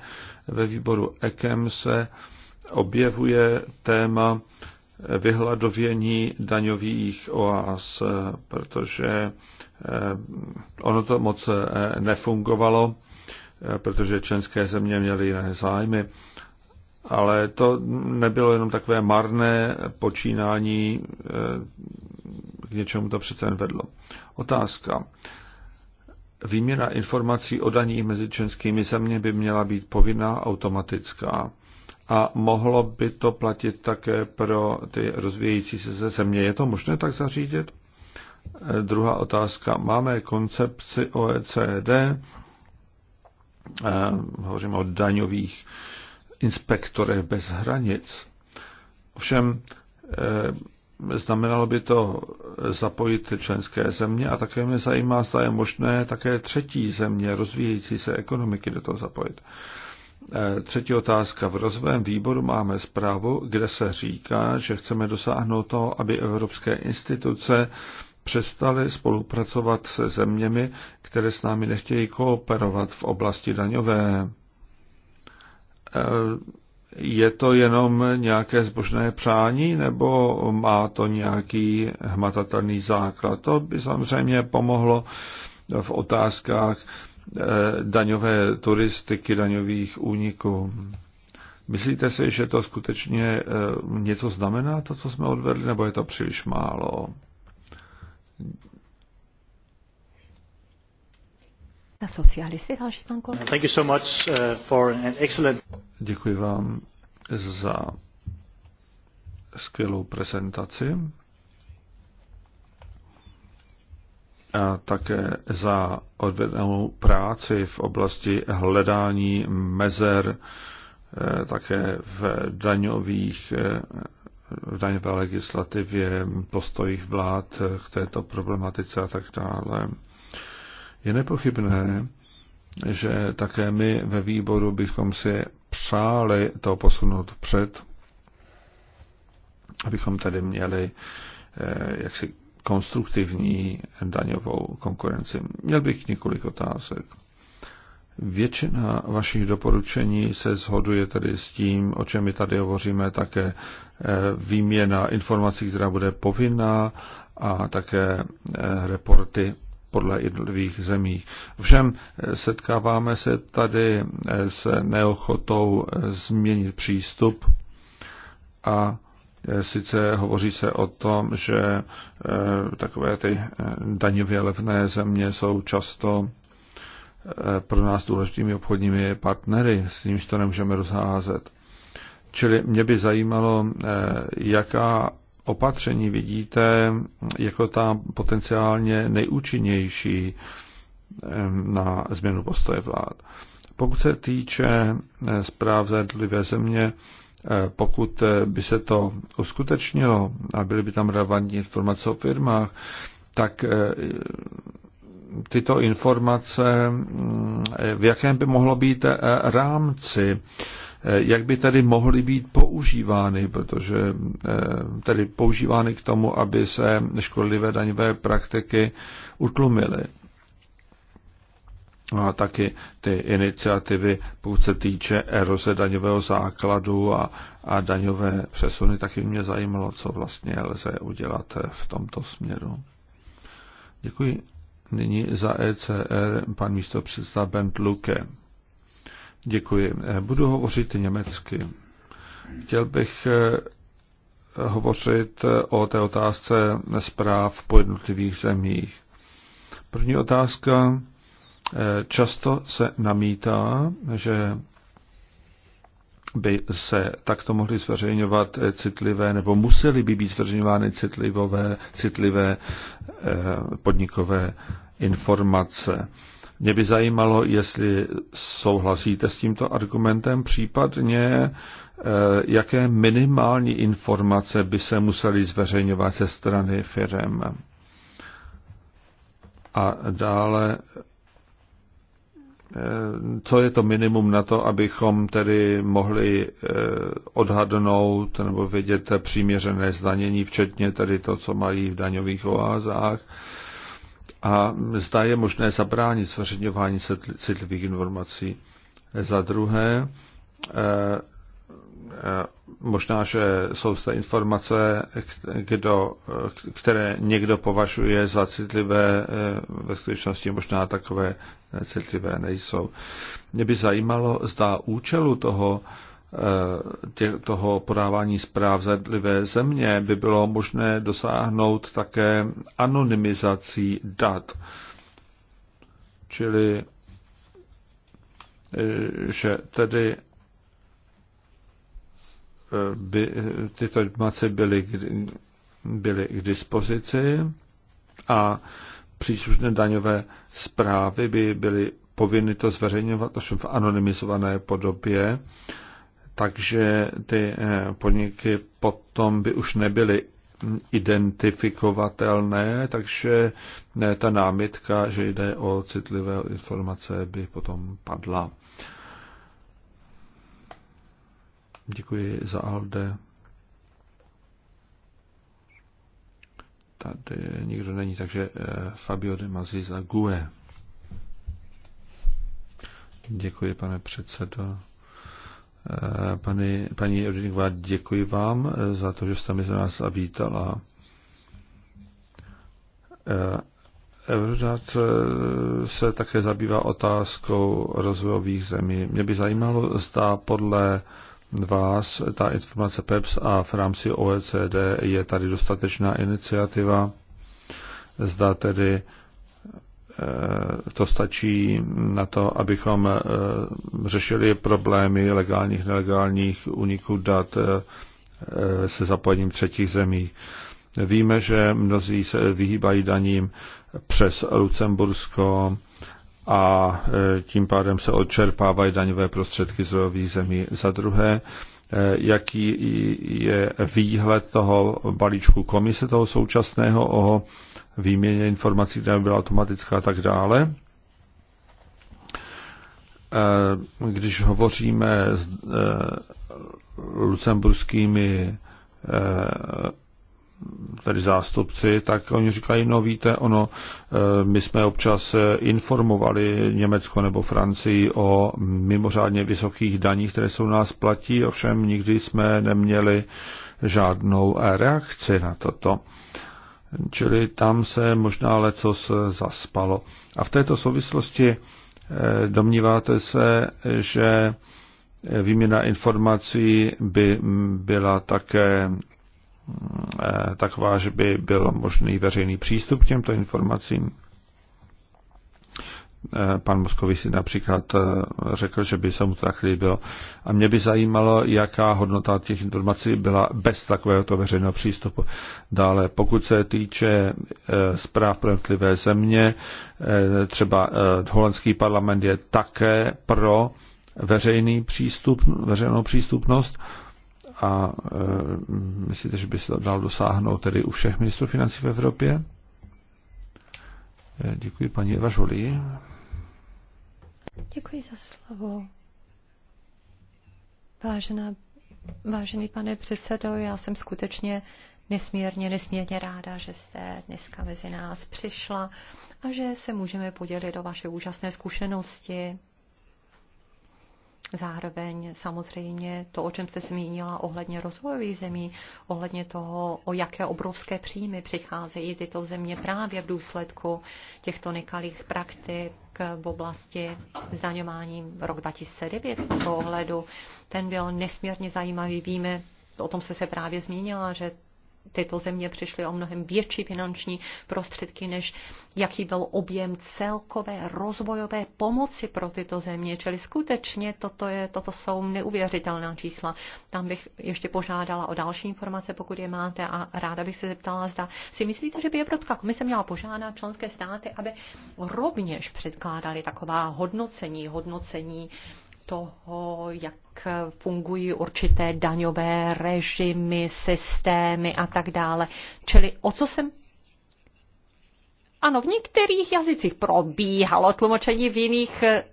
Speaker 4: ve výboru EKEM se objevuje téma vyhladovění daňových oás, eh, protože eh, ono to moc nefungovalo protože členské země měly jiné zájmy. Ale to nebylo jenom takové marné počínání, eh, k něčemu to přece vedlo. Otázka. Výměna informací o daní mezi členskými země by měla být povinná automatická a mohlo by to platit také pro ty rozvíjející se země. Je to možné tak zařídit? Eh, druhá otázka. Máme koncepci OECD, hovořím o daňových inspektorech bez hranic. Ovšem, eh, znamenalo by to zapojit členské země a také mě zajímá, zda je možné také třetí země rozvíjející se ekonomiky do toho zapojit. Eh, třetí otázka. V rozvém výboru máme zprávu, kde se říká, že chceme dosáhnout toho, aby evropské instituce přestali spolupracovat se zeměmi, které s námi nechtějí kooperovat v oblasti daňové. E, je to jenom nějaké zbožné přání, nebo má to nějaký hmatatelný základ? To by samozřejmě pomohlo v otázkách e, daňové turistiky, daňových úniků. Myslíte si, že to skutečně e, něco znamená, to, co jsme odvedli, nebo je to příliš málo?
Speaker 2: Na socialisty další
Speaker 3: pan Thank you so much uh, for an excellent...
Speaker 4: Děkuji vám za skvělou prezentaci a také za odvedenou práci v oblasti hledání mezer eh, také v daňových eh, daňové legislativě, postojích vlád k této problematice a tak dále. Je nepochybné, že také my ve výboru bychom si přáli to posunout před, abychom tady měli eh, jaksi konstruktivní daňovou konkurenci. Měl bych několik otázek. Většina vašich doporučení se shoduje tedy s tím, o čem my tady hovoříme, také eh, výměna informací, která bude povinná a také eh, reporty podle jednotlivých zemí. Všem eh, setkáváme se tady s neochotou změnit přístup a sice hovoří se o tom, že takové ty daňově levné země jsou často Eh, pro nás důležitými obchodními partnery, s nimiž to nemůžeme rozházet. Čili mě by zajímalo, eh, jaká opatření vidíte eh, jako ta potenciálně nejúčinnější na změnu postoje vlád. Pokud se týče zpráv zajedlivé země, pokud by se to uskutečnilo a byly by tam relevantní informace o firmách, tak tyto informace, mm, v jakém by mohlo být eh, rámci, eh, jak by tady mohly být používány, protože eh, tedy používány k tomu, aby se škodlivé daňové praktiky utlumily. No a taky ty iniciativy, pokud se týče eroze daňového základu a, a daňové přesuny, taky mě zajímalo, co vlastně lze udělat v tomto směru. Děkuji nyní za ECR pan místo předseda Bent Luke. Děkuji. Budu hovořit německy. Chtěl bych eh, hovořit eh, o té otázce zpráv po jednotlivých zemích. První otázka. Eh, často se namítá, že by se takto mohly zveřejňovat citlivé, nebo musely by být zveřejňovány citlivové, citlivé eh, podnikové informace. Mě by zajímalo, jestli souhlasíte s tímto argumentem, případně eh, jaké minimální informace by se musely zveřejňovat ze strany firm. A dále Eh, co je to minimum na to, abychom tedy mohli eh, odhadnout nebo vědět přiměřené zdanění, včetně tedy to, co mají v daňových oázách. A zda je možné zabránit zveřejňování citlivých informací. Za druhé, eh, Eh, možná, že jsou zde informace, kdo, eh, které někdo považuje za citlivé, eh, ve skutečnosti možná takové citlivé nejsou. Mě by zajímalo, zda účelu toho, tě, toho podávání zpráv za jednotlivé země by bylo možné dosáhnout také anonymizací dat. Čili že tedy by eh, tyto informace byly, byly k dispozici a příslušné daňové zprávy by byly povinny to zveřejňovat až v anonymizované podobě, takže ty eh, podniky potom by už nebyly identifikovatelné, takže eh, ta námitka, že jde o citlivé informace, by potom padla. Děkuji za Alde. Tady nikdo není, takže eh, Fabio de Mazzi za GUE. Děkuji, pane předsedo. Eh, Pani, paní Odinková, děkuji vám eh, za to, že jste mi za nás zavítala. Evrodat se také zabývá otázkou rozvojových zemí. Mě by zajímalo, zda podle vás ta informace PEPS a v rámci OECD je tady dostatečná iniciativa. Zda tedy eh, to stačí na to, abychom eh, řešili problémy legálních, nelegálních uniků dat eh, se zapojením třetích zemí. Víme, že mnozí se vyhýbají daním přes Lucembursko, a e, tím pádem se odčerpávají daňové prostředky z rojových zemí. Za druhé, e, jaký je výhled toho balíčku komise, toho současného o výměně informací, která byla automatická a tak dále. E, když hovoříme s lucemburskými tady zástupci, tak oni říkají, no víte, ono, eh, my jsme občas eh, informovali Německo nebo Francii o mimořádně vysokých daních, které jsou nás platí, ovšem nikdy jsme neměli žádnou reakci na toto. Čili tam se možná se eh, zaspalo. A v této souvislosti domníváte se, že výměna informací by mm, byla také Eh, taková, že by byl možný veřejný přístup k těmto informacím. Eh, pan si například eh, řekl, že by se mu to tak líbilo. A mě by zajímalo, jaká hodnota těch informací byla bez takovéhoto veřejného přístupu. Dále, pokud se týče zpráv pro jednotlivé země, třeba holandský parlament je také pro veřejný přístup, veřejnou přístupnost, a e, myslíte, že by se to dalo dosáhnout tedy u všech ministrů financí v Evropě? E, děkuji paní Eva Žolí.
Speaker 2: Děkuji za slovo. Vážená, vážený pane předsedo, já jsem skutečně nesmírně, nesmírně ráda, že jste dneska mezi nás přišla a že se můžeme podělit o vaše úžasné zkušenosti Zároveň samozřejmě to, o čem jste zmínila ohledně rozvojových zemí, ohledně toho, o jaké obrovské příjmy přicházejí tyto země právě v důsledku těchto nekalých praktik v oblasti zdaňování rok 2009 v ohledu. Ten byl nesmírně zajímavý. Víme, o tom jste se právě zmínila, že tyto země přišly o mnohem větší finanční prostředky, než jaký byl objem celkové rozvojové pomoci pro tyto země. Čili skutečně toto, je, toto jsou neuvěřitelná čísla. Tam bych ještě požádala o další informace, pokud je máte a ráda bych se zeptala, zda si myslíte, že by Evropská komise měla požádat členské státy, aby rovněž předkládali taková hodnocení, hodnocení toho, jak fungují určité daňové režimy, systémy a tak dále. Čili o co jsem ano, v některých jazycích probíhalo tlumočení, v jiných eh,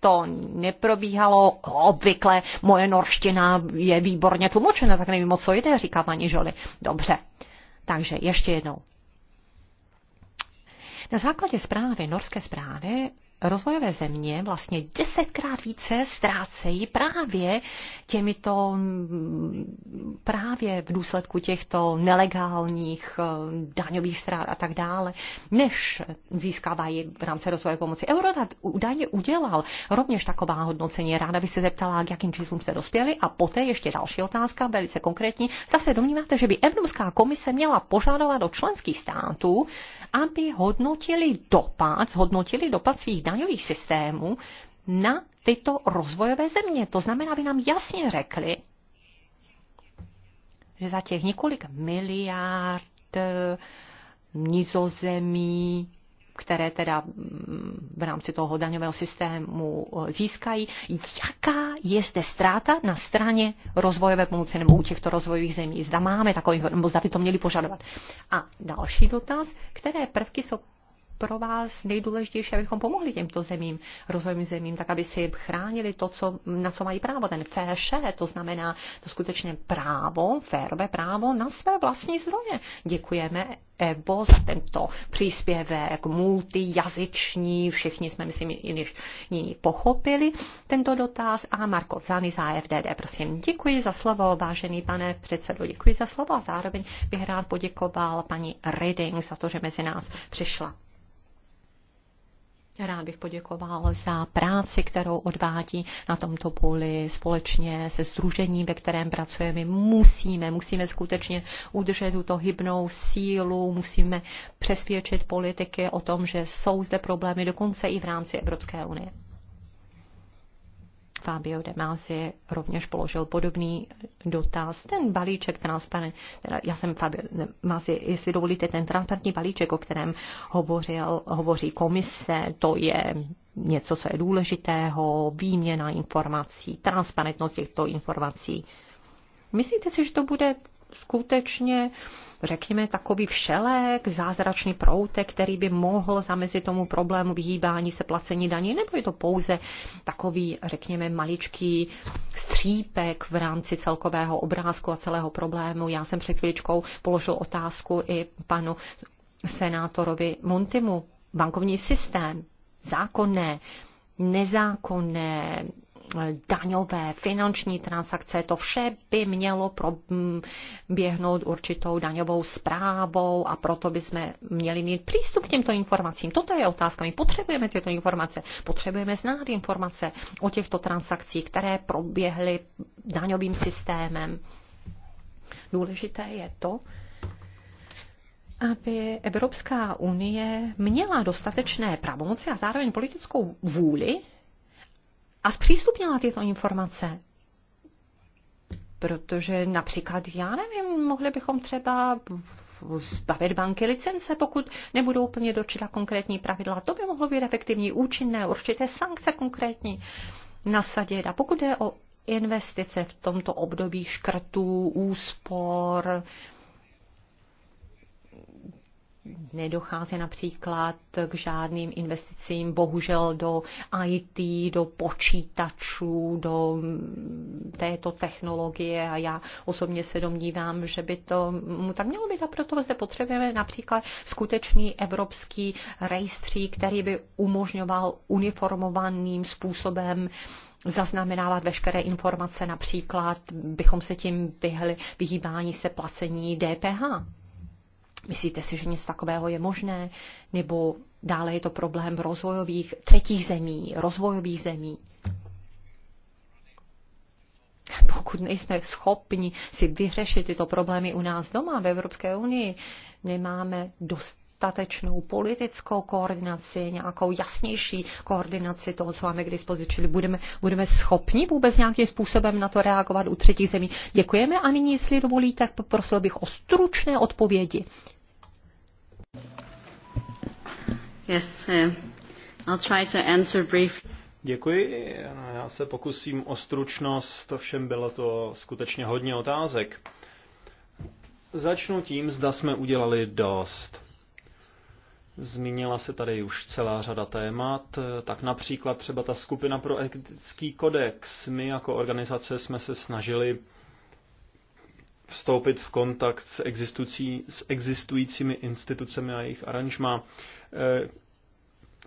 Speaker 2: to neprobíhalo. Obvykle moje norština je výborně tlumočena, tak nevím, o co jde, říká paní Žoli. Dobře, takže ještě jednou. Na základě zprávy, norské zprávy, rozvojové země vlastně desetkrát více ztrácejí právě těmito, právě v důsledku těchto nelegálních eh, daňových ztrát a tak dále, než získávají v rámci rozvojové pomoci. Eurodat údajně udělal rovněž taková hodnocení. Ráda by se zeptala, k jakým číslům jste dospěli a poté ještě další otázka, velice konkrétní. Zda se domníváte, že by Evropská komise měla požadovat od členských států, aby hodnotili dopad, hodnotili dopad svých daní daňových systémů na tyto rozvojové země. To znamená, aby nám jasně řekli, že za těch několik miliard eh, nizozemí, které teda mm, v rámci toho daňového systému eh, získají, jaká je zde ztráta na straně rozvojové pomoci nebo u těchto rozvojových zemí. Zda máme takový, nebo zda by to měli požadovat. A další dotaz, které prvky jsou pro vás nejdůležitější, abychom pomohli těmto zemím, rozvojovým zemím, tak aby si chránili to, co, na co mají právo, ten fair share, to znamená to skutečné právo, férové právo na své vlastní zdroje. Děkujeme Ebo za tento příspěvek, multijazyční, všichni jsme, myslím, jiní pochopili tento dotaz. A Marko Zany za FDD, prosím, děkuji za slovo, vážený pane předsedo, děkuji za slovo a zároveň bych rád poděkoval paní Reding za to, že mezi nás přišla. Rád bych poděkoval za práci, kterou odvádí na tomto poli společně se združením, ve kterém pracujeme. Musíme, musíme skutečně udržet tuto hybnou sílu, musíme přesvědčit politiky o tom, že jsou zde problémy dokonce i v rámci Evropské unie. Fabio De Masi rovněž položil podobný dotaz. Ten balíček transparent, teda já jsem Fabio De Masi, jestli dovolíte, ten transparentní balíček, o kterém hovořil, hovoří komise, to je něco, co je důležitého, výměna informací, transparentnost těchto informací. Myslíte si, že to bude skutečně řekněme, takový všelek, zázračný proutek, který by mohl zamezit tomu problému vyhýbání se placení daní, nebo je to pouze takový, řekněme, maličký střípek v rámci celkového obrázku a celého problému. Já jsem před chvíličkou položil otázku i panu senátorovi Montimu. Bankovní systém, zákonné, nezákonné, daňové, finanční transakce, to vše by mělo proběhnout určitou daňovou zprávou a proto by jsme měli mít přístup k těmto informacím. Toto je otázka. My potřebujeme tyto informace, potřebujeme znát informace o těchto transakcích, které proběhly daňovým systémem. Důležité je to, aby Evropská unie měla dostatečné pravomoci a zároveň politickou vůli a zpřístupnila tyto informace. Protože například, já nevím, mohli bychom třeba zbavit banky licence, pokud nebudou úplně dočila konkrétní pravidla. To by mohlo být efektivní, účinné, určité sankce konkrétní nasadit. A pokud je o investice v tomto období škrtů, úspor, nedochází například k žádným investicím, bohužel do IT, do počítačů, do této technologie a já osobně se domnívám, že by to mu tak mělo být a proto zde potřebujeme například skutečný evropský rejstřík, který by umožňoval uniformovaným způsobem zaznamenávat veškeré informace, například bychom se tím vyhli vyhýbání se placení DPH. Myslíte si, že něco takového je možné? Nebo dále je to problém rozvojových třetích zemí, rozvojových zemí? Pokud nejsme schopni si vyřešit tyto problémy u nás doma v Evropské unii, nemáme dostatečnou politickou koordinaci, nějakou jasnější koordinaci toho, co máme k dispozici, čili budeme, budeme schopni vůbec nějakým způsobem na to reagovat u třetích zemí. Děkujeme a nyní, jestli dovolíte, poprosil bych o stručné odpovědi.
Speaker 3: Yes, eh, I'll try to answer Děkuji. No, já se pokusím o stručnost, to všem bylo to skutečně hodně otázek. Začnu tím, zda jsme udělali dost. Zmínila se tady už celá řada témat, tak například třeba ta skupina pro etický kodex. My jako organizace jsme se snažili vstoupit v kontakt s, existující, s existujícími institucemi a jejich aranžma. Eh,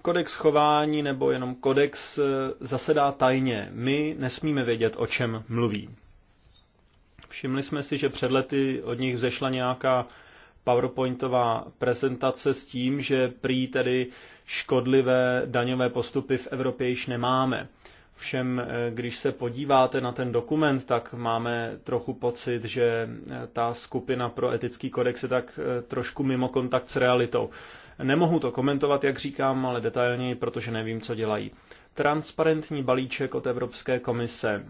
Speaker 3: kodex chování nebo jenom kodex eh, zasedá tajně. My nesmíme vědět, o čem mluví. Všimli jsme si, že před lety od nich zešla nějaká PowerPointová prezentace s tím, že prý tedy škodlivé daňové postupy v Evropě již nemáme. Všem, eh, když se podíváte na ten dokument, tak máme trochu pocit, že eh, ta skupina pro etický kodex je tak eh, trošku mimo kontakt s realitou. Nemohu to komentovat, jak říkám, ale detailněji, protože nevím, co dělají. Transparentní balíček od Evropské komise.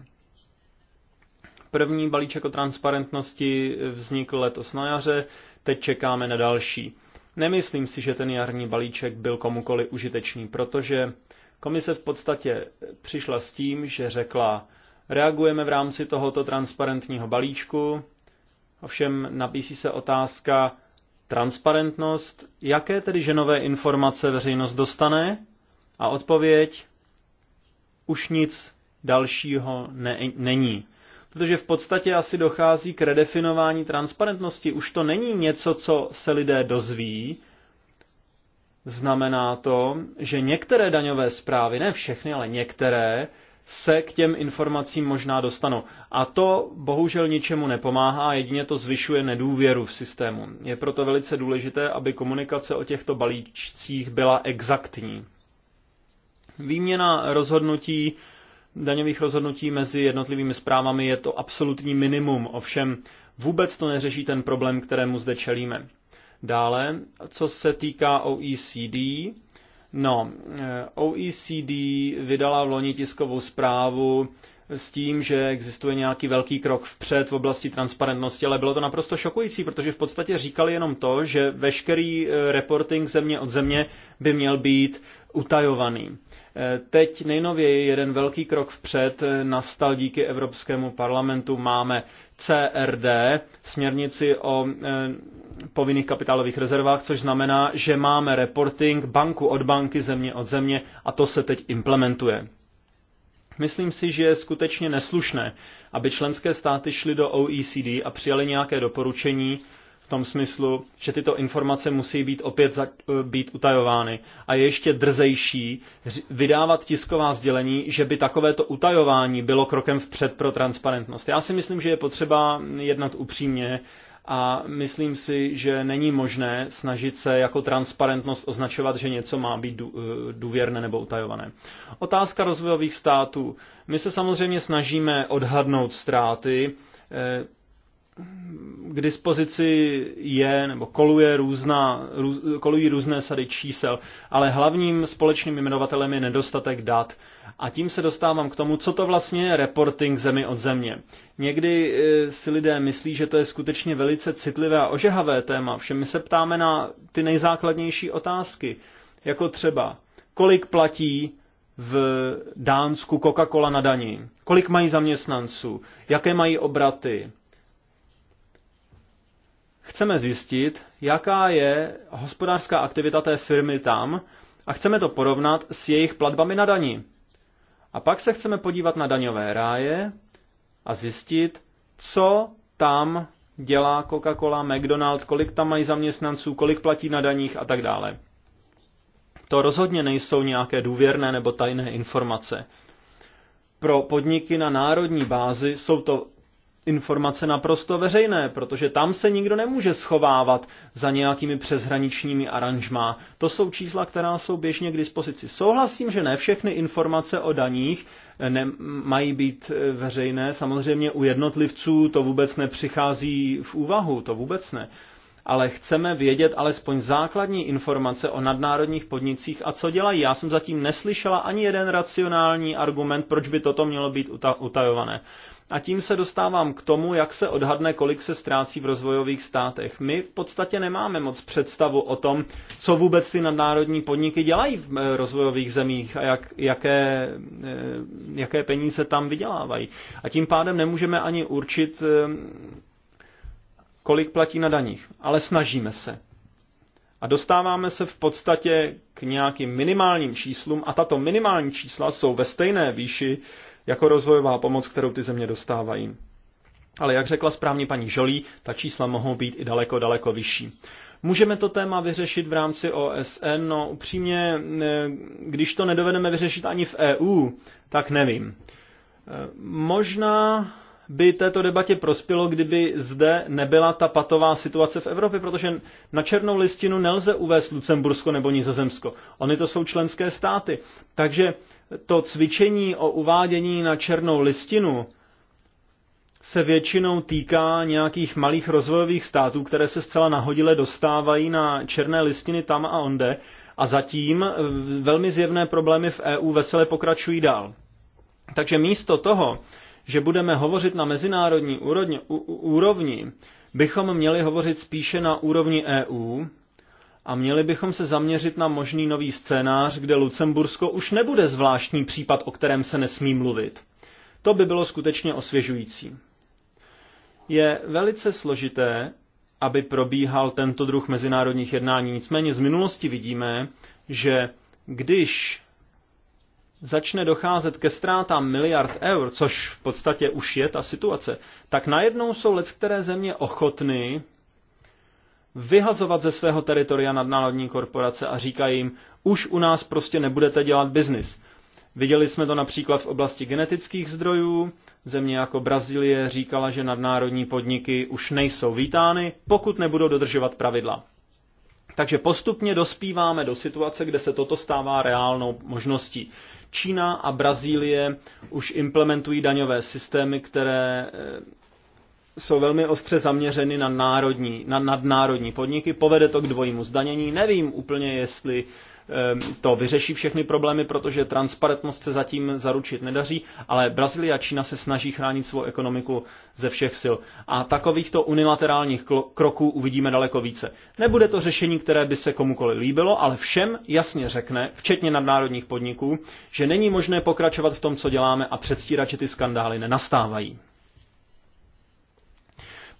Speaker 3: První balíček o transparentnosti vznikl letos na jaře, teď čekáme na další. Nemyslím si, že ten jarní balíček byl komukoli užitečný, protože Komise v podstatě přišla s tím, že řekla, reagujeme v rámci tohoto transparentního balíčku, ovšem nabízí se otázka transparentnost, jaké tedy ženové informace veřejnost dostane a odpověď už nic dalšího ne- není. Protože v podstatě asi dochází k redefinování transparentnosti. Už to není něco, co se lidé dozví, Znamená to, že některé daňové zprávy, ne všechny, ale některé, se k těm informacím možná dostanou. A to bohužel ničemu nepomáhá, jedině to zvyšuje nedůvěru v systému. Je proto velice důležité, aby komunikace o těchto balíčcích byla exaktní. Výměna rozhodnutí, daňových rozhodnutí mezi jednotlivými zprávami je to absolutní minimum, ovšem vůbec to neřeší ten problém, kterému zde čelíme. Dále, co se týká OECD, no, eh, OECD vydala v loni tiskovou zprávu s tím, že existuje nějaký velký krok vpřed v oblasti transparentnosti, ale bylo to naprosto šokující, protože v podstatě říkali jenom to, že veškerý eh, reporting země od země by měl být utajovaný. Teď nejnověji jeden velký krok vpřed nastal díky Evropskému parlamentu. Máme CRD, směrnici o e, povinných kapitálových rezervách, což znamená, že máme reporting banku od banky, země od země a to se teď implementuje. Myslím si, že je skutečně neslušné, aby členské státy šly do OECD a přijali nějaké doporučení, v tom smyslu, že tyto informace musí být opět za, eh, být utajovány. A je ještě drzejší vydávat tisková sdělení, že by takovéto utajování bylo krokem vpřed pro transparentnost. Já si myslím, že je potřeba jednat upřímně a myslím si, že není možné snažit se jako transparentnost označovat, že něco má být eh, důvěrné nebo utajované. Otázka rozvojových států. My se samozřejmě snažíme odhadnout ztráty, eh, k dispozici je nebo koluje různá, růz, kolují různé sady čísel, ale hlavním společným jmenovatelem je nedostatek dat. A tím se dostávám k tomu, co to vlastně je reporting zemi od země. Někdy e, si lidé myslí, že to je skutečně velice citlivé a ožehavé téma, všem my se ptáme na ty nejzákladnější otázky, jako třeba kolik platí v Dánsku Coca-Cola na daní, kolik mají zaměstnanců, jaké mají obraty, Chceme zjistit, jaká je hospodářská aktivita té firmy tam a chceme to porovnat s jejich platbami na daní. A pak se chceme podívat na daňové ráje a zjistit, co tam dělá Coca-Cola, McDonald, kolik tam mají zaměstnanců, kolik platí na daních a tak dále. To rozhodně nejsou nějaké důvěrné nebo tajné informace. Pro podniky na národní bázi jsou to informace naprosto veřejné, protože tam se nikdo nemůže schovávat za nějakými přeshraničními aranžmá. To jsou čísla, která jsou běžně k dispozici. Souhlasím, že ne všechny informace o daních eh, ne, mají být eh, veřejné. Samozřejmě u jednotlivců to vůbec nepřichází v úvahu, to vůbec ne ale chceme vědět alespoň základní informace o nadnárodních podnicích a co dělají. Já jsem zatím neslyšela ani jeden racionální argument, proč by toto mělo být utajované. A tím se dostávám k tomu, jak se odhadne, kolik se ztrácí v rozvojových státech. My v podstatě nemáme moc představu o tom, co vůbec ty nadnárodní podniky dělají v eh, rozvojových zemích a jak, jaké, eh, jaké peníze tam vydělávají. A tím pádem nemůžeme ani určit, eh, kolik platí na daních, ale snažíme se. A dostáváme se v podstatě k nějakým minimálním číslům a tato minimální čísla jsou ve stejné výši jako rozvojová pomoc, kterou ty země dostávají. Ale jak řekla správně paní Žolí, ta čísla mohou být i daleko, daleko vyšší. Můžeme to téma vyřešit v rámci OSN? No upřímně, když to nedovedeme vyřešit ani v EU, tak nevím. E, možná by této debatě prospělo, kdyby zde nebyla ta patová situace v Evropě, protože na černou listinu nelze uvést Lucembursko nebo Nizozemsko. Ony to jsou členské státy. Takže to cvičení o uvádění na černou listinu se většinou týká nějakých malých rozvojových států, které se zcela nahodile dostávají na černé listiny tam a onde a zatím velmi zjevné problémy v EU vesele pokračují dál. Takže místo toho, že budeme hovořit na mezinárodní úrovni, úrovni, bychom měli hovořit spíše na úrovni EU a měli bychom se zaměřit na možný nový scénář, kde Lucembursko už nebude zvláštní případ, o kterém se nesmí mluvit. To by bylo skutečně osvěžující. Je velice složité, aby probíhal tento druh mezinárodních jednání. Nicméně z minulosti vidíme, že když začne docházet ke ztrátám miliard eur, což v podstatě už je ta situace, tak najednou jsou let, které země ochotny vyhazovat ze svého teritoria nadnárodní korporace a říkají jim, už u nás prostě nebudete dělat biznis. Viděli jsme to například v oblasti genetických zdrojů. Země jako Brazílie říkala, že nadnárodní podniky už nejsou vítány, pokud nebudou dodržovat pravidla. Takže postupně dospíváme do situace, kde se toto stává reálnou možností. Čína a Brazílie už implementují daňové systémy, které eh, jsou velmi ostře zaměřeny na národní, na nadnárodní podniky. Povede to k dvojímu zdanění. Nevím úplně, jestli Ehm, to vyřeší všechny problémy, protože transparentnost se zatím zaručit nedaří, ale Brazílie a Čína se snaží chránit svou ekonomiku ze všech sil. A takovýchto unilaterálních kroků uvidíme daleko více. Nebude to řešení, které by se komukoli líbilo, ale všem jasně řekne, včetně nadnárodních podniků, že není možné pokračovat v tom, co děláme a předstírat, že ty skandály nenastávají.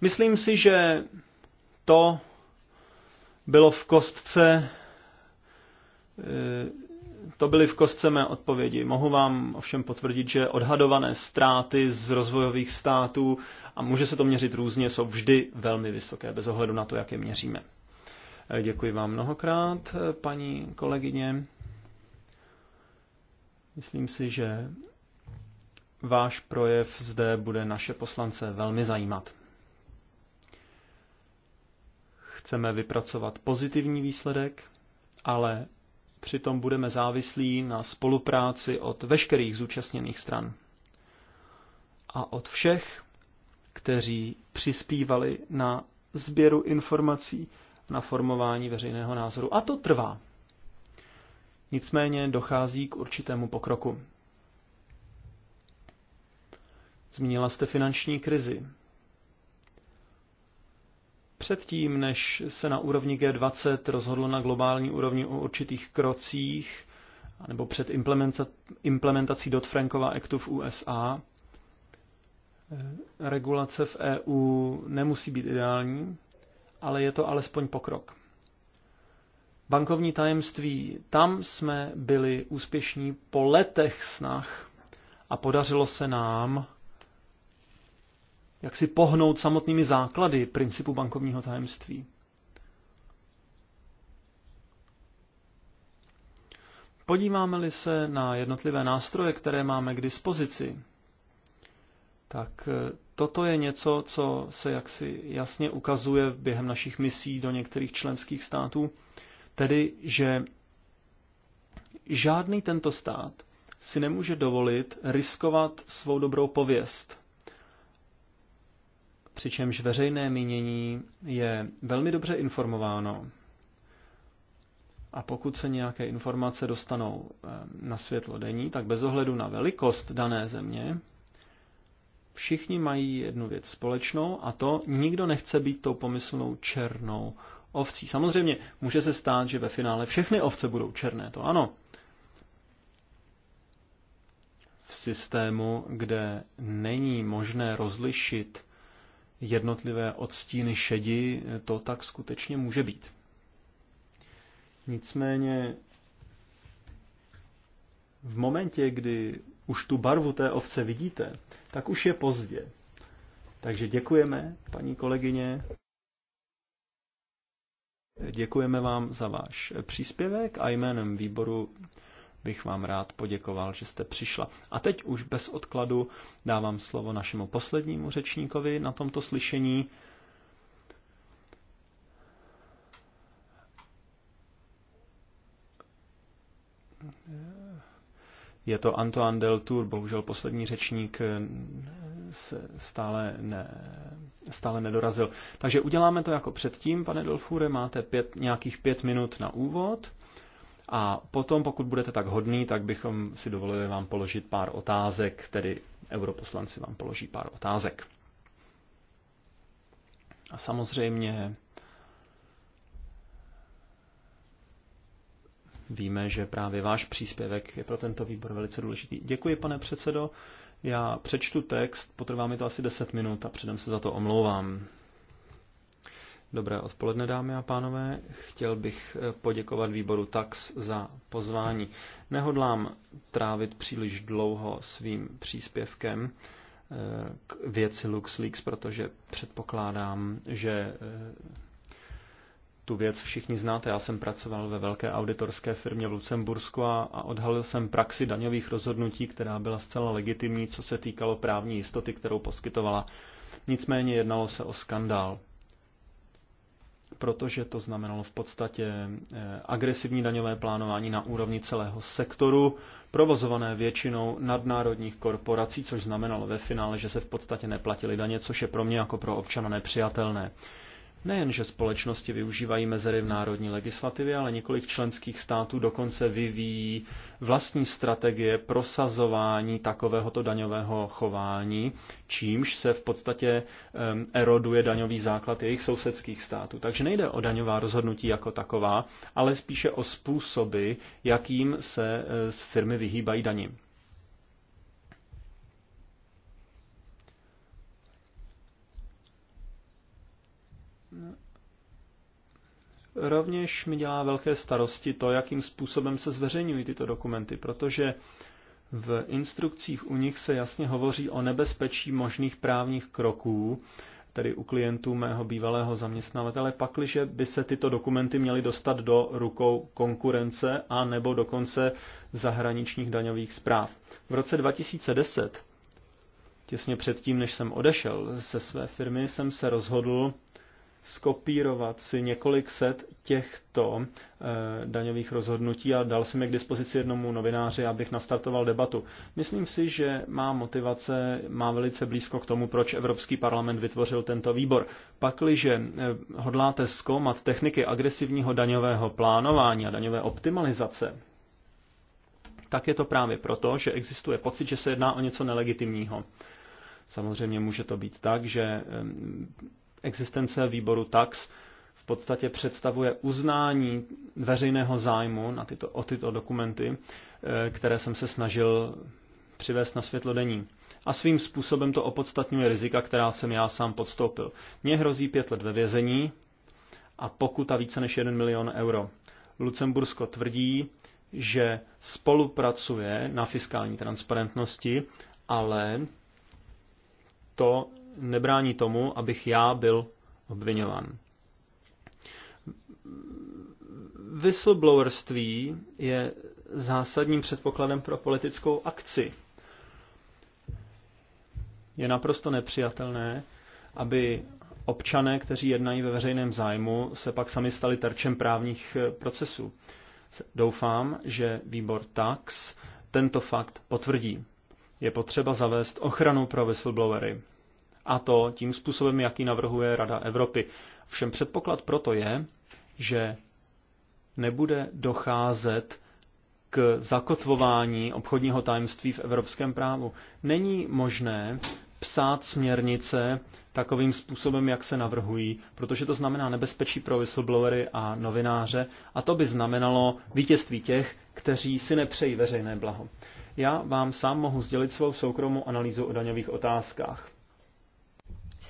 Speaker 3: Myslím si, že to bylo v kostce Eh, to byly v kostce mé odpovědi. Mohu vám ovšem potvrdit, že odhadované ztráty z rozvojových států, a může se to měřit různě, jsou vždy velmi vysoké, bez ohledu na to, jak je měříme. Eh, děkuji vám mnohokrát, eh, paní kolegyně. Myslím si, že váš projev zde bude naše poslance velmi zajímat. Chceme vypracovat pozitivní výsledek, ale Přitom budeme závislí na spolupráci od veškerých zúčastněných stran a od všech, kteří přispívali na sběru informací na formování veřejného názoru. A to trvá. Nicméně dochází k určitému pokroku. Zmínila jste finanční krizi. Předtím, než se na úrovni G20 rozhodlo na globální úrovni o určitých krocích, nebo před implementací Dodd-Frankova aktu v USA, eh, regulace v EU nemusí být ideální, ale je to alespoň pokrok. Bankovní tajemství. Tam jsme byli úspěšní po letech snah a podařilo se nám jak si pohnout samotnými základy principu bankovního tajemství. Podíváme-li se na jednotlivé nástroje, které máme k dispozici, tak eh, toto je něco, co se jaksi jasně ukazuje během našich misí do některých členských států, tedy že žádný tento stát si nemůže dovolit riskovat svou dobrou pověst přičemž veřejné mínění je velmi dobře informováno. A pokud se nějaké informace dostanou eh, na světlo denní, tak bez ohledu na velikost dané země, všichni mají jednu věc společnou a to nikdo nechce být tou pomyslnou černou ovcí. Samozřejmě může se stát, že ve finále všechny ovce budou černé, to ano. V systému, kde není možné rozlišit jednotlivé odstíny šedi, to tak skutečně může být. Nicméně v momentě, kdy už tu barvu té ovce vidíte, tak už je pozdě. Takže děkujeme, paní kolegyně. Děkujeme vám za váš příspěvek a jménem výboru bych vám rád poděkoval, že jste přišla. A teď už bez odkladu dávám slovo našemu poslednímu řečníkovi na tomto slyšení. Je to Antoine Deltour, bohužel poslední řečník eh, se stále, ne, stále nedorazil. Takže uděláme to jako předtím, pane Delfure, máte pět, nějakých pět minut na úvod a potom, pokud budete tak hodný, tak bychom si dovolili vám položit pár otázek, tedy europoslanci vám položí pár otázek. A samozřejmě víme, že právě váš příspěvek je pro tento výbor velice důležitý. Děkuji, pane předsedo. Já přečtu text, potrvá mi to asi 10 minut a předem se za to omlouvám. Dobré odpoledne, dámy a pánové. Chtěl bych eh, poděkovat výboru TAX za pozvání. Nehodlám trávit příliš dlouho svým příspěvkem eh, k věci LuxLeaks, protože předpokládám, že eh, tu věc všichni znáte. Já jsem pracoval ve velké auditorské firmě v Lucembursku a, a odhalil jsem praxi daňových rozhodnutí, která byla zcela legitimní, co se týkalo právní jistoty, kterou poskytovala. Nicméně jednalo se o skandál protože to znamenalo v podstatě eh, agresivní daňové plánování na úrovni celého sektoru, provozované většinou nadnárodních korporací, což znamenalo ve finále, že se v podstatě neplatily daně, což je pro mě jako pro občana nepřijatelné. Nejenže společnosti využívají mezery v národní legislativě, ale několik členských států dokonce vyvíjí vlastní strategie prosazování takovéhoto daňového chování, čímž se v podstatě um, eroduje daňový základ jejich sousedských států. Takže nejde o daňová rozhodnutí jako taková, ale spíše o způsoby, jakým se e, z firmy vyhýbají daním. Rovněž mi dělá velké starosti to, jakým způsobem se zveřejňují tyto dokumenty, protože v instrukcích u nich se jasně hovoří o nebezpečí možných právních kroků, tedy u klientů mého bývalého zaměstnavatele, pakliže by se tyto dokumenty měly dostat do rukou konkurence a nebo dokonce zahraničních daňových zpráv. V roce 2010, těsně předtím, než jsem odešel ze své firmy, jsem se rozhodl skopírovat si několik set těchto e, daňových rozhodnutí a dal jsem je k dispozici jednomu novináři, abych nastartoval debatu. Myslím si, že má motivace, má velice blízko k tomu, proč Evropský parlament vytvořil tento výbor. Pakliže e, hodláte zkoumat techniky agresivního daňového plánování a daňové optimalizace, tak je to právě proto, že existuje pocit, že se jedná o něco nelegitimního. Samozřejmě může to být tak, že eh, existence výboru TAX v podstatě představuje uznání veřejného zájmu na tyto, o tyto dokumenty, eh, které jsem se snažil přivést na světlo denní. A svým způsobem to opodstatňuje rizika, která jsem já sám podstoupil. Mně hrozí pět let ve vězení a pokuta více než 1 milion euro. Lucembursko tvrdí, že spolupracuje na fiskální transparentnosti, ale to nebrání tomu, abych já byl obvinován. Whistleblowerství je zásadním předpokladem pro politickou akci. Je naprosto nepřijatelné, aby občané, kteří jednají ve veřejném zájmu, se pak sami stali terčem právních eh, procesů. Doufám, že výbor TAX tento fakt potvrdí. Je potřeba zavést ochranu pro whistleblowery. A to tím způsobem, jaký navrhuje Rada Evropy. Všem předpoklad proto je, že nebude docházet k zakotvování obchodního tajemství v evropském právu. Není možné psát směrnice takovým způsobem, jak se navrhují, protože to znamená nebezpečí pro whistleblowery a novináře a to by znamenalo vítězství těch, kteří si nepřejí veřejné blaho. Já vám sám mohu sdělit svou soukromou analýzu o daňových otázkách.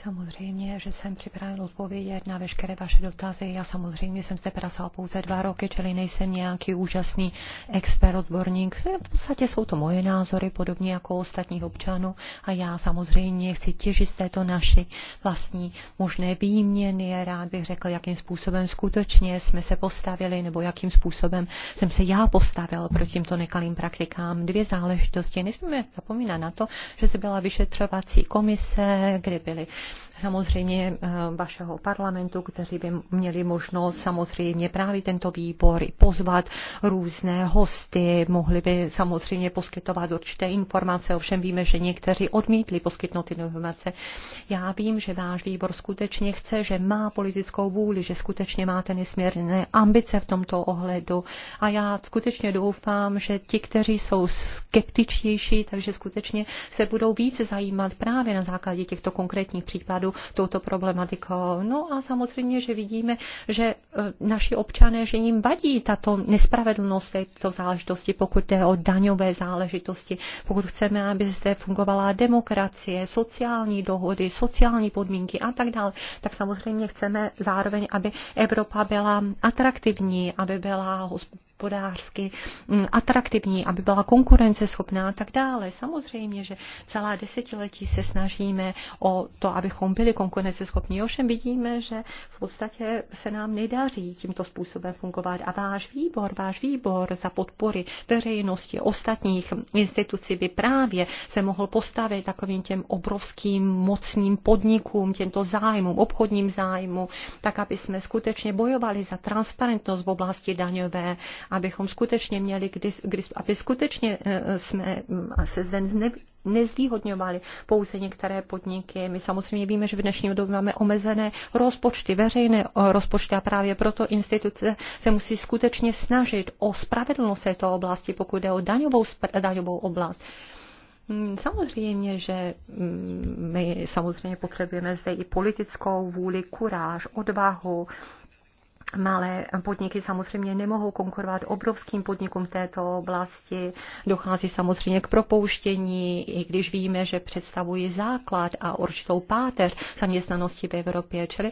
Speaker 2: Samozřejmě, že jsem připraven odpovědět na veškeré vaše dotazy. Já samozřejmě jsem zde pracoval pouze dva roky, čili nejsem nějaký úžasný expert, odborník. V podstatě jsou to moje názory, podobně jako ostatních občanů. A já samozřejmě chci těžit z této naší vlastní možné výměny. Rád bych řekl, jakým způsobem skutečně jsme se postavili, nebo jakým způsobem jsem se já postavil proti těmto nekalým praktikám. Dvě záležitosti. Nesmíme zapomínat na to, že se byla vyšetřovací komise, kde byly samozřejmě eh, vašeho parlamentu, kteří by měli možnost samozřejmě právě tento výbor pozvat různé hosty, mohli by samozřejmě poskytovat určité informace, ovšem víme, že někteří odmítli poskytnout ty informace. Já vím, že váš výbor skutečně chce, že má politickou vůli, že skutečně máte nesmírné ambice v tomto ohledu a já skutečně doufám, že ti, kteří jsou skeptičtější, takže skutečně se budou více zajímat právě na základě těchto konkrétních případů opravdu touto problematikou. No a samozřejmě, že vidíme, že e, naši občané, že jim vadí tato nespravedlnost této záležitosti, pokud jde o daňové záležitosti, pokud chceme, aby zde fungovala demokracie, sociální dohody, sociální podmínky a tak dále, tak samozřejmě chceme zároveň, aby Evropa byla atraktivní, aby byla hospodářsky mm, atraktivní, aby byla konkurenceschopná a tak dále. Samozřejmě, že celá desetiletí se snažíme o to, abychom byli konkurenceschopní. Ovšem vidíme, že v podstatě se nám nedaří tímto způsobem fungovat. A váš výbor, váš výbor za podpory veřejnosti, ostatních institucí by právě se mohl postavit takovým těm obrovským mocným podnikům, těmto zájmům, obchodním zájmům, tak aby jsme skutečně bojovali za transparentnost v oblasti daňové abychom skutečně měli, aby skutečně eh, jsme hm, se zde nezvýhodňovali pouze některé podniky. My samozřejmě víme, že v dnešní době máme omezené rozpočty, veřejné eh, rozpočty a právě proto instituce se musí skutečně snažit o spravedlnost této oblasti, pokud jde o daňovou, daňovou oblast. Hm, samozřejmě, že hm, my samozřejmě potřebujeme zde i politickou vůli, kuráž, odvahu, Malé podniky samozřejmě nemohou konkurovat obrovským podnikům v této oblasti. Dochází samozřejmě k propouštění, i když víme, že představují základ a určitou páteř zaměstnanosti v Evropě. Čili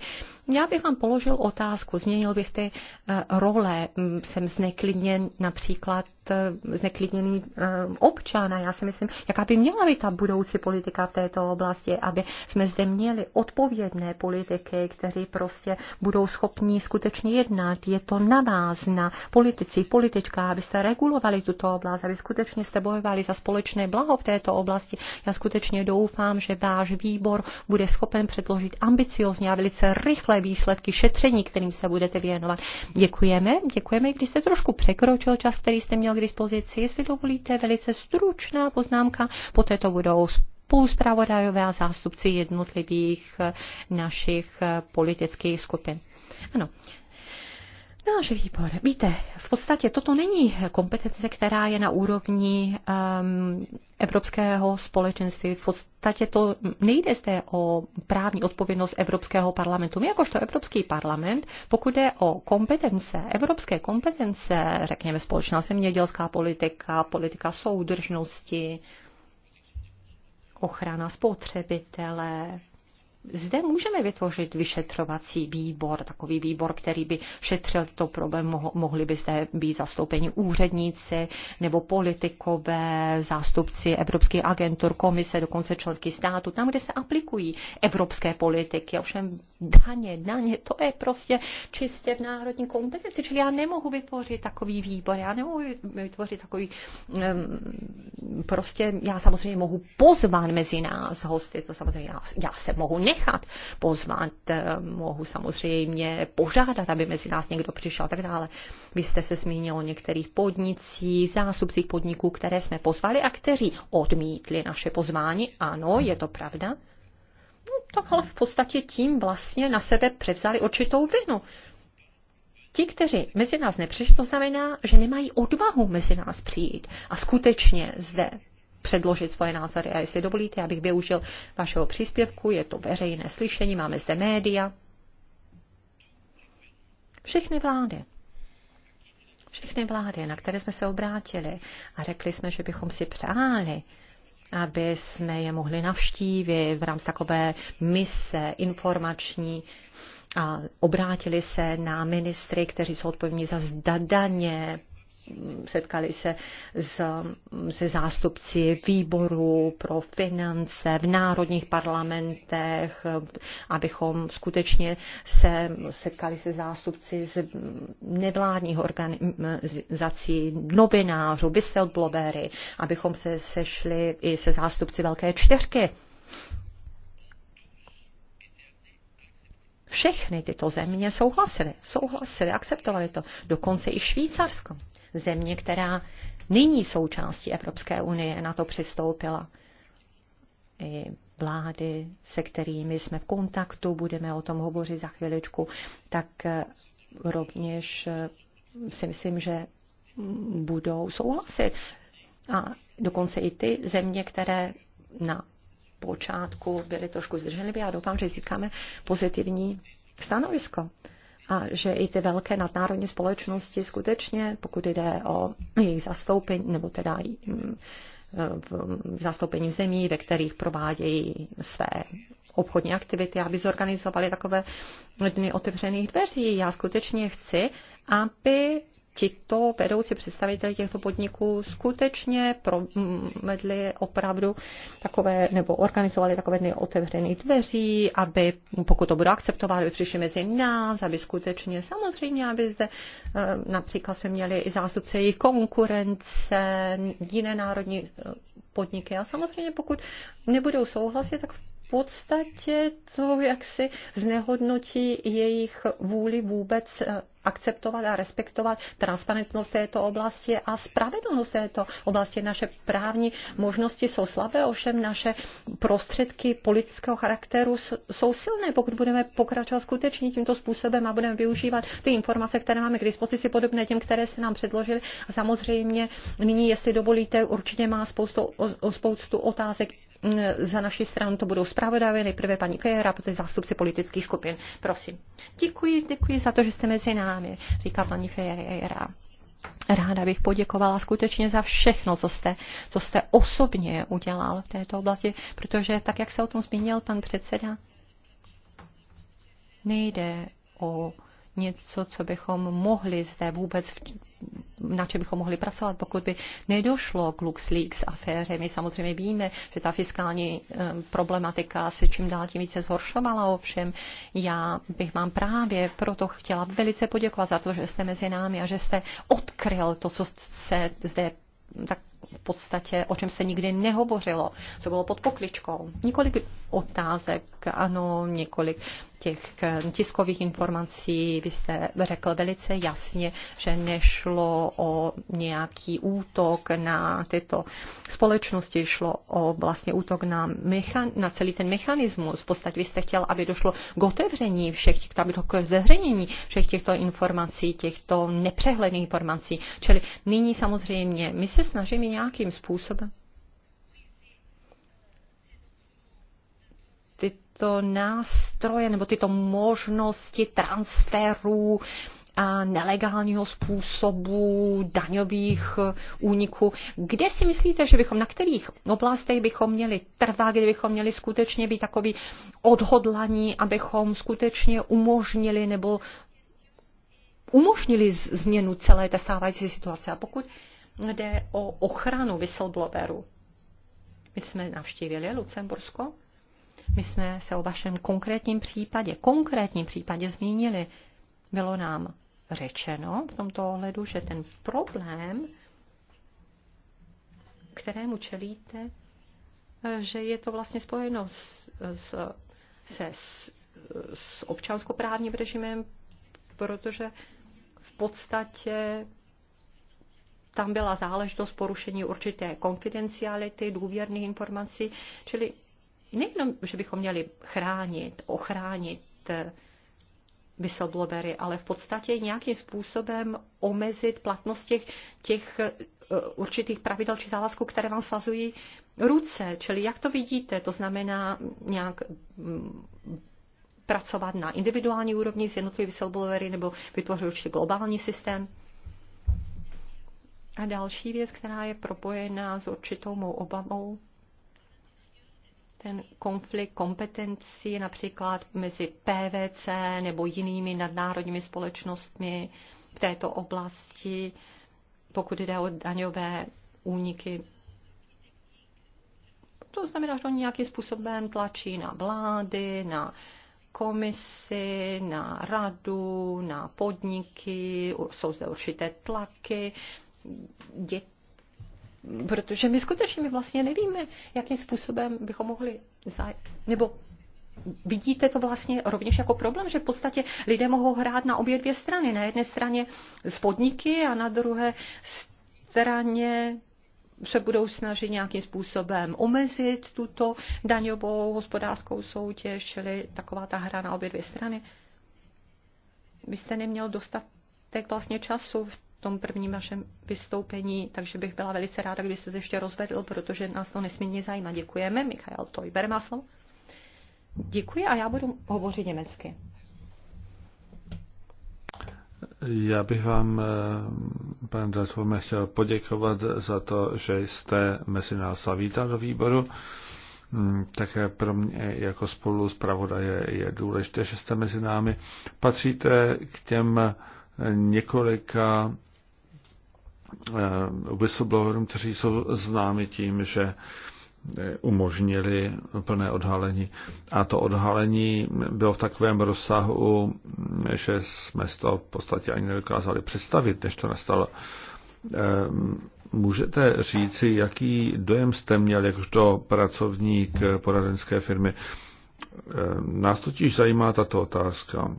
Speaker 2: já bych vám položil otázku, změnil bych ty eh, role. Mm, jsem zneklidněn například Eh, zneklidněný eh, občan a já si myslím, jaká by měla být ta budoucí politika v této oblasti, aby jsme zde měli odpovědné politiky, kteří prostě budou schopni skutečně jednat. Je to na vás, na politici, politička, abyste regulovali tuto oblast, aby skutečně jste bojovali za společné blaho v této oblasti. Já skutečně doufám, že váš výbor bude schopen předložit ambiciozně a velice rychlé výsledky šetření, kterým se budete věnovat. Děkujeme, děkujeme, když jste trošku překročil čas, který jste měl k dispozici. Jestli dovolíte, velice stručná poznámka, poté to budou spoluzpravodajové a zástupci jednotlivých našich politických skupin. Ano, Náš výbor, víte, v podstatě toto není kompetence, která je na úrovni um, Evropského společenství. V podstatě to nejde zde o právní odpovědnost Evropského parlamentu. My jakožto Evropský parlament, pokud jde o kompetence, evropské kompetence, řekněme společná zemědělská politika, politika soudržnosti, ochrana spotřebitele, zde můžeme vytvořit vyšetřovací výbor, takový výbor, který by šetřil to problém. Mohli by zde být zastoupeni úředníci nebo politikové, zástupci evropských agentur, komise, dokonce členských států, tam, kde se aplikují evropské politiky. Ovšem daně, daně, to je prostě čistě v národní kompetenci. Čili já nemohu vytvořit takový výbor, já nemohu vytvořit takový prostě, já samozřejmě mohu pozvat mezi nás hosty, to samozřejmě já, já se mohu ne nechat pozvat, eh, mohu samozřejmě požádat, aby mezi nás někdo přišel a tak dále. Vy jste se zmínil o některých podnicích, zásupcích podniků, které jsme pozvali a kteří odmítli naše pozvání. Ano, je to pravda. No, tak ale v podstatě tím vlastně na sebe převzali určitou vinu. Ti, kteří mezi nás nepřišli, to znamená, že nemají odvahu mezi nás přijít a skutečně zde předložit svoje názory. A jestli dovolíte, abych využil vašeho příspěvku, je to veřejné slyšení, máme zde média. Všechny vlády všechny vlády, na které jsme se obrátili a řekli jsme, že bychom si přáli, aby jsme je mohli navštívit v rámci takové mise informační a obrátili se na ministry, kteří jsou odpovědní za zdadaně setkali se s, se zástupci výboru pro finance v národních parlamentech, abychom skutečně se setkali se zástupci z nevládních organizací, novinářů, whistleblowery, abychom se sešli i se zástupci Velké čtyřky. Všechny tyto země souhlasily, souhlasily, akceptovali to, dokonce i Švýcarsko země, která nyní součástí Evropské unie, na to přistoupila. I vlády, se kterými jsme v kontaktu, budeme o tom hovořit za chviličku, tak eh, rovněž eh, si myslím, že budou souhlasit. A dokonce i ty země, které na počátku byly trošku zdrženlivé, já doufám, že získáme pozitivní stanovisko a že i ty velké nadnárodní společnosti skutečně, pokud jde o jejich zastoupení, nebo teda mm, v zastoupení zemí, ve kterých provádějí své obchodní aktivity, aby zorganizovali takové dny otevřených dveří. Já skutečně chci, aby tito vedoucí představitelé těchto podniků skutečně provedli opravdu takové, nebo organizovali takové dny otevřených dveří, aby, pokud to budou akceptovat, aby přišli mezi nás, aby skutečně, samozřejmě, aby zde eh, například jsme měli i zástupce jejich konkurence, jiné národní eh, podniky. A samozřejmě, pokud nebudou souhlasit, tak v podstatě to jaksi znehodnotí jejich vůli vůbec eh, akceptovat a respektovat transparentnost této oblasti a spravedlnost této oblasti. Naše právní možnosti jsou slabé, ovšem naše prostředky politického charakteru jsou silné, pokud budeme pokračovat skutečně tímto způsobem a budeme využívat ty informace, které máme k dispozici, podobné těm, které se nám předložili. A samozřejmě nyní, jestli dovolíte, určitě má spoustu, spoustu otázek za naši stranu to budou zpravodajové, nejprve paní Fejera, poté zástupci politických skupin. Prosím. Děkuji, děkuji za to, že jste mezi námi, říká paní Fejera. Ráda bych poděkovala skutečně za všechno, co jste, co jste osobně udělal v této oblasti, protože tak, jak se o tom zmínil pan předseda, nejde o něco, co bychom mohli zde vůbec, na čem bychom mohli pracovat, pokud by nedošlo k LuxLeaks aféře. My samozřejmě víme, že ta fiskální eh, problematika se čím dál tím více zhoršovala, ovšem já bych vám právě proto chtěla velice poděkovat za to, že jste mezi námi a že jste odkryl to, co se zde tak v podstatě, o čem se nikdy nehovořilo, co bylo pod pokličkou. Několik otázek, ano, několik těch eh, tiskových informací vy jste řekl velice jasně, že nešlo o nějaký útok na tyto společnosti, šlo o vlastně útok na, mechan, na celý ten mechanismus. V podstatě vy jste chtěl, aby došlo k otevření všech těchto, aby došlo k zveřejnění všech těchto informací, těchto nepřehledných informací. Čili nyní samozřejmě my se snažíme nějakým způsobem tyto nástroje nebo tyto možnosti transferů a nelegálního způsobu daňových eh, úniků. Kde si myslíte, že bychom, na kterých oblastech bychom měli trvat, bychom měli skutečně být takový odhodlaní, abychom skutečně umožnili nebo umožnili změnu celé té stávající situace. A pokud jde o ochranu whistleblowerů, my jsme navštívili Lucembursko, my jsme se o vašem konkrétním případě, konkrétním případě zmínili. Bylo nám řečeno v tomto ohledu, že ten problém, kterému čelíte, že je to vlastně spojeno s, s, se s, s občanskoprávním režimem, protože v podstatě tam byla záležitost porušení určité konfidenciality, důvěrných informací, čili nejenom, že bychom měli chránit, ochránit eh, whistleblowery, ale v podstatě nějakým způsobem omezit platnost těch, těch eh, určitých pravidel či závazků, které vám svazují ruce. Čili jak to vidíte, to znamená nějak mm, pracovat na individuální úrovni s jednotlivými whistleblowery nebo vytvořit určitý globální systém. A další věc, která je propojená s určitou mou obavou, ten konflikt kompetencí například mezi PVC nebo jinými nadnárodními společnostmi v této oblasti, pokud jde o daňové úniky. To znamená, že oni nějakým způsobem tlačí na vlády, na komisi, na radu, na podniky, jsou zde určité tlaky. Děti protože my skutečně my vlastně nevíme, jakým způsobem bychom mohli zaj- nebo vidíte to vlastně rovněž jako problém, že v podstatě lidé mohou hrát na obě dvě strany. Na jedné straně spodníky a na druhé straně se budou snažit nějakým způsobem omezit tuto daňovou hospodářskou soutěž, čili taková ta hra na obě dvě strany. Vy jste neměl tak vlastně času v tom prvním vašem vystoupení, takže bych byla velice ráda, kdyby se to ještě rozvedl, protože nás to nesmírně zajímá. Děkujeme, Michal Tojber má slovo. Děkuji a já budu hovořit německy.
Speaker 4: Já bych vám, eh, pane Dalšovme, chtěl poděkovat za to, že jste mezi nás zavítal do výboru. Mm, také pro mě jako spolu zpravodaje je důležité, že jste mezi námi. Patříte k těm několika Eh, whistleblowerům, kteří jsou známi tím, že eh, umožnili plné odhalení. A to odhalení bylo v takovém rozsahu, že jsme si to v podstatě ani nedokázali představit, než to nastalo. Eh, můžete říci, jaký dojem jste měl jakožto pracovník poradenské firmy? Nás totiž zajímá tato otázka.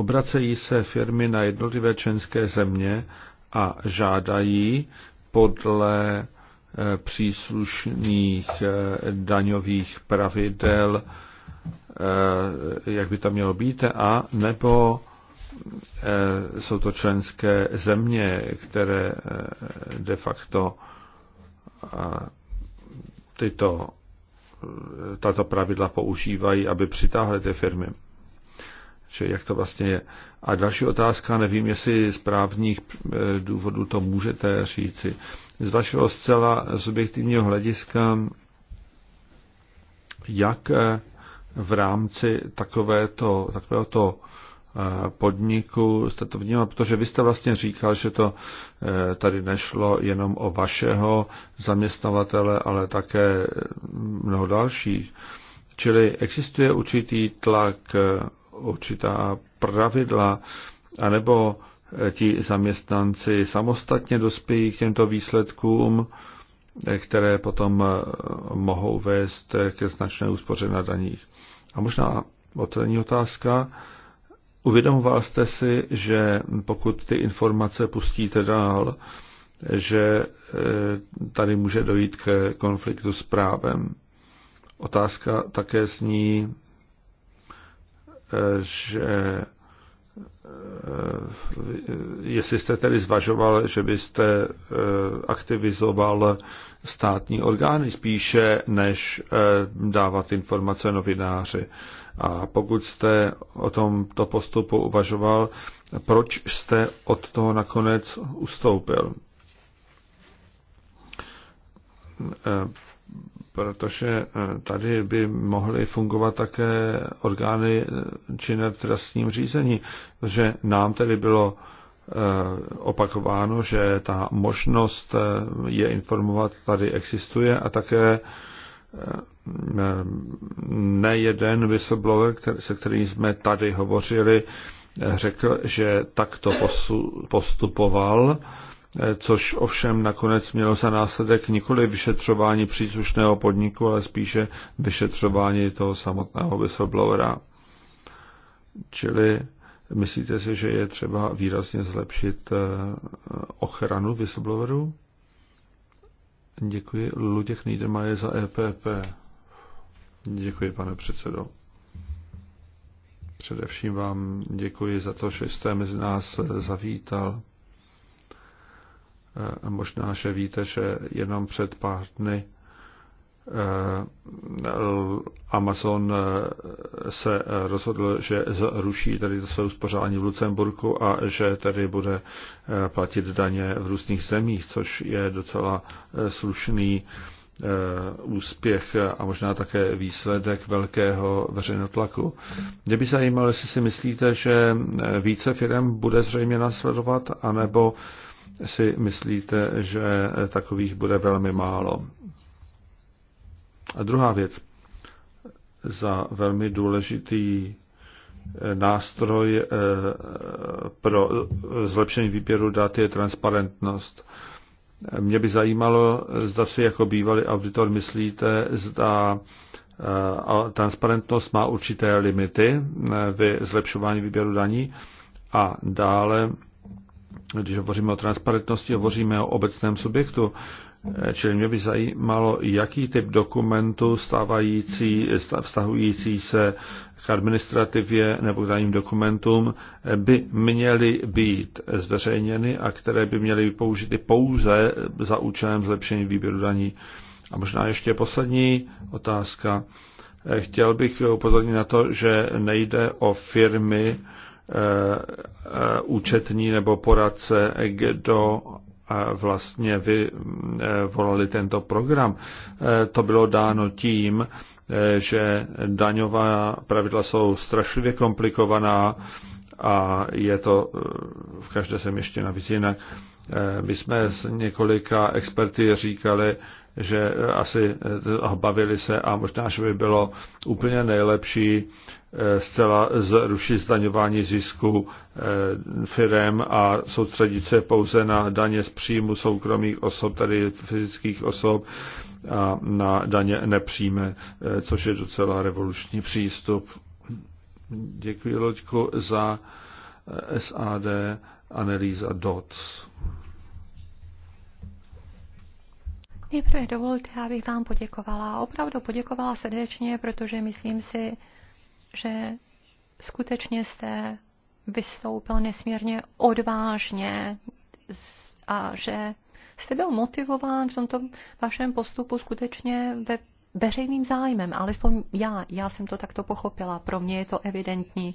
Speaker 4: Obracejí se firmy na jednotlivé členské země a žádají podle eh, příslušných eh, daňových pravidel, eh, jak by tam mělo být, a nebo jsou to členské země, které de facto tyto, tato pravidla používají, aby přitáhly ty firmy že jak to vlastně je. A další otázka, nevím, jestli z právních eh, důvodů to můžete říci. Z vašeho zcela subjektivního hlediska, jak eh, v rámci takovéto, to eh, podniku jste to vnímal, protože vy jste vlastně říkal, že to tady nešlo jenom o vašeho zaměstnavatele, ale také mnoho dalších. Čili existuje určitý tlak určitá pravidla, anebo ti zaměstnanci samostatně dospějí k těmto výsledkům, které potom eh, mohou vést ke značné úspoře na daních. A možná poslední otázka. Uvědomoval jste si, že pokud ty informace pustíte dál, že eh, tady může dojít k konfliktu s právem. Otázka také zní, že eh, jestli jste tedy zvažoval, že byste eh, aktivizoval státní orgány spíše, než eh, dávat informace novináři. A pokud jste o tomto postupu uvažoval, proč jste od toho nakonec ustoupil? protože eh, tady by mohly fungovat také orgány eh, činné v trestním řízení, že nám tedy bylo eh, opakováno, že ta možnost je informovat tady existuje a také nejeden whistleblower, se kterým jsme tady hovořili, řekl, že takto postupoval Eh, což ovšem nakonec mělo za následek nikoli vyšetřování příslušného podniku, ale spíše vyšetřování toho samotného whistleblowera. Čili myslíte si, že je třeba výrazně zlepšit eh, ochranu whistleblowerů? Děkuji. Luděk Niedermayer za EPP. Děkuji, pane předsedo. Především vám děkuji za to, že jste mezi nás zavítal. A možná, že víte, že jenom před pár dny eh, Amazon eh, se rozhodl, že zruší tady to své uspořádání v Lucemburku a že tady bude eh, platit daně v různých zemích, což je docela slušný úspěch a možná také výsledek velkého veřejného tlaku. Mě by zajímalo, jestli si myslíte, že více firm bude zřejmě nasledovat, anebo si myslíte, že takových bude velmi málo. A druhá věc. Za velmi důležitý eh, nástroj eh, pro zlepšení výběru dat je transparentnost. Mě by zajímalo, zda si jako bývalý auditor myslíte, zda eh, transparentnost má určité limity ve zlepšování výběru daní a dále když hovoříme o transparentnosti, hovoříme o obecném subjektu. Čili mě by zajímalo, jaký typ dokumentu stávající, vztahující se k administrativě nebo k daným dokumentům by měly být zveřejněny a které by měly být použity pouze za účelem zlepšení výběru daní. A možná ještě poslední otázka. Chtěl bych upozornit na to, že nejde o firmy, Eh, účetní nebo poradce, kdo eh, vlastně vyvolali eh, tento program. To bylo dáno tím, že daňová pravidla jsou strašlivě komplikovaná a je to v každé sem ještě navíc jinak. My jsme s několika experty říkali, že eh, asi eh, bavili se a možná, že by bylo úplně nejlepší eh, zcela zrušit zdaňování zisku firem a soustředit se pouze na daně z příjmu soukromých osob, tedy fyzických osob a na daně nepříjme, což je docela revoluční přístup. Děkuji, Loďku, za SAD Analýza Dots.
Speaker 2: Nejprve dovolte, abych vám poděkovala. Opravdu poděkovala srdečně, protože myslím si, že skutečně jste vystoupil nesmírně odvážně a že jste byl motivován v tomto vašem postupu skutečně ve veřejným zájmem, alespoň já, já jsem to takto pochopila, pro mě je to evidentní.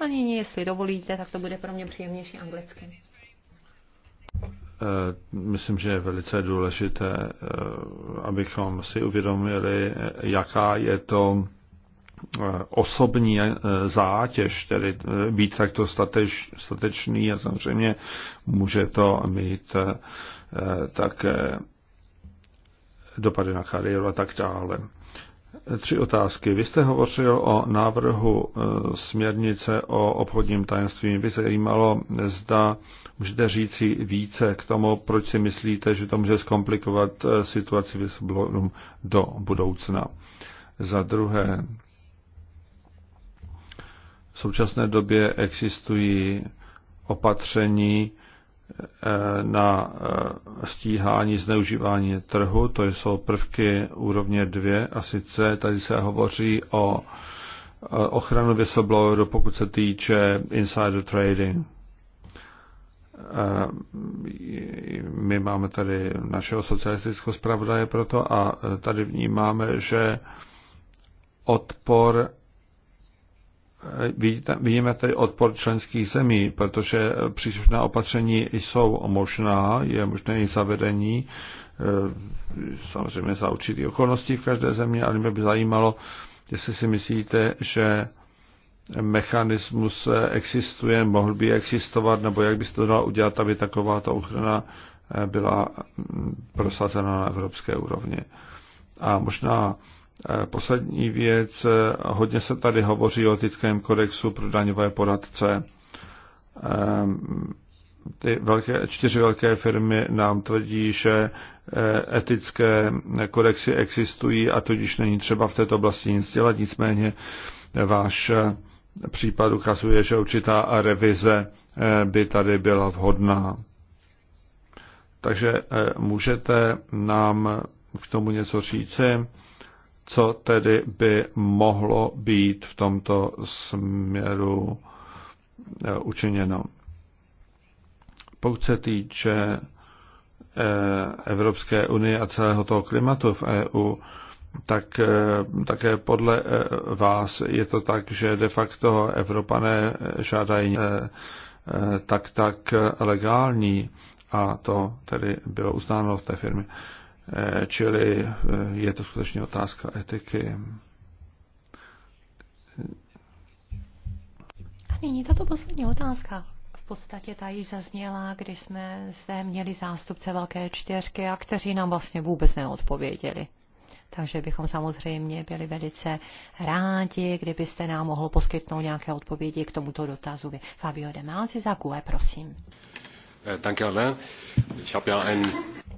Speaker 2: A nyní, jestli dovolíte, tak to bude pro mě příjemnější anglicky.
Speaker 4: Eh, myslím, že je velice důležité, eh, abychom si uvědomili, eh, jaká je to osobní zátěž, tedy být takto statečný a samozřejmě může to mít také dopady na kariéru a tak dále. Tři otázky. Vy jste hovořil o návrhu e, směrnice o obchodním tajemství. By se zajímalo, zda můžete říci více k tomu, proč si myslíte, že to může zkomplikovat e, situaci whistleblowerům do budoucna. Za druhé, v současné době existují opatření na eh, stíhání zneužívání trhu, to jsou prvky úrovně dvě, a sice tady se hovoří o eh, ochranu whistlebloweru, pokud se týče insider trading. Eh, my máme tady našeho socialistického zpravodaje proto a tady vnímáme, že odpor vidíme tedy odpor členských zemí, protože příslušná opatření jsou možná, je možné i zavedení, eh, samozřejmě za určitý okolností v každé země, ale mě by zajímalo, jestli si myslíte, že mechanismus existuje, mohl by existovat, nebo jak byste to dala udělat, aby taková ta ochrana eh, byla mm, prosazena na evropské úrovni. A možná Eh, poslední věc, eh, hodně se tady hovoří o etickém kodexu pro daňové poradce. Eh, ty velké, čtyři velké firmy nám tvrdí, že etické kodexy existují a tudíž není třeba v této oblasti nic dělat. Nicméně váš případ ukazuje, že určitá revize by tady byla vhodná. Takže můžete nám k tomu něco říct co tedy by mohlo být v tomto směru eh, učiněno. Pokud se týče eh, Evropské unie a celého toho klimatu v EU, tak eh, také podle vás je to tak, že de facto Evropané žádají tak tak legální a to tedy bylo uznáno v té firmě. Eh, čili eh, je to skutečně otázka etiky.
Speaker 2: nyní tato poslední otázka. V podstatě ta již zazněla, když jsme zde měli zástupce Velké čtyřky a kteří nám vlastně vůbec neodpověděli. Takže bychom samozřejmě byli velice rádi, kdybyste nám mohl poskytnout nějaké odpovědi k tomuto dotazu. Fabio De Masi za GUE, prosím.
Speaker 4: Eh,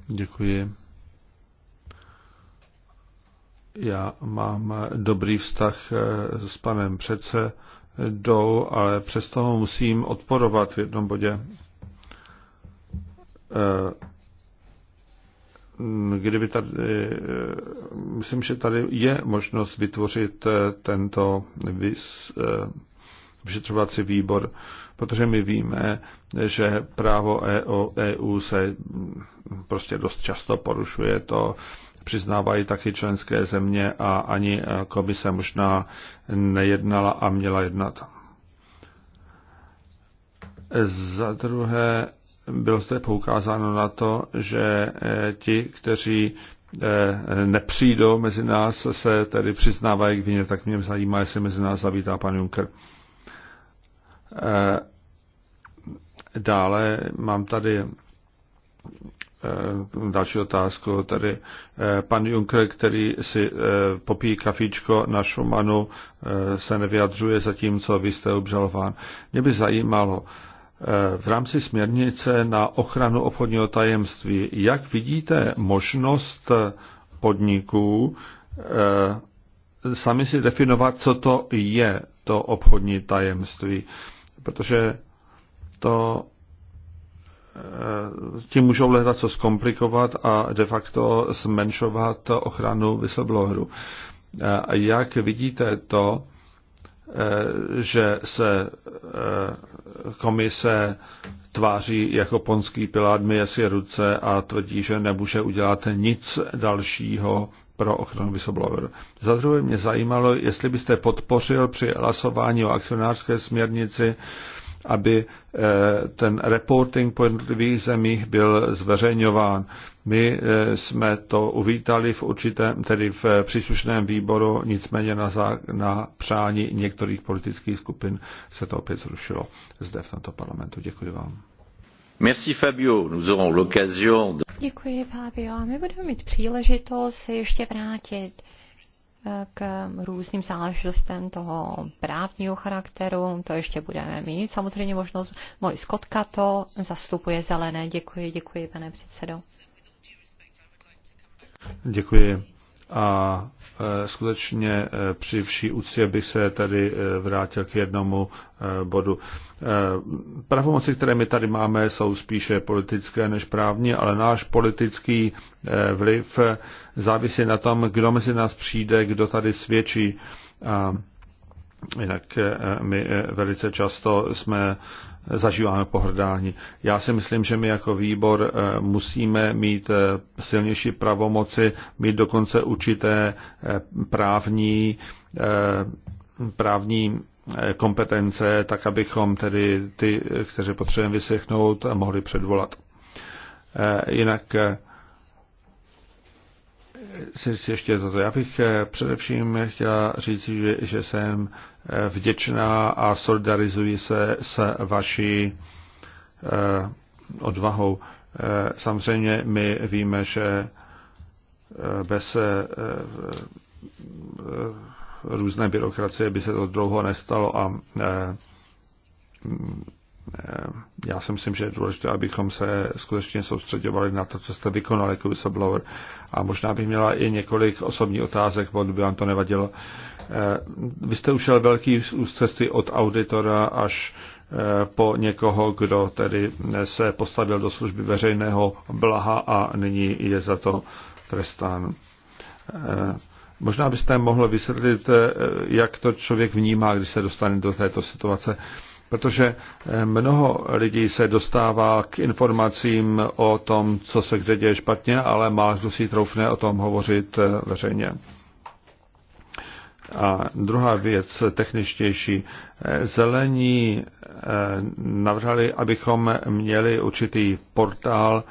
Speaker 4: Děkuji. Já mám dobrý vztah eh, s panem přece jdou, ale přesto ho musím odporovat v jednom bodě. Eh, kdyby tady, eh, myslím, že tady je možnost vytvořit tento vys, vyšetřovací výbor, protože my víme, že právo EU e se prostě dost často porušuje to, přiznávají taky členské země a ani komise možná nejednala a měla jednat. Za druhé bylo zde poukázáno na to, že eh, ti, kteří eh, nepřijdou mezi nás, se tedy přiznávají k vině, tak mě zajímá, jestli mezi nás zavítá pan Juncker. Eh, dále mám tady Eh, další otázku. Tady eh, pan Juncker, který si eh, popí kafíčko na Šumanu, se nevyjadřuje, co vy jste obžalován. Mě by zajímalo, v rámci směrnice na ochranu obchodního tajemství, jak vidíte možnost podniků sami si definovat, co to je to obchodní tajemství? Protože to tím můžou hledat co zkomplikovat a de facto zmenšovat ochranu whistleblowerů. Jak vidíte to, eh, že se eh, komise tváří jako ponský pilát, myje si ruce a tvrdí, že nemůže udělat nic dalšího pro ochranu whistleblowerů. Za druhé mě zajímalo, jestli byste podpořil při hlasování o akcionářské směrnici eh, aby eh, ten reporting po jednotlivých zemích byl zveřejňován. My eh, jsme to uvítali v určitém, tedy v eh, příslušném výboru, nicméně na, zá, na přání některých politických skupin se to opět zrušilo zde v tomto parlamentu. Děkuji vám.
Speaker 1: Merci Fabio, nous aurons
Speaker 4: l'occasion de...
Speaker 2: Děkuji Fabio, a my budeme mít příležitost se ještě vrátit k různým záležitostem toho právního charakteru. To ještě budeme mít. Samozřejmě možnost. Moj Skotka to zastupuje zelené. Děkuji, děkuji, pane předsedo.
Speaker 4: Děkuji. A Eh, skutečně eh, při vší úctě bych se tady eh, vrátil k jednomu bodu. Pravomoci, které my tady máme, jsou spíše politické než právní, ale náš politický vliv závisí na tom, kdo mezi nás přijde, kdo tady svědčí. A Jinak my velice často jsme zažíváme pohrdání. Já si myslím, že my jako výbor eh, musíme mít eh, silnější pravomoci, mít dokonce určité eh, právní, právní kompetence, tak abychom tedy ty, kteří potřebujeme vysechnout, mohli předvolat. Jinak si ještě toto. Já bych eh, především chtěla říct, že, že jsem eh, vděčná a solidarizuji se s vaší eh, odvahou. Samozřejmě my víme, že bez různé byrokracie by se to dlouho nestalo a Eh, já si myslím, že je důležité, abychom se skutečně soustředovali na to, co jste vykonali jako whistleblower. A možná bych měla i několik osobních otázek, pokud by vám to nevadilo. Eh, vy jste ušel velký úzcesty od auditora až eh, po někoho, kdo tedy se postavil do služby veřejného blaha a nyní je za to trestán. Možná byste mohl vysvětlit, jak to člověk vnímá, když se dostane do této situace protože eh, mnoho lidí se dostává k informacím o tom, co se kde děje špatně, ale málo kdo si troufne o tom hovořit eh, veřejně. A druhá věc, techničtější. Eh, zelení navrhali, abychom měli určitý portál,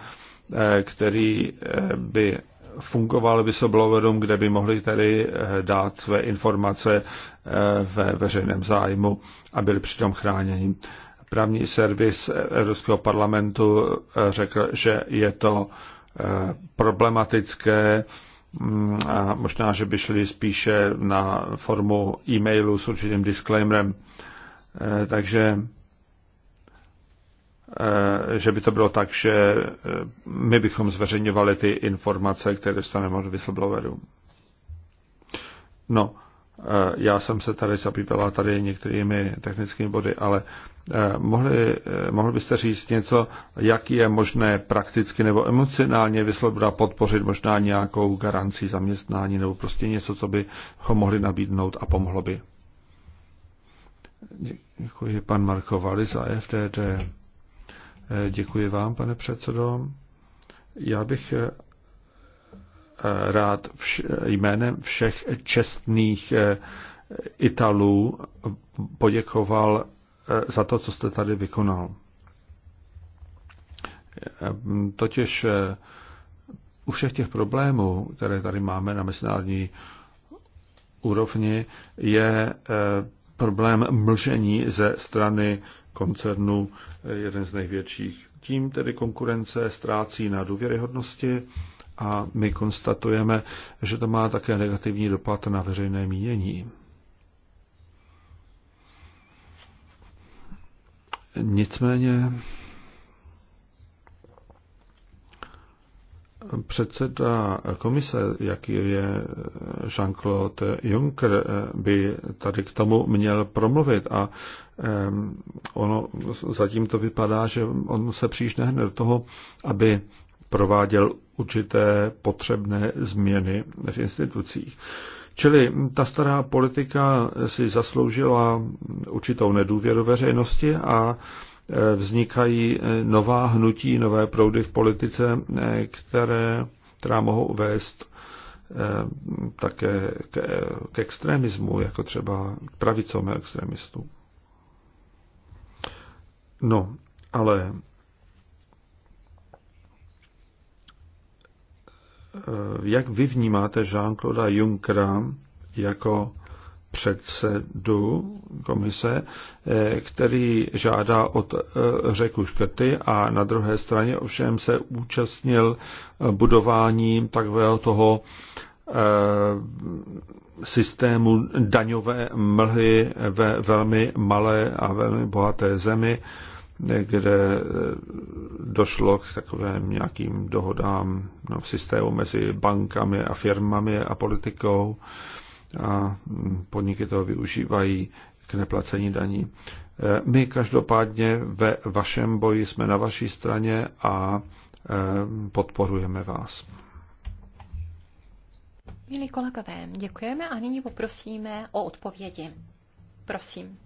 Speaker 4: který by fungoval whistleblowerům, kde by mohli tedy eh, dát své informace eh, ve veřejném zájmu a byli přitom chráněni. Právní servis Evropského parlamentu eh, řekl, že je to problematické, mm, a možná, že by šli spíše na formu e-mailu s určitým disclaimerem. Takže Eh, že by to bylo tak, že eh, my bychom zveřejňovali ty informace, které dostaneme od whistleblowerů. No, eh, já jsem se tady zabývala tady některými technickými body, ale mohli, mohli byste říct něco, jak je možné prakticky nebo emocionálně Vyslobra podpořit možná nějakou garanci zaměstnání nebo prostě něco, co by ho mohli nabídnout a pomohlo by. Děkuji pan Marko Vali za FTT. Děkuji vám, pane předsedo. Já bych eh, rád vš- jménem všech čestných eh, Italů poděkoval eh, za to, co jste tady vykonal. Totiž u všech těch problémů, které tady máme na mezinárodní úrovni, je problém mlžení ze strany Koncernu, eh, jeden z největších. Tím tedy konkurence ztrácí na důvěryhodnosti a my konstatujeme, že to má také negativní dopad na veřejné mínění. Nicméně Předseda komise, jaký je Jean-Claude Juncker, by tady k tomu měl promluvit a ono zatím to vypadá, že on se příliš nehne do toho, aby prováděl určité potřebné změny v institucích. Čili ta stará politika si zasloužila určitou nedůvěru veřejnosti a vznikají nová hnutí, nové proudy v politice, které, která mohou vést eh, také k, k extremismu, jako třeba pravicovým extremistům. No, ale eh, jak vy vnímáte Jean-Claude Junckera jako předsedu komise, eh, který žádá od eh, řeku škrty a na druhé straně ovšem se účastnil budování takového toho eh, systému daňové mlhy ve velmi malé a velmi bohaté zemi, kde došlo k takovým nějakým dohodám no, v systému mezi bankami a firmami a politikou a podniky toho využívají k neplacení daní. My každopádně ve vašem boji jsme na vaší straně a e, podporujeme vás.
Speaker 2: Milí kolegové, děkujeme a nyní poprosíme o odpovědi. Prosím.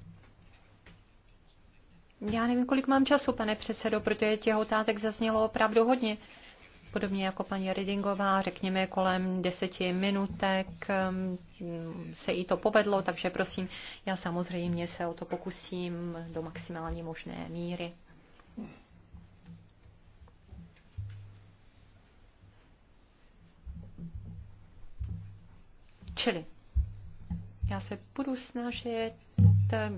Speaker 2: Já nevím, kolik mám času, pane předsedo, protože těch otázek zaznělo opravdu hodně podobně jako paní Redingová, řekněme kolem deseti minutek um, se jí to povedlo, takže prosím, já samozřejmě se o to pokusím do maximální možné míry. Čili já se budu snažit,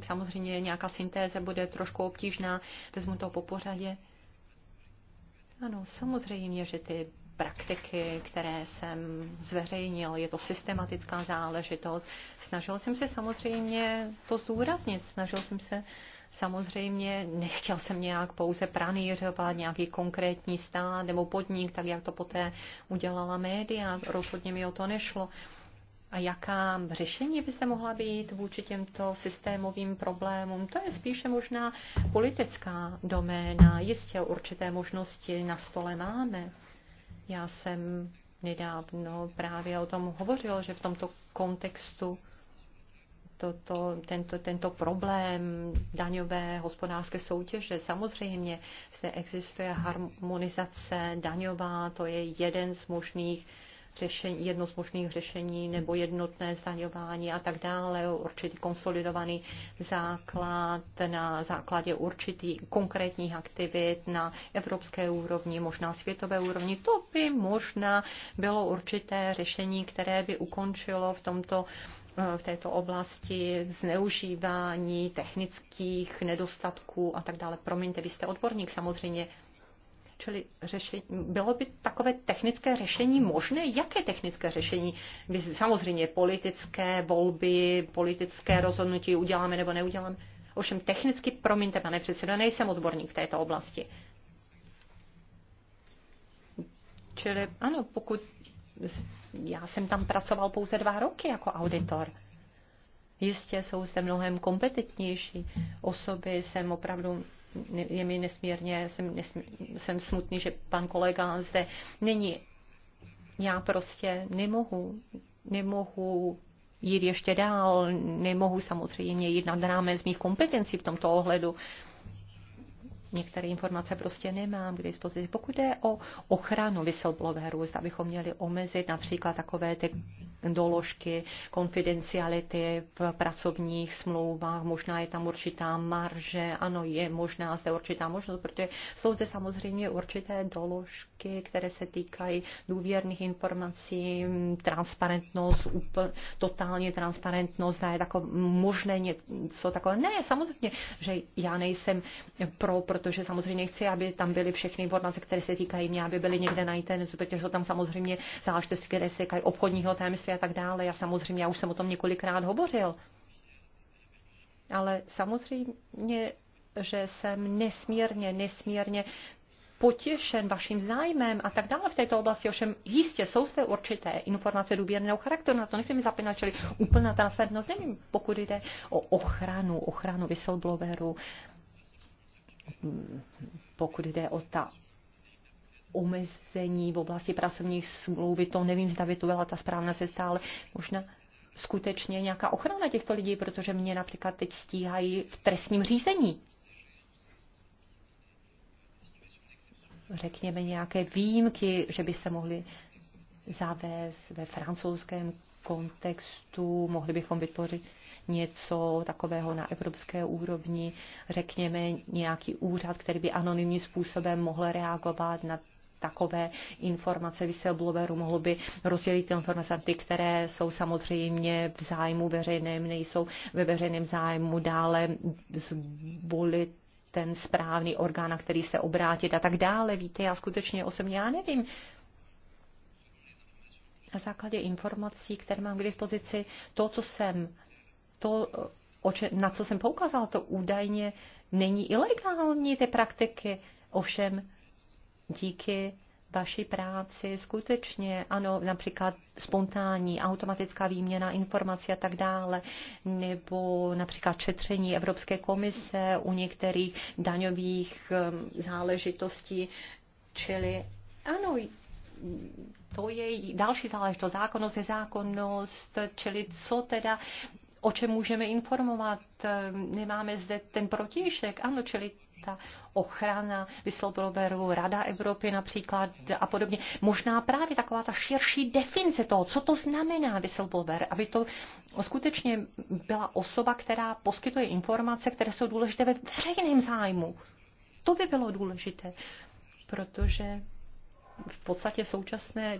Speaker 2: samozřejmě nějaká syntéze bude trošku obtížná, vezmu to po pořadě. Ano, samozřejmě, že ty praktiky, které jsem zveřejnil. Je to systematická záležitost. Snažil jsem se samozřejmě to zúraznit, Snažil jsem se samozřejmě, nechtěl jsem nějak pouze pranýřovat nějaký konkrétní stát nebo podnik, tak jak to poté udělala média. Rozhodně mi o to nešlo a jaká řešení by se mohla být vůči těmto systémovým problémům? To je spíše možná politická doména. Jistě určité možnosti na stole máme. Já jsem nedávno právě o tom hovořil, že v tomto kontextu to, tento, tento problém daňové hospodářské soutěže. Samozřejmě zde existuje harmonizace daňová, to je jeden z možných řešení, jedno z možných řešení nebo jednotné zdaňování a tak dále, určitý konsolidovaný základ na základě určitých konkrétních aktivit na evropské úrovni, možná světové úrovni. To by možná bylo určité řešení, které by ukončilo v tomto v této oblasti zneužívání technických nedostatků a tak dále. Promiňte, vy jste odborník samozřejmě. Čili řešení, bylo by takové technické řešení možné? Jaké technické řešení? samozřejmě politické volby, politické rozhodnutí uděláme nebo neuděláme. Ovšem technicky, promiňte, pane předsedo, nejsem odborník v této oblasti. Čili ano, pokud já jsem tam pracoval pouze dva roky jako auditor. Jistě jsou zde mnohem kompetentnější osoby, jsem opravdu je mi nesmírně, jsem, nesm, jsem smutný, že pan kolega zde není. Já prostě nemohu, nemohu jít ještě dál, nemohu samozřejmě jít nad z mých kompetencí v tomto ohledu. Některé informace prostě nemám k dispozici. Pokud jde o ochranu whistleblowerů, abychom měli omezit například takové ty doložky konfidenciality v pracovních smlouvách, možná je tam určitá marže, ano, je možná zde určitá možnost, protože jsou zde samozřejmě určité doložky, které se týkají důvěrných informací, transparentnost, úpln totálně transparentnost, a je tako, možné něco takové. Ne, samozřejmě, že já nejsem pro, protože samozřejmě chci, aby tam byly všechny informace, které se týkají mě, aby byly někde na internetu, protože jsou tam samozřejmě záležitosti, které se týkají obchodního tajemství, hospodářství a tak dále. Já samozřejmě, já už jsem o tom několikrát hovořil. Ale samozřejmě, že jsem nesmírně, nesmírně potěšen vaším zájmem a tak dále v této oblasti. Ovšem jistě jsou zde určité informace důvěrného charakteru, na to nechci mi zapínat, čili úplná transparentnost, nevím, pokud jde o ochranu, ochranu whistleblowerů, pokud jde o ta omezení v oblasti pracovních smlouvy, to nevím, zda by to byla ta správná cesta, ale možná skutečně nějaká ochrana těchto lidí, protože mě například teď stíhají v trestním řízení. Řekněme nějaké výjimky, že by se mohly zavést ve francouzském kontextu, mohli bychom vytvořit něco takového na evropské úrovni, řekněme nějaký úřad, který by anonymním způsobem mohl reagovat na takové informace whistleblowerů, mohlo by rozdělit ty informace, ty, které jsou samozřejmě v zájmu veřejném, nejsou ve veřejném zájmu, dále zvolit ten správný orgán, na který se obrátit a tak dále. Víte, já skutečně osobně já nevím. Na základě informací, které mám k dispozici, to, co jsem, to, na co jsem poukázala, to údajně není ilegální ty praktiky. Ovšem, díky vaší práci skutečně, ano, například spontánní, automatická výměna informací a tak dále, nebo například četření Evropské komise u některých daňových um, záležitostí, čili ano, to je další záležitost, zákonnost, nezákonnost, čili co teda o čem můžeme informovat. Nemáme zde ten protišek, ano, čili ta ochrana whistleblowerů, Rada Evropy například a podobně. Možná právě taková ta širší definice toho, co to znamená whistleblower, aby to skutečně byla osoba, která poskytuje informace, které jsou důležité ve veřejném zájmu. To by bylo důležité, protože v podstatě v současné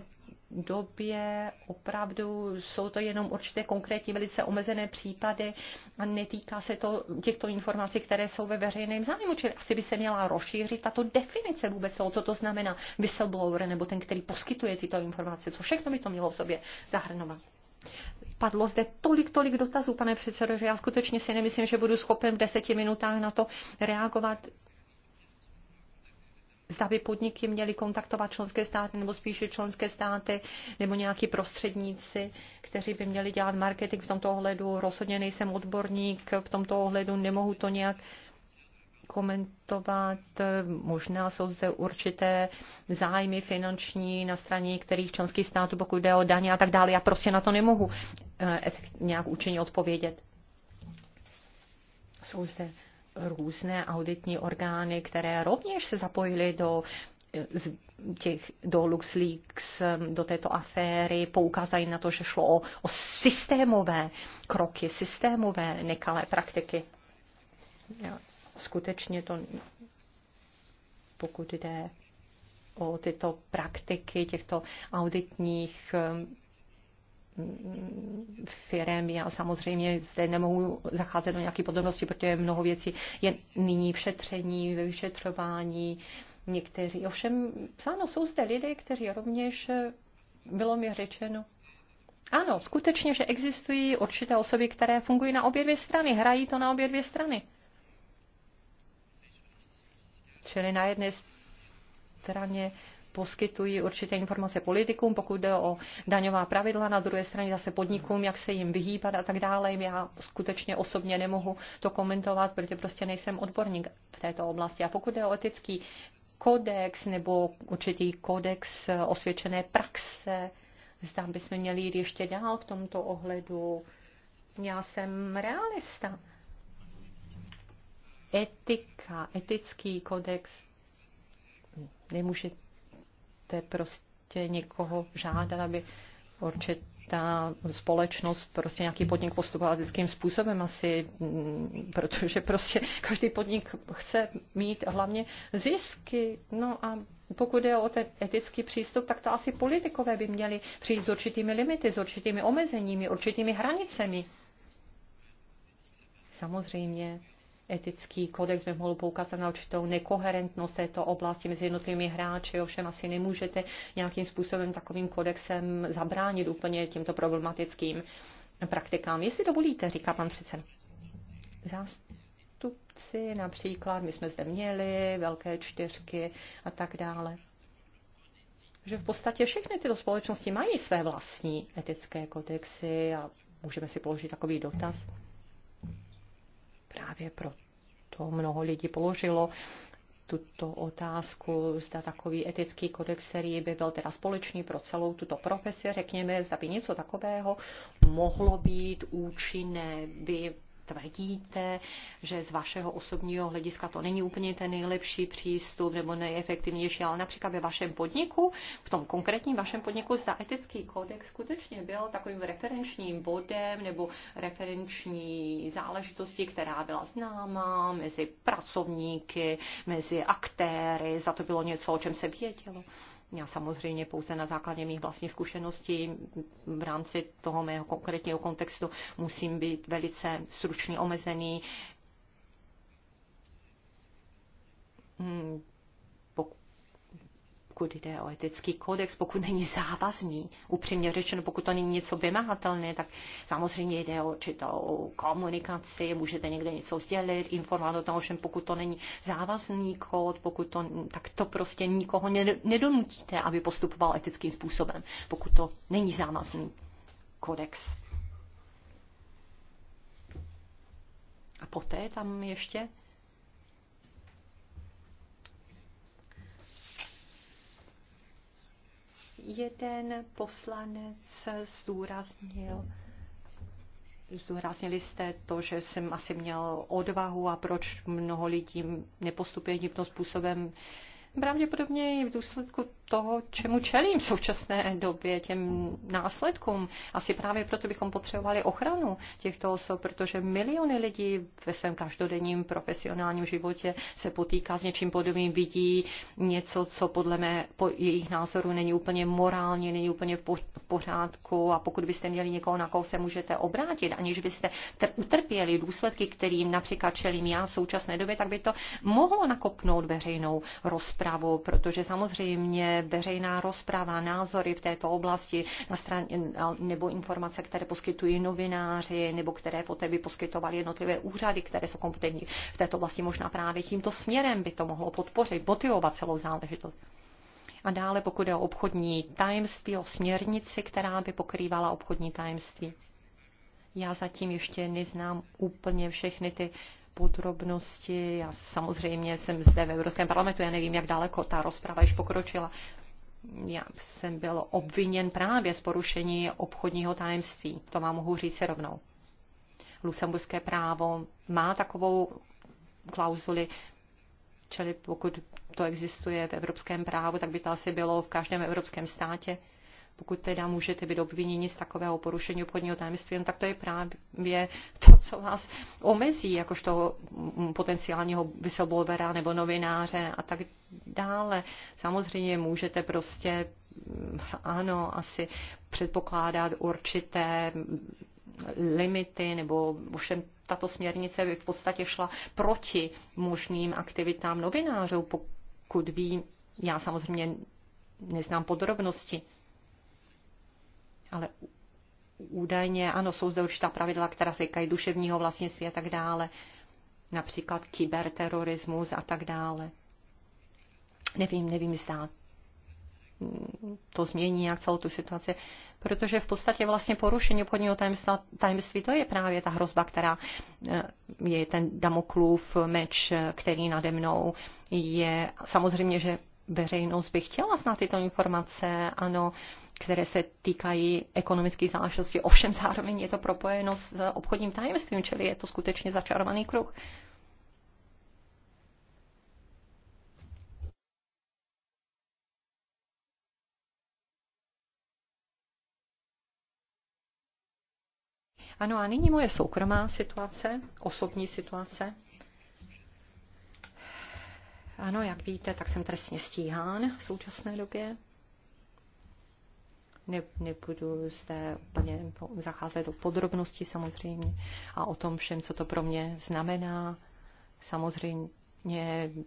Speaker 2: době opravdu jsou to jenom určité konkrétní, velice omezené případy a netýká se to těchto informací, které jsou ve veřejném zájmu. Čili asi by se měla rozšířit tato definice vůbec toho, co to znamená whistleblower nebo ten, který poskytuje tyto informace, co všechno by to mělo v sobě zahrnovat. Padlo zde tolik, tolik dotazů, pane předsedo, že já skutečně si nemyslím, že budu schopen v deseti minutách na to reagovat zda by podniky měly kontaktovat členské státy nebo spíše členské státy nebo nějaký prostředníci, kteří by měli dělat marketing v tomto ohledu. Rozhodně nejsem odborník v tomto ohledu, nemohu to nějak komentovat. Možná jsou zde určité zájmy finanční na straně některých členských států, pokud jde o daně a tak dále. Já prostě na to nemohu eh, nějak účinně odpovědět. Jsou zde různé auditní orgány, které rovněž se zapojily do eh, z těch do LuxLeaks, eh, do této aféry, poukazají na to, že šlo o, o systémové kroky, systémové nekalé praktiky. Já, skutečně to, pokud jde o tyto praktiky těchto auditních eh, firem. Já samozřejmě zde nemohu zacházet do nějaké podobnosti, protože mnoho věcí je nyní v šetření, ve vyšetřování. Někteří, ovšem, psáno, jsou zde lidé, kteří rovněž, eh, bylo mi řečeno, ano, skutečně, že existují určité osoby, které fungují na obě dvě strany, hrají to na obě dvě strany. Čili na jedné straně poskytují určité informace politikům, pokud jde o daňová pravidla, na druhé straně zase podnikům, jak se jim vyhýbat a tak dále. Já skutečně osobně nemohu to komentovat, protože prostě nejsem odborník v této oblasti. A pokud jde o etický kodex nebo určitý kodex osvědčené praxe, zda bychom měli jít ještě dál v tomto ohledu. Já jsem realista. Etika, etický kodex nemůže nemůžete prostě někoho žádat, aby určitá společnost, prostě nějaký podnik postupoval vždyckým způsobem asi, mm, protože prostě každý podnik chce mít hlavně zisky. No a pokud je o ten etický přístup, tak to asi politikové by měli přijít s určitými limity, s určitými omezeními, určitými hranicemi. Samozřejmě etický kodex by mohl poukázat na určitou nekoherentnost této oblasti mezi jednotlivými hráči. Ovšem asi nemůžete nějakým způsobem takovým kodexem zabránit úplně těmto problematickým praktikám. Jestli dovolíte, říká pan předseda. Zástupci například, my jsme zde měli velké čtyřky a tak dále. Že v podstatě všechny tyto společnosti mají své vlastní etické kodexy a můžeme si položit takový dotaz. Právě pro to mnoho lidí položilo tuto otázku, zda takový etický kodex, který by byl teda společný pro celou tuto profesi, řekněme, zda by něco takového mohlo být účinné, by tvrdíte, že z vašeho osobního hlediska to není úplně ten nejlepší přístup nebo nejefektivnější, ale například ve vašem podniku, v tom konkrétním vašem podniku, zda etický kodex skutečně byl takovým referenčním bodem nebo referenční záležitosti, která byla známá mezi pracovníky, mezi aktéry, za to bylo něco, o čem se vědělo. Já samozřejmě pouze na základě mých vlastních zkušeností v rámci toho mého konkrétního kontextu musím být velice stručně omezený. Hmm, pokud jde o etický kodex, pokud není závazný, upřímně řečeno, pokud to není něco vymahatelné, tak samozřejmě jde o určitou komunikaci, můžete někde něco sdělit, informovat o tom, ovšem pokud to není závazný kód, pokud to, tak to prostě nikoho nedonutíte, aby postupoval etickým způsobem, pokud to není závazný kodex. A poté tam ještě Jeden poslanec zdůraznil, zdůraznili jste to, že jsem asi měl odvahu a proč mnoho lidí nepostupuje tímto způsobem. Pravděpodobně i v důsledku toho, čemu čelím v současné době, těm následkům. Asi právě proto bychom potřebovali ochranu těchto osob, protože miliony lidí ve svém každodenním profesionálním životě se potýká s něčím podobným, vidí něco, co podle mé, po jejich názoru není úplně morálně, není úplně v, pořádku a pokud byste měli někoho, na koho se můžete obrátit, aniž byste utrpěli důsledky, kterým například čelím já v současné době, tak by to mohlo nakopnout veřejnou rozpravu, protože samozřejmě veřejná rozprava, názory v této oblasti na straně, nebo informace, které poskytují novináři, nebo které poté by poskytovaly jednotlivé úřady, které jsou kompetentní v této oblasti. Možná právě tímto směrem by to mohlo podpořit, motivovat celou záležitost. A dále, pokud je o obchodní tajemství, o směrnici, která by pokrývala obchodní tajemství. Já zatím ještě neznám úplně všechny ty podrobnosti. Já samozřejmě jsem zde v Evropském parlamentu, já nevím, jak daleko ta rozprava již pokročila. Já jsem byl obviněn právě z porušení obchodního tajemství. To vám mohu říct rovnou. Lucemburské právo má takovou klauzuli, čili pokud to existuje v evropském právu, tak by to asi bylo v každém evropském státě pokud teda můžete být obviněni z takového porušení obchodního tajemství, no tak to je právě to, co vás omezí, toho potenciálního whistleblowera nebo novináře a tak dále. Samozřejmě můžete prostě, ano, asi předpokládat určité limity, nebo ovšem tato směrnice by v podstatě šla proti možným aktivitám novinářů, pokud vím, já samozřejmě neznám podrobnosti ale údajně, ano, jsou zde určitá pravidla, která se týkají duševního vlastnictví a tak dále, například kyberterorismus a tak dále. Nevím, nevím, zda to změní jak celou tu situaci, protože v podstatě vlastně porušení obchodního tajemství, tajemství to je právě ta hrozba, která eh, je ten damoklův meč, který nade mnou je. Samozřejmě, že veřejnost by chtěla znát tyto informace, ano, které se týkají ekonomické záležitosti. Ovšem zároveň je to propojeno s obchodním tajemstvím, čili je to skutečně začarovaný kruh. Ano, a nyní moje soukromá situace, osobní situace. Ano, jak víte, tak jsem trestně stíhán v současné době ne, nebudu zde úplně zacházet do podrobností samozřejmě a o tom všem, co to pro mě znamená. Samozřejmě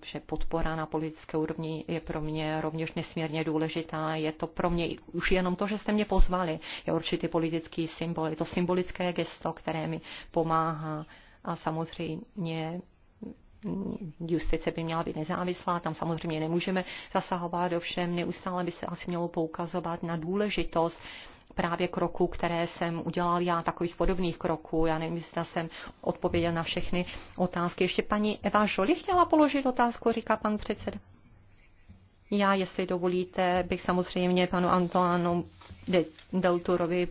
Speaker 2: že podpora na politické úrovni je pro mě rovněž nesmírně důležitá. Je to pro mě už jenom to, že jste mě pozvali. Je určitý politický symbol, je to symbolické gesto, které mi pomáhá. A samozřejmě Mm, justice by měla být nezávislá, tam samozřejmě nemůžeme zasahovat, ovšem neustále by se asi mělo poukazovat na důležitost právě kroků, které jsem udělal já, takových podobných kroků. Já nevím, zda jsem odpověděl na všechny otázky. Ještě paní Eva Žoli chtěla položit otázku, říká pan předseda. Já, jestli dovolíte, bych samozřejmě panu Antoánu Delturovi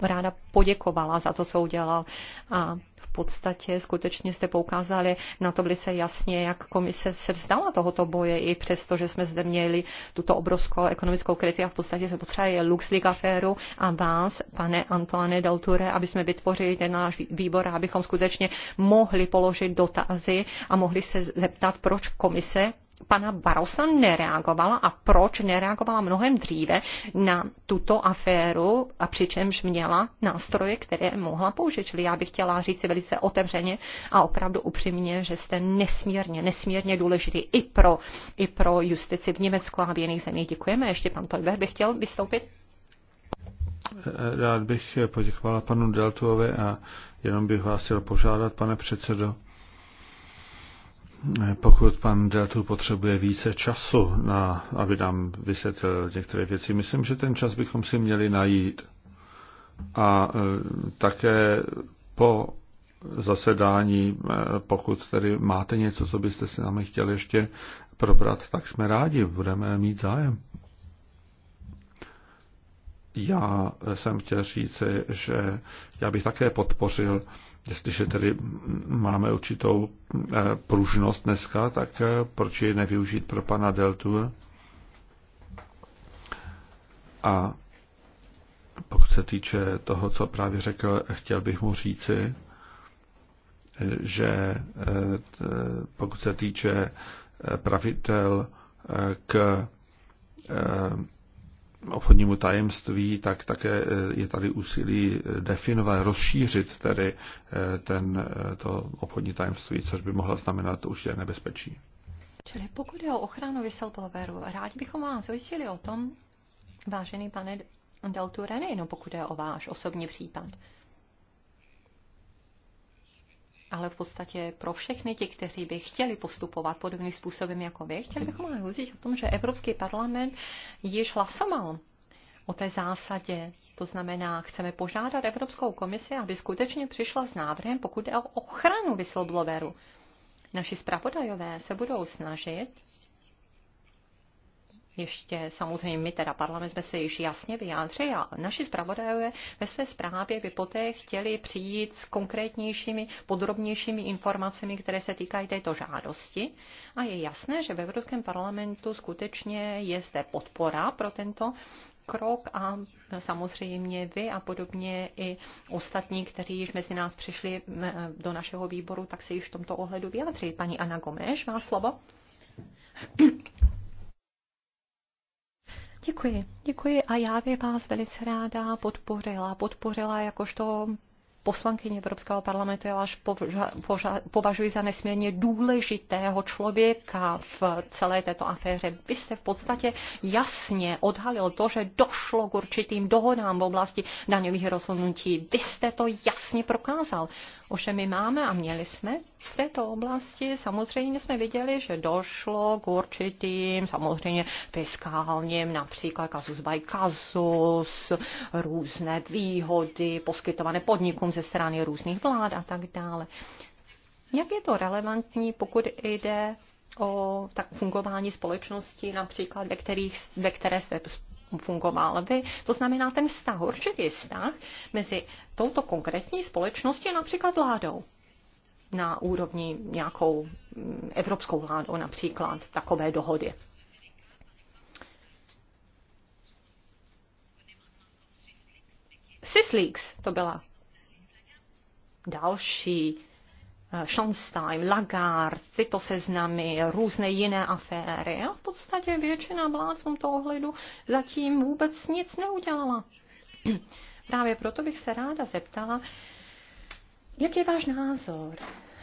Speaker 2: ráda poděkovala za to, co udělal a podstatě skutečně jste poukázali na to velice jasně, jak komise se vzdala tohoto boje, i přesto, že jsme zde měli tuto obrovskou ekonomickou krizi a v podstatě se potřebuje LuxLeaks aféru a vás, pane Antoine Delture, aby jsme vytvořili ten náš výbor, abychom skutečně mohli položit dotazy a mohli se zeptat, proč komise pana Barosa nereagovala a proč nereagovala mnohem dříve na tuto aféru a přičemž měla nástroje, které mohla použít. Čili já bych chtěla říct si velice otevřeně a opravdu upřímně, že jste nesmírně, nesmírně důležitý i pro, i pro justici v Německu a v jiných zemích. Děkujeme. Ještě pan Tojber by chtěl vystoupit.
Speaker 4: Rád bych poděkovala panu Deltovi a jenom bych vás chtěl požádat, pane předsedo, pokud pan Deltu potřebuje více času, na, aby nám vysvětlil některé věci, myslím, že ten čas bychom si měli najít. A e, také po zasedání, e, pokud tedy máte něco, co byste si nám chtěli ještě probrat, tak jsme rádi, budeme mít zájem. Já jsem chtěl říci, že já bych také podpořil Jestliže tedy máme určitou eh, pružnost dneska, tak eh, proč ji nevyužít pro pana Deltu? A pokud se týče toho, co právě řekl, chtěl bych mu říci, eh, že pokud se týče pravidel k obchodnímu tajemství, tak také eh, je tady úsilí eh, definovat, rozšířit tedy eh, ten, to obchodní tajemství, což by mohla znamenat určitě
Speaker 2: nebezpečí. Čili pokud je o ochranu whistleblowerů, rádi bychom vás ujistili o tom, vážený pane Deltureny, no pokud je o váš osobní případ, ale v podstatě pro všechny ti, kteří by chtěli postupovat podobným způsobem jako vy, chtěli bychom ale hovořit o tom, že Evropský parlament již hlasoval o té zásadě. To znamená, chceme požádat Evropskou komisi, aby skutečně přišla s návrhem, pokud je o ochranu whistlebloweru. Naši zpravodajové se budou snažit ještě samozřejmě my teda parlament jsme se již jasně vyjádřili a naši zpravodajové ve své zprávě by poté chtěli přijít s konkrétnějšími, podrobnějšími informacemi, které se týkají této žádosti. A je jasné, že ve Evropském parlamentu skutečně je zde podpora pro tento krok a samozřejmě vy a podobně i ostatní, kteří již mezi nás přišli do našeho výboru, tak se již v tomto ohledu vyjádřili. Paní Ana Gomeš má slovo. Děkuji, děkuji a já bych vás velice ráda podpořila, podpořila jakožto poslankyně Evropského parlamentu, já vás považuji za nesmírně důležitého člověka v celé této aféře. Vy jste v podstatě jasně odhalil to, že došlo k určitým dohodám v oblasti daňových rozhodnutí. Vy jste to jasně prokázal. Ovšem my máme a měli jsme v této oblasti, samozřejmě jsme viděli, že došlo k určitým, samozřejmě fiskálním, například kazus by kazus, různé výhody poskytované podnikům ze strany různých vlád a tak dále. Jak je to relevantní, pokud jde o tak fungování společnosti, například ve, kterých, ve které jste fungoval vy. To znamená ten vztah, určitý vztah mezi touto konkrétní společností a například vládou na úrovni nějakou mm, evropskou vládou například takové dohody. Syslíks to byla další Eh, Schonstein, Lagarde, tyto seznamy, různé jiné aféry. A v podstatě většina vlád v tomto ohledu zatím vůbec nic neudělala. Právě proto bych se ráda zeptala, jak je váš názor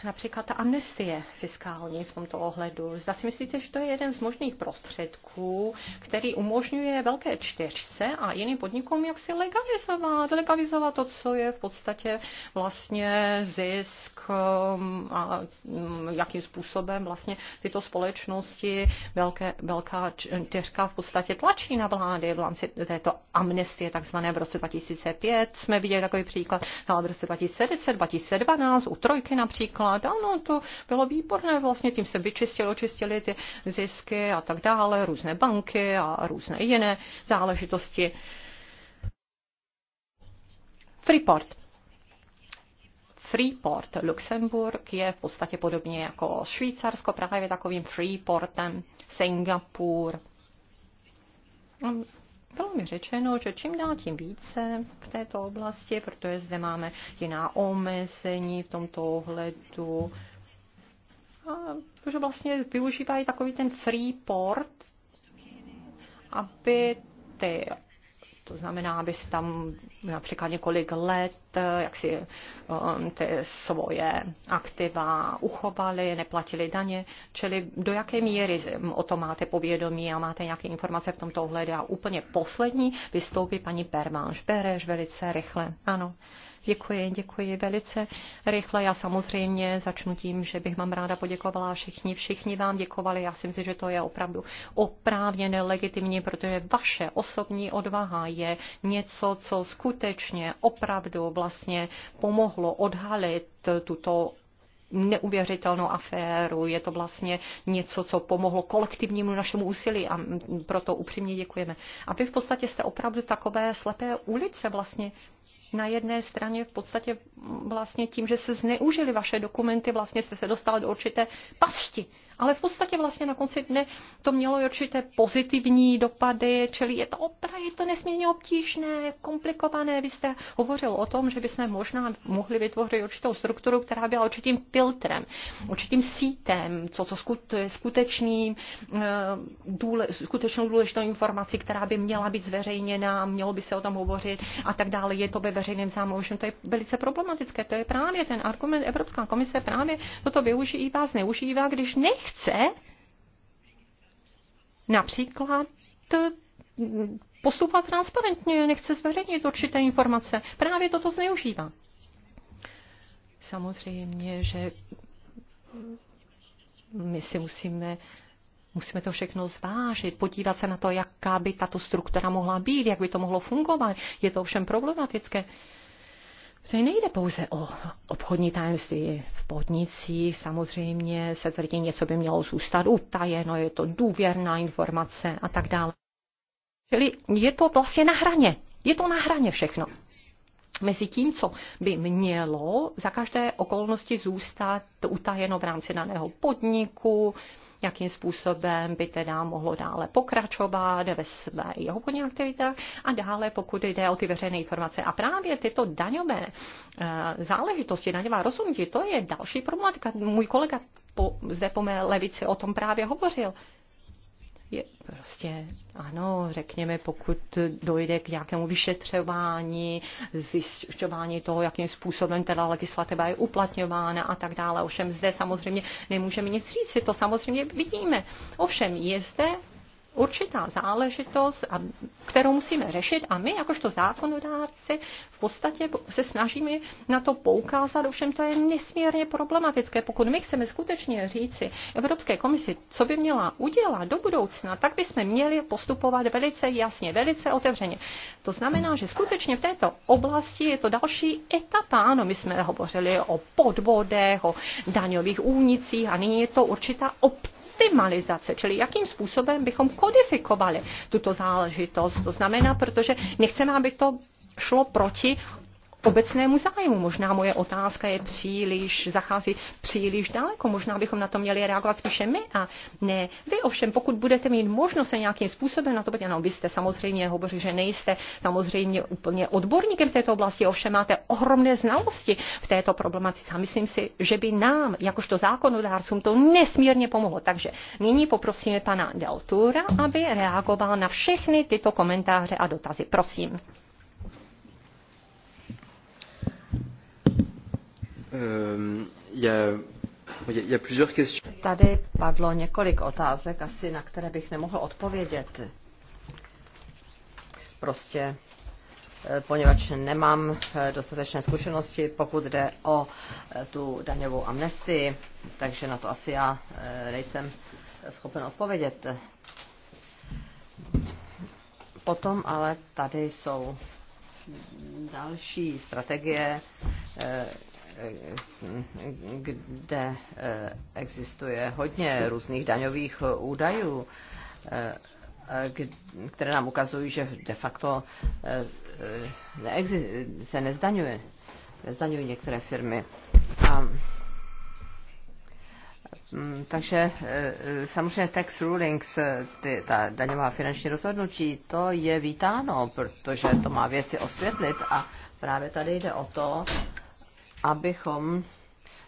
Speaker 2: například ta amnestie fiskální v tomto ohledu. Zda si myslíte, že to je jeden z možných prostředků, který umožňuje velké čtyřce a jiným podnikům jak si legalizovat, legalizovat to, co je v podstatě vlastně zisk um, a um, jakým způsobem vlastně tyto společnosti velké, velká čtyřka v podstatě tlačí na vlády v rámci této amnestie takzvané v roce 2005. Jsme viděli takový příklad, ale no, v roce 2010, 2012 u trojky například vyjednávat. Ano, to bylo výborné, vlastně tím se vyčistilo, očistili ty zisky a tak dále, různé banky a různé jiné záležitosti. Freeport. Freeport, Luxemburg je v podstatě podobně jako Švýcarsko, právě takovým Freeportem, Singapur bylo mi řečeno, že čím dál tím více v této oblasti, protože zde máme jiná omezení v tomto ohledu, a, že vlastně využívají takový ten free port, aby ty to znamená, abys tam například několik let eh, jak si eh, ty svoje aktiva uchovali, neplatili daně, čili do jaké míry eh, o tom máte povědomí a máte nějaké informace v tomto ohledu. A úplně poslední vystoupí paní Permanš Bereš velice rychle. Ano. Děkuji, děkuji velice rychle. Já samozřejmě začnu tím, že bych vám ráda poděkovala všichni. Všichni vám děkovali. Já si myslím, že to je opravdu oprávněné, legitimní, protože vaše osobní odvaha je něco, co skutečně opravdu vlastně pomohlo odhalit tuto neuvěřitelnou aféru. Je to vlastně něco, co pomohlo kolektivnímu našemu úsilí a proto upřímně děkujeme. A vy v podstatě jste opravdu takové slepé ulice vlastně na jedné straně v podstatě vlastně tím, že se zneužili vaše dokumenty, vlastně jste se dostali do určité pasti. Ale v podstatě vlastně na konci dne to mělo určité pozitivní dopady, čili je to opravdu je to nesmírně obtížné, komplikované. Vy jste hovořil o tom, že bychom možná mohli vytvořit určitou strukturu, která byla určitým filtrem, určitým sítem, co to skutečný, eh, důle, skutečnou důležitou informací, která by měla být zveřejněna, mělo by se o tom hovořit a tak dále. Je to ve veřejném zájmu, ovšem to je velice problematické. To je právě ten argument, Evropská komise právě toto využívá, zneužívá, když nech chce například postupovat transparentně, nechce zveřejnit určité informace. Právě toto zneužívá. Samozřejmě, že my si musíme, musíme to všechno zvážit, podívat se na to, jaká by tato struktura mohla být, jak by to mohlo fungovat. Je to ovšem problematické. Uh, Tady nejde pouze o obchodní tajemství v podnicích. Samozřejmě se tvrdí, něco by mělo zůstat utajeno, je to důvěrná informace a tak dále. Čili je to vlastně na hraně. Je to na hraně všechno. Mezi tím, co by mělo za každé okolnosti zůstat utajeno v rámci daného podniku, jakým způsobem by teda mohlo dále pokračovat ve své jeho aktivitách a dále, pokud jde o ty veřejné informace. A právě tyto daňové eh, záležitosti, daňová rozumí, to je další problematika. Můj kolega po, zde po mé levici o tom právě hovořil je prostě, ano, řekněme, pokud dojde k nějakému vyšetřování, zjišťování toho, jakým způsobem teda legislativa je uplatňována a tak dále. Ovšem zde samozřejmě nemůžeme nic říct, si to samozřejmě vidíme. Ovšem je zde určitá záležitost, a, kterou musíme řešit a my, jakožto zákonodárci, v podstatě se snažíme na to poukázat, ovšem to je nesmírně problematické. Pokud my chceme skutečně říci Evropské komisi, co by měla udělat do budoucna, tak bychom měli postupovat velice jasně, velice otevřeně. To znamená, že skutečně v této oblasti je to další etapa. Ano, my jsme hovořili o podvodech, o daňových únicích a nyní je to určitá opt optimalizace, čili jakým způsobem bychom kodifikovali tuto záležitost. To znamená, protože nechceme, aby to šlo proti obecnému zájmu. Možná moje otázka je příliš, zachází příliš daleko. Možná bychom na to měli reagovat spíše my a ne vy. Ovšem, pokud budete mít možnost se nějakým způsobem na to být, ano, vy jste samozřejmě hovoří, že nejste samozřejmě úplně odborníkem v této oblasti, ovšem máte ohromné znalosti v této problematice a myslím si, že by nám, jakožto zákonodárcům, to nesmírně pomohlo. Takže nyní poprosíme pana Deltura, aby reagoval na všechny tyto komentáře a dotazy. Prosím.
Speaker 3: Euh, tady
Speaker 1: padlo několik otázek, asi na které bych nemohl odpovědět. Prostě eh, poněvadž nemám eh, dostatečné zkušenosti, pokud jde o eh, tu daňovou amnestii, takže na to asi já nejsem schopen odpovědět. Potom ale tady jsou další strategie, kde eh, existuje hodně různých daňových eh, údajů, eh, které nám ukazují, že de facto se nezdaňuje, nezdaňují některé firmy. A mm, takže samozřejmě tax rulings, ty, ta daňová finanční rozhodnutí, to je vítáno, protože to má věci osvětlit a právě tady jde o to, abychom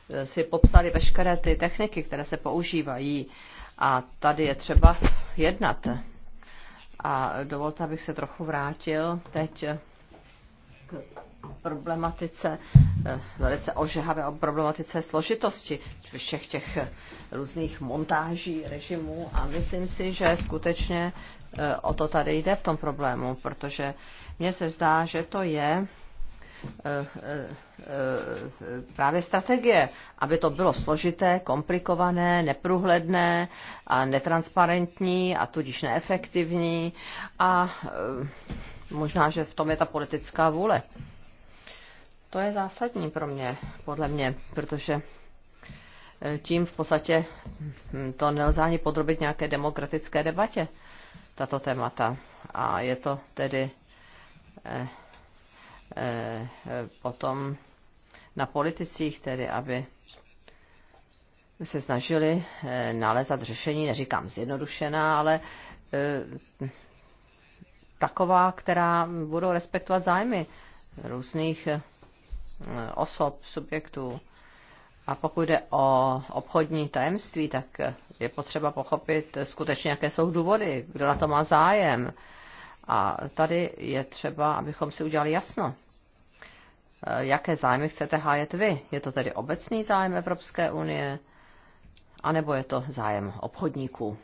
Speaker 1: eh, si popsali veškeré ty techniky, které se používají. A tady je třeba jednat. A dovolte, abych se trochu vrátil teď eh, k problematice, eh, velice ožehavé problematice složitosti všech těch různých montáží, režimů a myslím si, že skutečně o to tady jde v tom problému, protože mně se zdá, že to je právě strategie, aby to bylo složité, komplikované, neprůhledné a netransparentní a tudíž neefektivní a eh, možná, že v tom je ta politická vůle. To je zásadní pro mě, podle mě, protože eh, tím v podstatě hm, to nelze ani podrobit nějaké demokratické debatě, tato témata. A je to tedy eh, Eh, potom na politicích, tedy aby se snažili eh, nalézat řešení, neříkám zjednodušená, ale eh, taková, která budou respektovat zájmy různých osob, subjektů. A pokud jde o obchodní tajemství, tak je potřeba pochopit skutečně, jaké jsou důvody, kdo na to má zájem a tady je třeba, abychom si udělali jasno, eh, jaké zájmy chcete hájet vy. Je to tedy obecný zájem Evropské unie, anebo je to zájem obchodníků?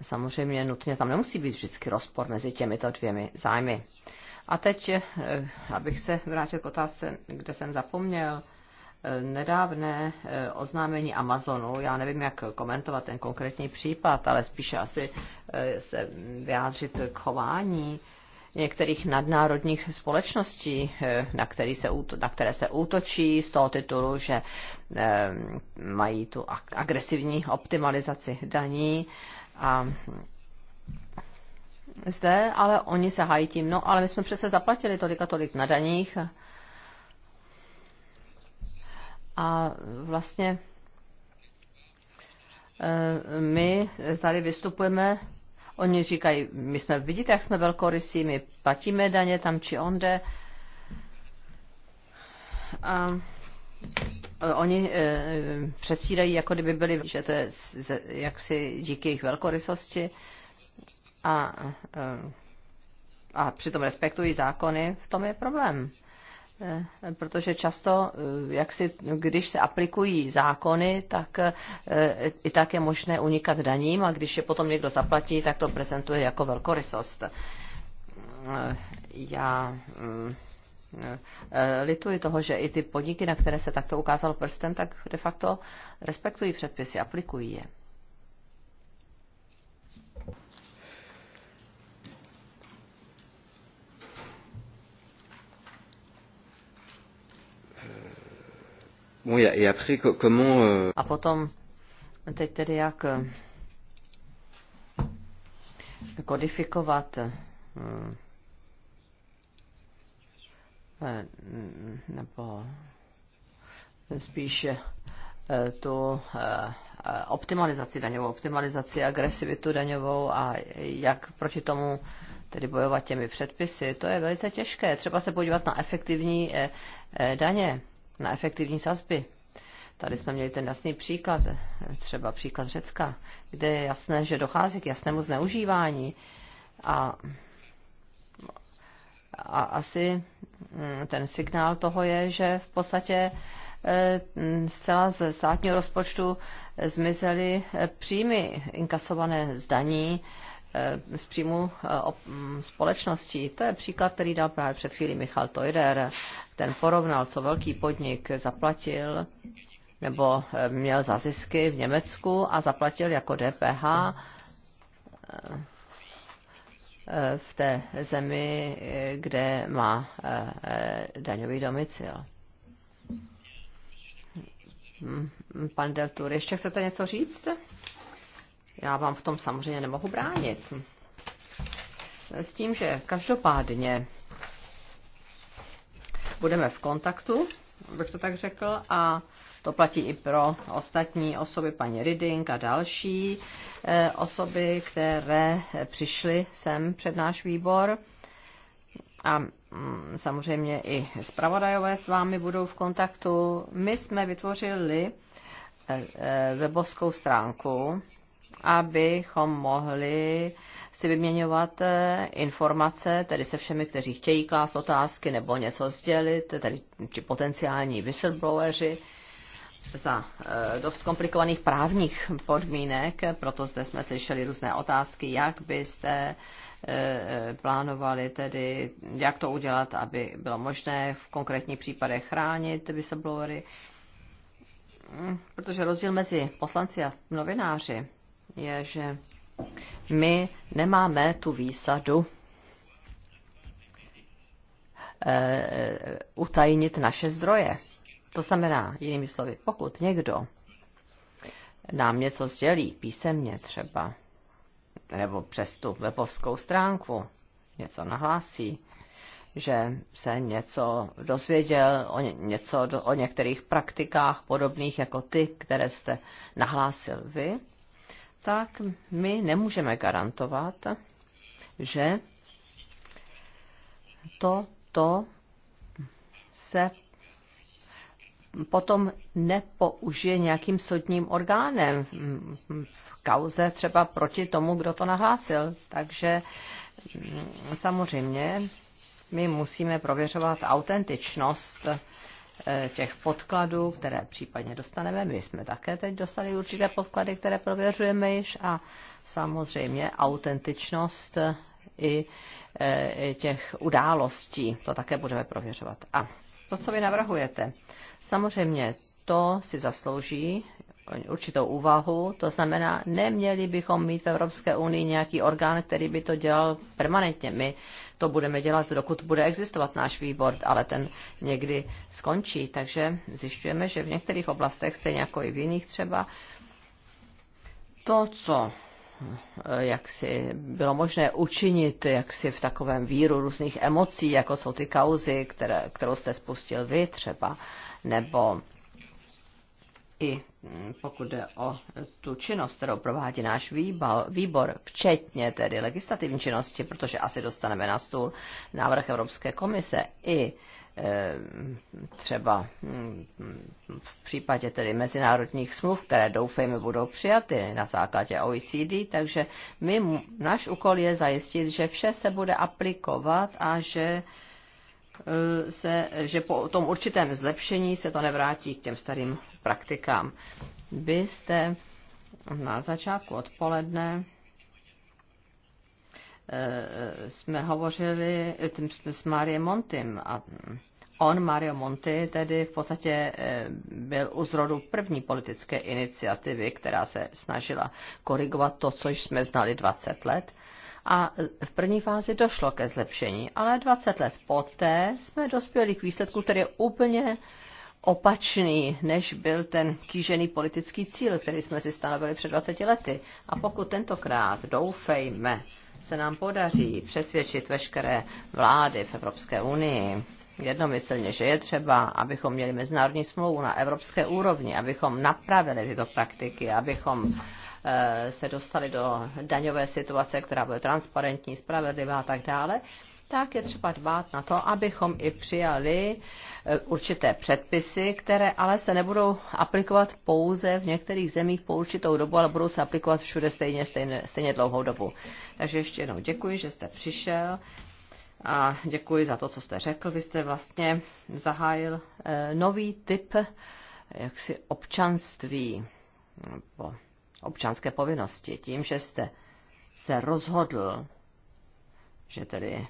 Speaker 1: Samozřejmě nutně tam nemusí být vždycky rozpor mezi těmito dvěmi zájmy. A teď, eh, abych se vrátil k otázce, kde jsem zapomněl, eh, nedávné oznámení Amazonu, já nevím, jak komentovat ten konkrétní případ, ale spíše asi Eh, se vyjádřit k chování některých nadnárodních společností, eh, na, který se, na které se útočí z toho titulu, že eh, mají tu agresivní optimalizaci daní. A zde, ale oni se hájí tím, no ale my jsme přece zaplatili tolik a tolik na daních. A vlastně my tady vystupujeme Oni říkají, my jsme, vidíte, jak jsme velkorysí, my platíme daně tam či onde. A e, oni e, předstírají, jako kdyby byli, že to je z, jaksi díky jejich velkorysosti a, e, a přitom respektují zákony, v tom je problém. Eh, protože často, eh, jak si, když se aplikují zákony, tak eh, i tak je možné unikat daním a když je potom někdo zaplatí, tak to prezentuje jako velkorysost. Já mm, lituji toho, že i ty podniky, na které se takto ukázal prstem, tak de facto respektují předpisy, aplikují je. Euh, a potom, teď tedy jak eh, kodifikovat eh, eh, nebo spíše tu optimalizaci daňovou, optimalizaci agresivitu daňovou a jak proti tomu tedy bojovat těmi předpisy, to je velice těžké. Třeba se podívat na efektivní daně na efektivní sazby. Tady jsme měli ten jasný příklad, třeba příklad Řecka, kde je jasné, že dochází k jasnému zneužívání a, a asi mm, ten signál toho je, že v podstatě e, mm, zcela ze státního rozpočtu zmizely příjmy inkasované zdaní Eh, z příjmu eh, mm, společností. To je příklad, který dal právě před chvílí Michal Tojder. Ten porovnal, co velký podnik zaplatil nebo eh, měl za zisky v Německu a zaplatil jako DPH v té zemi, kde má daňový domicil. Mm, mm, pan Deltur, ještě chcete něco říct? já vám v tom samozřejmě nemohu bránit. S tím, že každopádně budeme v kontaktu, bych to tak řekl, a to platí i pro ostatní osoby, paní Riding a další eh, osoby, které přišly sem před náš výbor. A mm, samozřejmě i zpravodajové s vámi budou v kontaktu. My jsme vytvořili eh, eh, webovskou stránku abychom mohli si vyměňovat eh, informace, tedy se všemi, kteří chtějí klást otázky nebo něco sdělit, tedy či potenciální whistlebloweri za eh, dost komplikovaných právních podmínek, proto zde jsme slyšeli různé otázky, jak byste eh, plánovali tedy, jak to udělat, aby bylo možné v konkrétních případech chránit whistleblowery. Hm, protože rozdíl mezi poslanci a novináři je, že my nemáme tu výsadu eh, eh, utajnit naše zdroje. To znamená, jinými slovy, pokud někdo nám něco sdělí písemně třeba, nebo přes tu webovskou stránku něco nahlásí, že se něco dozvěděl o, ně, něco do, o některých praktikách podobných jako ty, které jste nahlásil vy, tak my nemůžeme garantovat, že to, to se potom nepoužije nějakým soudním orgánem v kauze třeba proti tomu, kdo to nahlásil. Takže samozřejmě my musíme prověřovat autentičnost E, těch podkladů, které případně dostaneme. My jsme také teď dostali určité podklady, které prověřujeme již a samozřejmě autentičnost i e, těch událostí. To také budeme prověřovat. A to, co vy navrhujete, samozřejmě to si zaslouží určitou úvahu, to znamená, neměli bychom mít v Evropské unii nějaký orgán, který by to dělal permanentně. My to budeme dělat, dokud bude existovat náš výbor, ale ten někdy skončí. Takže zjišťujeme, že v některých oblastech, stejně jako i v jiných třeba, to, co eh, jak si bylo možné učinit jak si v takovém víru různých emocí, jako jsou ty kauzy, které, kterou jste spustil vy třeba, nebo i pokud jde o tu činnost, kterou provádí náš výbor, včetně tedy legislativní činnosti, protože asi dostaneme na stůl návrh Evropské komise i eh, třeba hm, v případě tedy mezinárodních smluv, které doufejme budou přijaty na základě OECD, takže my, náš úkol je zajistit, že vše se bude aplikovat a že Eh, se, že po tom určitém zlepšení se to nevrátí k těm starým praktikám. Vy jste na začátku odpoledne eh, jsme hovořili eh, s Mario Montym a on, Mario Monti, tedy v podstatě byl u zrodu první politické iniciativy, která se snažila korigovat to, co jsme znali 20 let a v první fázi došlo ke zlepšení, ale 20 let poté jsme dospěli k výsledku, který je úplně opačný, než byl ten kýžený politický cíl, který jsme si stanovili před 20 lety. A pokud tentokrát, doufejme, se nám podaří přesvědčit veškeré vlády v Evropské unii, jednomyslně, že je třeba, abychom měli mezinárodní smlouvu na evropské úrovni, abychom napravili tyto praktiky, abychom eh, se dostali do daňové situace, která bude transparentní, spravedlivá a tak dále, tak je třeba dbát na to, abychom i přijali eh, určité předpisy, které ale se nebudou aplikovat pouze v některých zemích po určitou dobu, ale budou se aplikovat všude stejně, stejně, stejně dlouhou dobu. Takže ještě jednou děkuji, že jste přišel a děkuji za to, co jste řekl. Vy jste vlastně zahájil eh, nový typ eh, jaksi občanství nebo občanské povinnosti tím, že jste se rozhodl, že tedy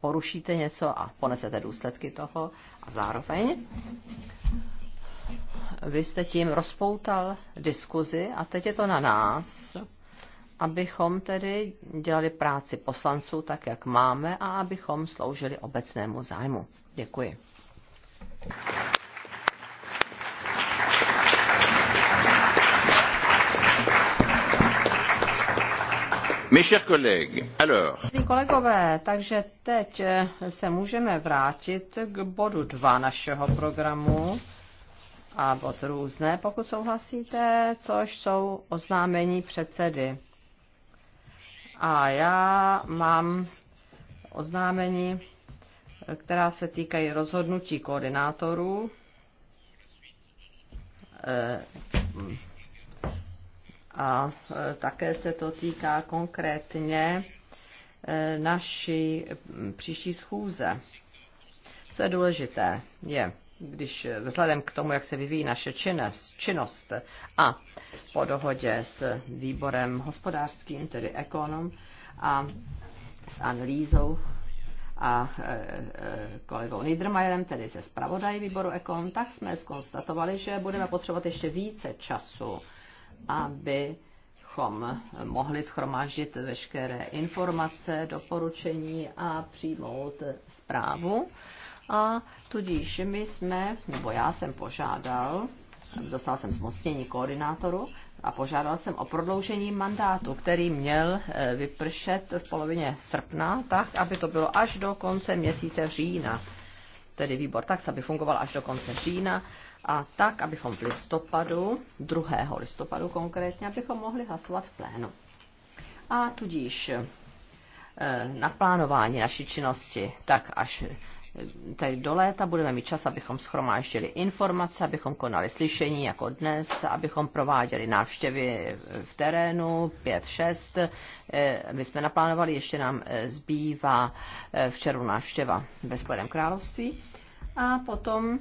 Speaker 1: porušíte něco a ponesete důsledky toho a zároveň vy jste tím rozpoutal diskuzi a teď je to na nás, abychom tedy dělali práci poslanců tak, jak máme a abychom sloužili obecnému zájmu. Děkuji. Milí kolegové, takže teď eh, se můžeme vrátit k bodu 2 našeho programu a bod různé, pokud souhlasíte, což jsou oznámení předsedy. A já mám oznámení, která se týkají rozhodnutí koordinátorů. E, a e, také se to týká konkrétně e, naší příští schůze. Co je důležité, je, když vzhledem k tomu, jak se vyvíjí naše činnost, činnost a po dohodě s výborem hospodářským, tedy ekonom, a s analýzou a e, e, kolegou Niedermayerem, tedy se zpravodají výboru Ekon, tak jsme skonstatovali, že budeme potřebovat ještě více času, aby mohli schromáždit veškeré informace, doporučení a přijmout zprávu. A tudíž my jsme, nebo já jsem požádal, dostal jsem zmocnění koordinátoru a požádal jsem o prodloužení mandátu, který měl eh, vypršet v polovině srpna, tak, aby to bylo až do konce měsíce října. Tedy výbor tak, aby fungoval až do konce října a tak, abychom v listopadu, 2. listopadu konkrétně, abychom mohli hlasovat v plénu. A tudíž eh, na plánování naší činnosti, tak až tady do léta budeme mít čas, abychom schromáždili informace, abychom konali slyšení jako dnes, abychom prováděli návštěvy v terénu 5-6. Eh, my jsme naplánovali, ještě nám eh, zbývá eh, v červnu návštěva ve Spojeném království. A potom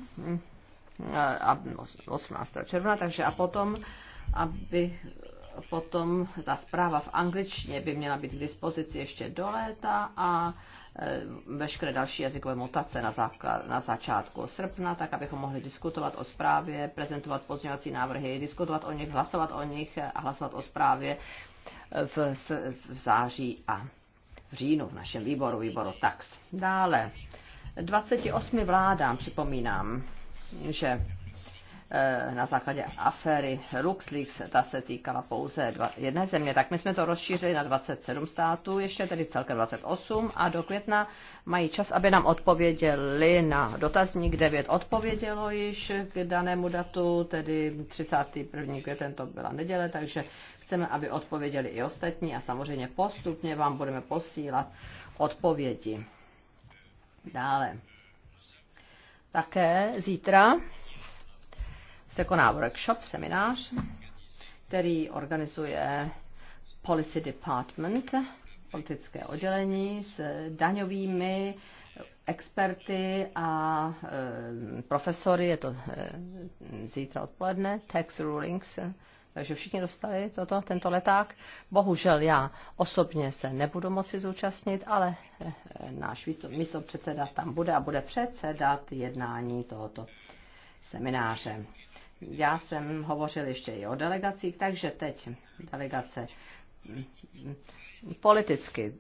Speaker 1: 18. Hm, června, takže a potom, aby potom ta zpráva v angličtině by měla být k dispozici ještě do léta a Eh, veškeré další jazykové mutace na, základ, na začátku srpna, tak abychom mohli diskutovat o zprávě, prezentovat pozměňovací návrhy, diskutovat o nich, hlasovat o nich a hlasovat o zprávě eh, v, v září a v říjnu v našem výboru, výboru TAX. Dále, 28 vládám připomínám, že Eh, na základě aféry LuxLeaks, ta se týkala pouze jedné země, tak my jsme to rozšířili na 27 států, ještě tedy celkem 28 a do května mají čas, aby nám odpověděli na dotazník. 9 odpovědělo již k danému datu, tedy 31. květen to byla neděle, takže chceme, aby odpověděli i ostatní a samozřejmě postupně vám budeme posílat odpovědi. Dále. Také zítra se koná workshop, seminář, který organizuje Policy Department, politické oddělení s daňovými experty a e, profesory, je to e, zítra odpoledne, tax rulings, takže všichni dostali toto, tento leták. Bohužel já osobně se nebudu moci zúčastnit, ale e, náš místo předseda tam bude a bude předsedat jednání tohoto semináře. Já jsem hovořil ještě i o delegacích, takže teď delegace politicky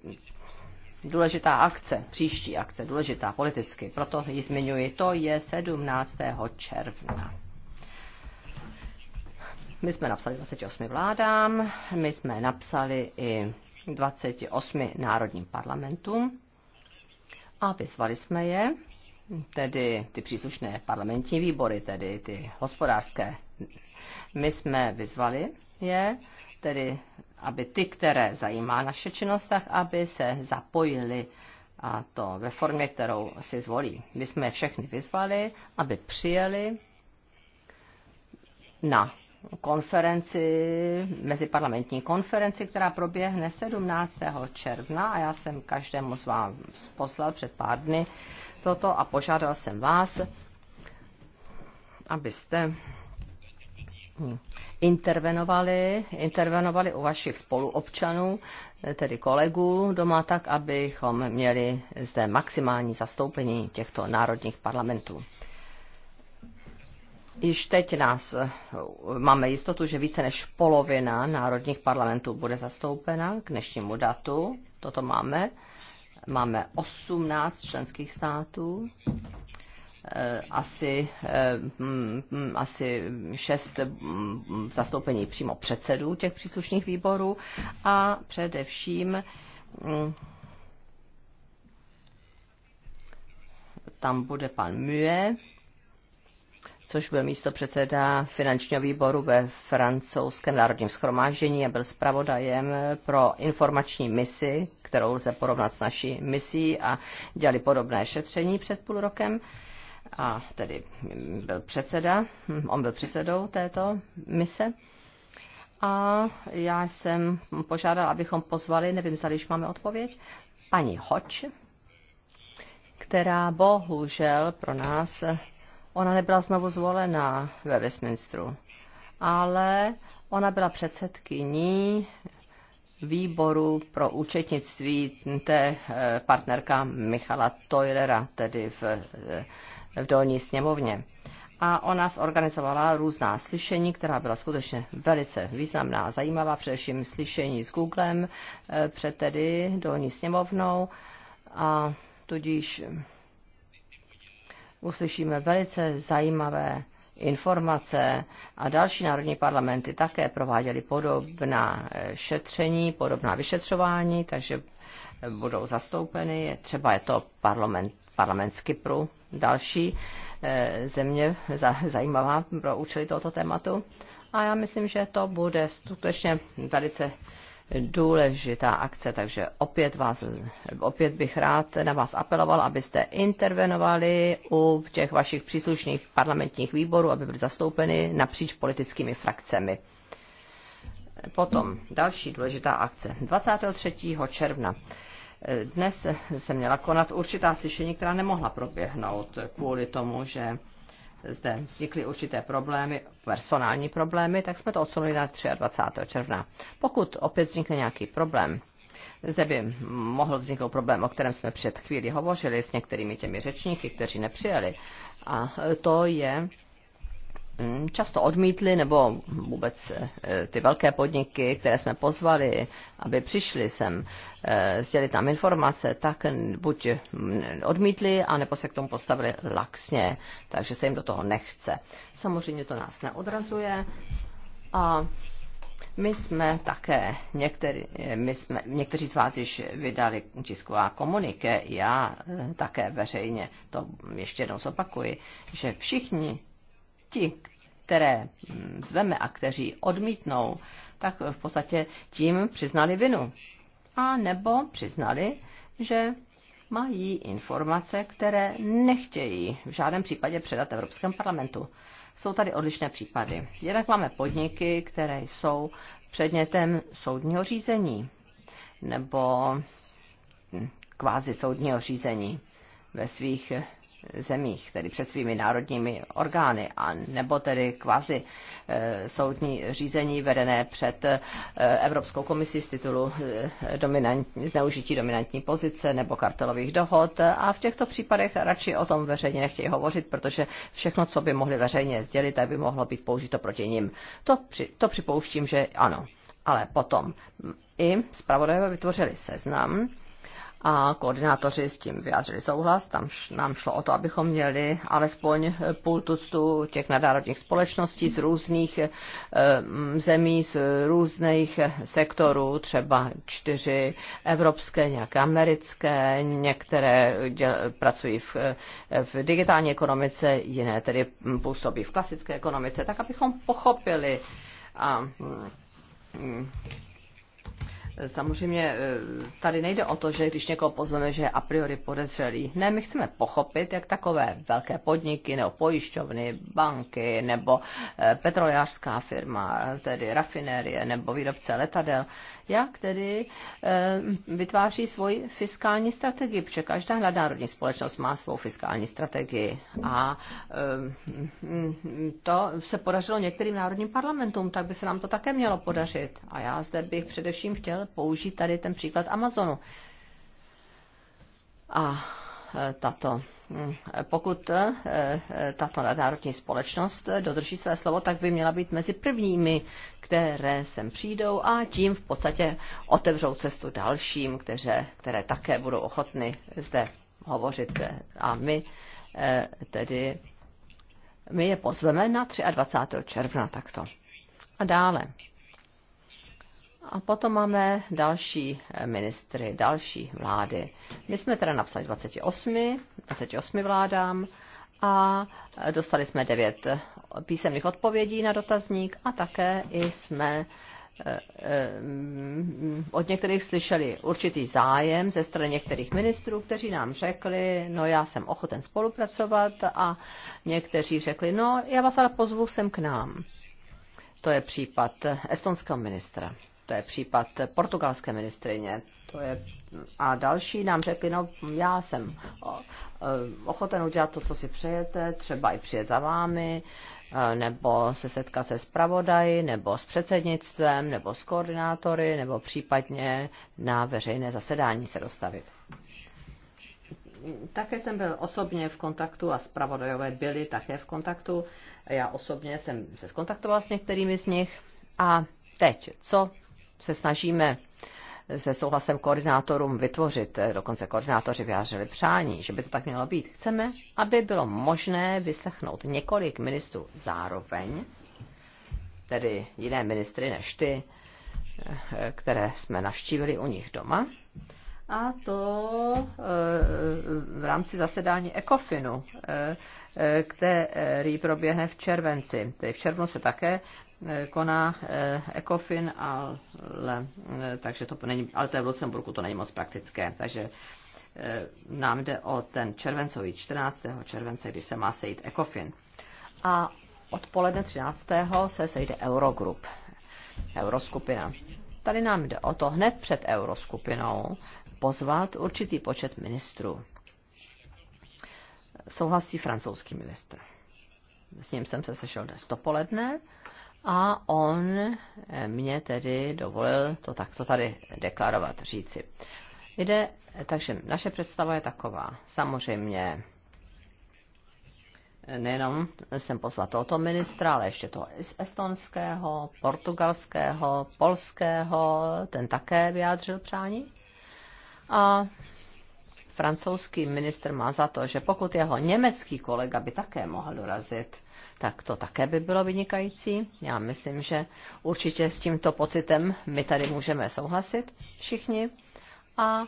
Speaker 1: důležitá akce, příští akce, důležitá politicky, proto ji zmiňuji, to je 17. června. My jsme napsali 28 vládám, my jsme napsali i 28 národním parlamentům a vyzvali jsme je, tedy ty příslušné parlamentní výbory, tedy ty hospodářské. My jsme vyzvali je, tedy aby ty, které zajímá naše činnost, tak aby se zapojili a to ve formě, kterou si zvolí. My jsme všechny vyzvali, aby přijeli na konferenci, meziparlamentní konferenci, která proběhne 17. června a já jsem každému z vás poslal před pár dny toto a požádal jsem vás, abyste intervenovali, intervenovali u vašich spoluobčanů, tedy kolegů doma, tak abychom měli zde maximální zastoupení těchto národních parlamentů. Již teď nás eh, máme jistotu, že více než polovina národních parlamentů bude zastoupena k dnešnímu datu. Toto máme. Máme 18 členských států, eh, asi, eh, hm, hm, asi šest hm, zastoupení přímo předsedů těch příslušných výborů a především tam bude pan Mue, což byl místo předseda finančního výboru ve francouzském národním schromáždění a byl zpravodajem pro informační misi, kterou lze porovnat s naší misí a dělali podobné šetření před půl rokem. A tedy byl předseda, hm, on byl předsedou této mise. A já jsem požádal, abychom pozvali, nevím, zda již máme odpověď, paní Hoč, která bohužel pro nás Ona nebyla znovu zvolená ve Westminsteru, ale ona byla předsedkyní výboru pro účetnictví té eh, partnerka Michala Toilera, tedy v, eh, v dolní sněmovně. A ona zorganizovala různá slyšení, která byla skutečně velice významná a zajímavá, především slyšení s Googlem eh, před tedy dolní sněmovnou. A tudíž uslyšíme velice zajímavé informace a další národní parlamenty také prováděly podobná eh, šetření, podobná vyšetřování, takže eh, budou zastoupeny. Třeba je to parlament, parlament z Kypru, další eh, země zajímavá pro účely tohoto tématu. A já myslím, že to bude skutečně velice důležitá akce, takže opět, vás, opět bych rád na vás apeloval, abyste intervenovali u těch vašich příslušných parlamentních výborů, aby byly zastoupeny napříč politickými frakcemi. Potom další důležitá akce. 23. června. Dnes se měla konat určitá slyšení, která nemohla proběhnout kvůli tomu, že zde vznikly určité problémy, personální problémy, tak jsme to odsunuli na 23. června. Pokud opět vznikne nějaký problém, zde by mohl vzniknout problém, o kterém jsme před chvíli hovořili s některými těmi řečníky, kteří nepřijeli. A to je Mm, často odmítli, nebo vůbec eh, ty velké podniky, které jsme pozvali, aby přišli sem, eh, sdělit nám informace, tak buď mm, odmítli, anebo se k tomu postavili laxně, takže se jim do toho nechce. Samozřejmě to nás neodrazuje a my jsme také, některý, eh, my jsme, někteří z vás již vydali tisková komunike, já také veřejně to ještě jednou zopakuji, že všichni ti, které mm, zveme a kteří odmítnou, tak v podstatě tím přiznali vinu. A nebo přiznali, že mají informace, které nechtějí v žádném případě předat Evropském parlamentu. Jsou tady odlišné případy. Jednak máme podniky, které jsou předmětem soudního řízení nebo hm, kvázi soudního řízení ve svých zemích, tedy před svými národními orgány, a nebo tedy kvazi e, soudní řízení vedené před e, Evropskou komisí z titulu e, eh, dominantní, zneužití dominantní pozice nebo kartelových dohod. A v těchto případech radši o tom veřejně nechtějí hovořit, protože všechno, co by mohli veřejně sdělit, tak by mohlo být použito proti ním. To, při, to připouštím, že ano. Ale potom i zpravodajové vytvořili seznam a koordinátoři s tím vyjádřili souhlas. Tam nám šlo o to, abychom měli alespoň eh, půl tuctu těch nadárodních společností z různých eh, zemí, z různých sektorů, třeba čtyři evropské, nějaké americké, některé děl, pracují v, eh, v digitální ekonomice, jiné tedy působí v klasické ekonomice, tak abychom pochopili a Samozřejmě eh, tady nejde o to, že když někoho pozveme, že je a priori podezřelý. Ne, my chceme pochopit, jak takové velké podniky nebo pojišťovny, banky nebo eh, petrolejářská firma, tedy rafinérie nebo výrobce letadel, jak tedy eh, vytváří svoji fiskální strategii, protože každá nadnárodní společnost má svou fiskální strategii. A to se podařilo některým národním parlamentům, tak by se nám to také mělo podařit. A já zde bych především chtěl použít tady ten příklad Amazonu. A e, tato. Hm, pokud e, e, tato nadnárodní společnost dodrží své slovo, tak by měla být mezi prvními, které sem přijdou a tím v podstatě otevřou cestu dalším, které, které také budou ochotny zde hovořit. A my tedy my je pozveme na 23. června takto. A dále. A potom máme další eh, ministry, další vlády. My jsme teda napsali 28, 28 vládám a eh, dostali jsme 9 eh, písemných odpovědí na dotazník a také i jsme od některých slyšeli určitý zájem ze strany některých ministrů, kteří nám řekli, no já jsem ochoten spolupracovat a někteří řekli, no já vás ale pozvu sem k nám. To je případ estonského ministra to je případ portugalské ministrině, to je, a další nám řekli, no já jsem e, ochoten udělat to, co si přejete, třeba i přijet za vámi, e, nebo se setkat se zpravodaji, nebo s předsednictvem, nebo s koordinátory, nebo případně na veřejné zasedání se dostavit. Také jsem byl osobně v kontaktu a zpravodajové byli také v kontaktu. Já osobně jsem se skontaktoval s některými z nich a teď, co se snažíme se souhlasem koordinátorům vytvořit, eh, dokonce koordinátoři vyjádřili přání, že by to tak mělo být. Chceme, aby bylo možné vyslechnout několik ministrů zároveň, tedy jiné ministry než ty, eh, které jsme navštívili u nich doma, a to eh, v rámci zasedání ECOFINu, který proběhne v červenci. Tedy v červnu se také koná eh, ECOFIN, ale, eh, takže to není, ale to je v Lucemburku, to není moc praktické. Takže eh, nám jde o ten červencový 14. července, když se má sejít ECOFIN. A odpoledne 13. se sejde Eurogroup, Euroskupina. Tady nám jde o to hned před Euroskupinou pozvat určitý počet ministrů. Souhlasí francouzský ministr. S ním jsem se sešel dnes dopoledne. poledne a on eh, mě tedy dovolil to takto tady deklarovat, říci. Jde, takže naše představa je taková. Samozřejmě nejenom jsem pozval tohoto ministra, ale ještě toho estonského, portugalského, polského, ten také vyjádřil přání. A francouzský ministr má za to, že pokud jeho německý kolega by také mohl dorazit, tak to také by bylo vynikající. Já myslím, že určitě s tímto pocitem my tady můžeme souhlasit všichni. A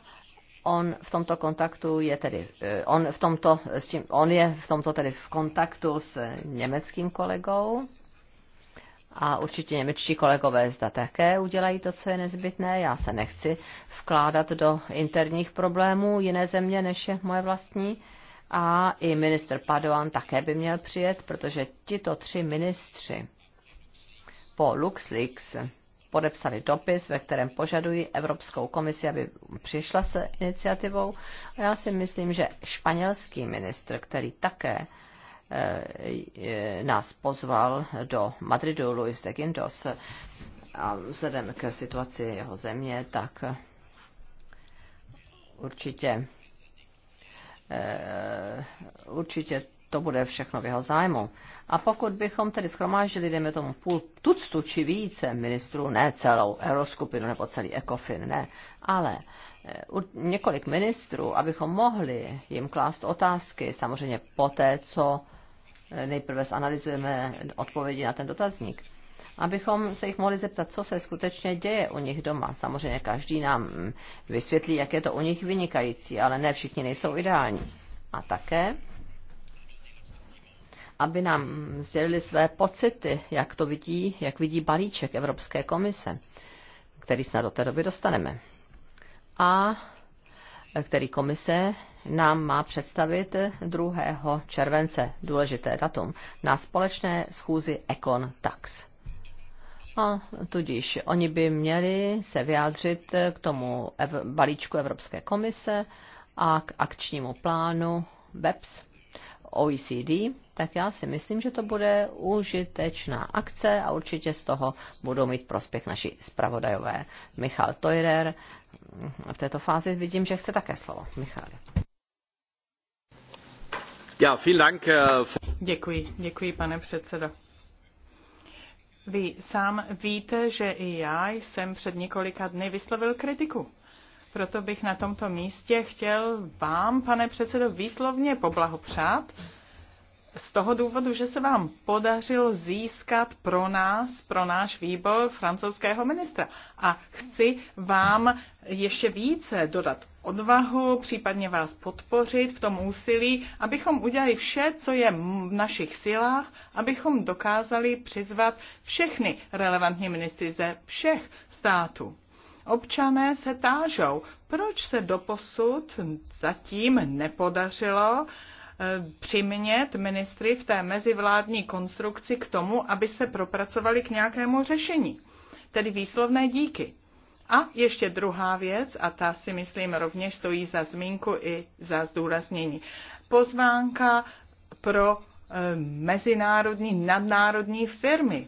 Speaker 1: on v tomto kontaktu je tedy, eh, on, v tomto, s tím, on je v tomto tedy v kontaktu s německým kolegou a určitě němečtí kolegové zda také udělají to, co je nezbytné. Já se nechci vkládat do interních problémů jiné země, než je moje vlastní a i minister Padoan také by měl přijet, protože tito tři ministři po LuxLeaks podepsali dopis, ve kterém požadují Evropskou komisi, aby přišla se iniciativou. A já si myslím, že španělský ministr, který také eh, nás pozval do Madridu, Luis de Guindos, a vzhledem k situaci jeho země, tak určitě Eh, určitě to bude všechno v jeho zájmu. A pokud bychom tedy schromáždili, dejme tomu půl tuctu či více ministrů, ne celou euroskupinu nebo celý ECOFIN, ne, ale eh, několik ministrů, abychom mohli jim klást otázky, samozřejmě poté, co eh, nejprve zanalizujeme odpovědi na ten dotazník abychom se jich mohli zeptat, co se skutečně děje u nich doma. Samozřejmě každý nám vysvětlí, jak je to u nich vynikající, ale ne všichni nejsou ideální. A také, aby nám sdělili své pocity, jak to vidí, jak vidí balíček Evropské komise, který snad do té doby dostaneme. A který komise nám má představit 2. července, důležité datum, na společné schůzi Econ Tax. A tudíž oni by měli se vyjádřit k tomu ev- balíčku Evropské komise a k akčnímu plánu BEPS OECD, tak já si myslím, že to bude užitečná akce a určitě z toho budou mít prospěch naši zpravodajové. Michal Tojrer, v této fázi vidím, že chce také slovo. Michal.
Speaker 4: Ja, vielen Dank. Eh,
Speaker 5: děkuji, děkuji, pane předsedo. Vy sám víte, že i já jsem před několika dny vyslovil kritiku. Proto bych na tomto místě chtěl vám, pane předsedo, výslovně poblahopřát z toho důvodu, že se vám podařilo získat pro nás, pro náš výbor francouzského ministra. A chci vám ještě více dodat odvahu, případně vás podpořit v tom úsilí, abychom udělali vše, co je v našich silách, abychom dokázali přizvat všechny relevantní ministry ze všech států. Občané se tážou, proč se doposud zatím nepodařilo uh, přimět ministry v té mezivládní konstrukci k tomu, aby se propracovali k nějakému řešení. Tedy výslovné díky. A ještě druhá věc, a ta si myslím rovněž stojí za zmínku i za zdůraznění. Pozvánka pro eh, mezinárodní, nadnárodní firmy.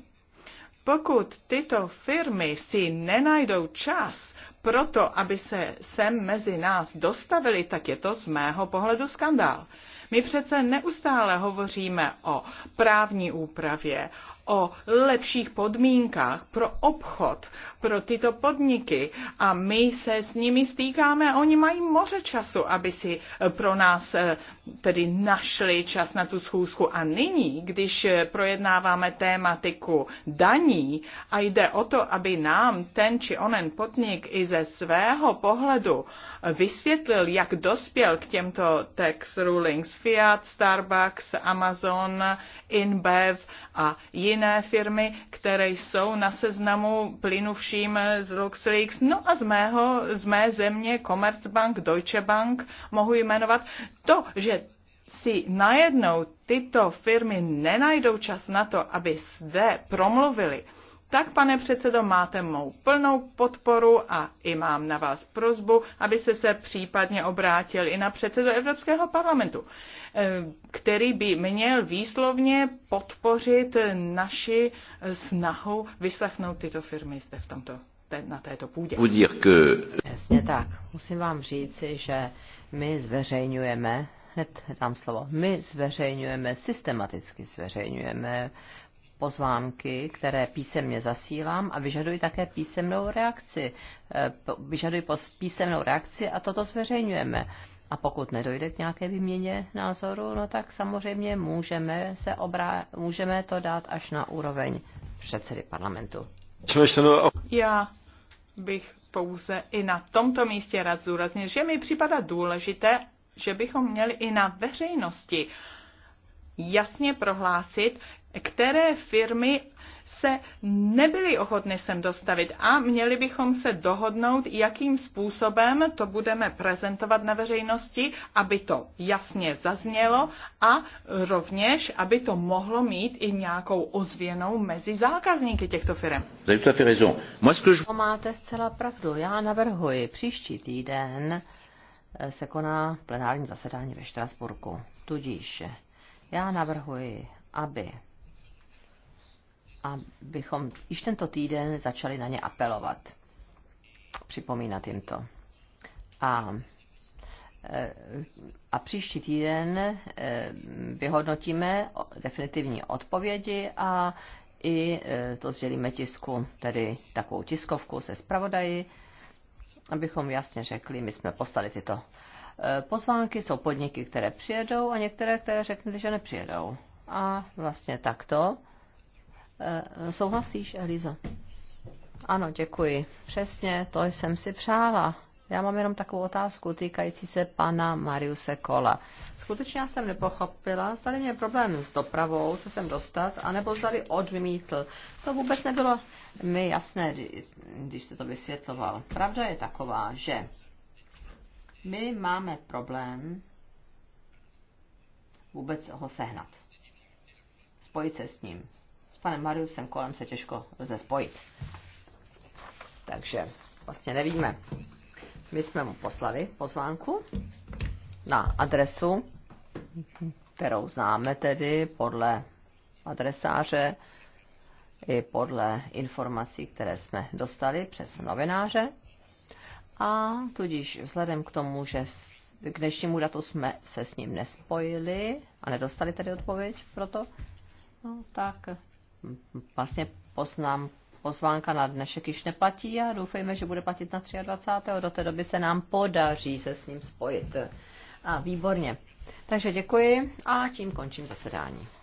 Speaker 5: Pokud tyto firmy si nenajdou čas pro to, aby se sem mezi nás dostavili, tak je to z mého pohledu skandál. My přece neustále hovoříme o právní úpravě, o lepších podmínkách pro obchod, pro tyto podniky a my se s nimi stýkáme a oni mají moře času, aby si pro nás eh, tedy našli čas na tu schůzku. A nyní, když eh, projednáváme tématiku daní a jde o to, aby nám ten či onen podnik i ze svého pohledu vysvětlil, jak dospěl k těmto tax rulings Fiat, Starbucks, Amazon, InBev a jiné jiné firmy, které jsou na seznamu plynu vším z LuxLeaks. No a z, mého, z mé země Commerzbank, Deutsche Bank mohu jmenovat. To, že si najednou tyto firmy nenajdou čas na to, aby zde promluvili, tak, pane předsedo, máte mou plnou podporu a i mám na vás prozbu, aby se se případně obrátil i na předsedu Evropského parlamentu, eh, který by měl výslovně podpořit naši snahu vyslechnout tyto firmy zde v tomto na této půdě. Jasně tak. Musím vám říci, že
Speaker 1: my zveřejňujeme hned dám slovo. My zveřejňujeme, systematicky zveřejňujeme pozvánky, které písemně zasílám a vyžaduji také písemnou reakci. E, vyžaduji písemnou reakci a toto zveřejňujeme. A pokud nedojde k nějaké výměně názoru, no tak samozřejmě můžeme, se
Speaker 5: obrá- můžeme to dát až na úroveň
Speaker 1: předsedy parlamentu.
Speaker 5: Já bych pouze i na tomto místě rád zúraznil, že mi připadá důležité, že bychom měli i na veřejnosti jasně prohlásit, které firmy se nebyly ochotny sem dostavit a měli bychom se dohodnout, jakým způsobem to budeme prezentovat na veřejnosti, aby to jasně zaznělo a rovněž, aby to mohlo mít i nějakou ozvěnou mezi zákazníky těchto firm. Máte zcela pravdu. Já navrhuji příští týden
Speaker 1: eh, se koná plenární zasedání ve Štrasburku. Tudíž eh, já navrhuji, aby abychom již tento týden začali na ně apelovat, připomínat jim to. A, eh, a příští týden eh, vyhodnotíme definitivní odpovědi a i eh, to sdělíme tisku, tedy takovou tiskovku se zpravodaji, abychom jasně řekli, my jsme poslali tyto pozvánky, jsou podniky, které přijedou a některé, které řekly, že nepřijedou. A vlastně takto Eh, souhlasíš, Eliza? Ano, děkuji. Přesně, to jsem si přála. Já mám jenom takovou otázku týkající se pana Mariuse Kola. Skutečně já jsem nepochopila, zdali mě problém s dopravou, se sem dostat, anebo zdali odmítl. To vůbec nebylo mi jasné, když jste to vysvětloval. Pravda je taková, že my máme problém vůbec ho sehnat. Spojit se s ním panem Mariusem kolem se těžko lze spojit. Takže vlastně nevíme. My jsme mu poslali pozvánku na adresu, kterou známe tedy podle adresáře i podle informací, které jsme dostali přes novináře. A tudíž vzhledem k tomu, že k dnešnímu datu jsme se s ním nespojili a nedostali tedy odpověď proto, no, tak vlastně poznám, pozvánka na dnešek již neplatí a doufejme, že bude platit na 23. Do té doby se nám podaří se s ním spojit. A výborně. Takže děkuji a tím končím zasedání.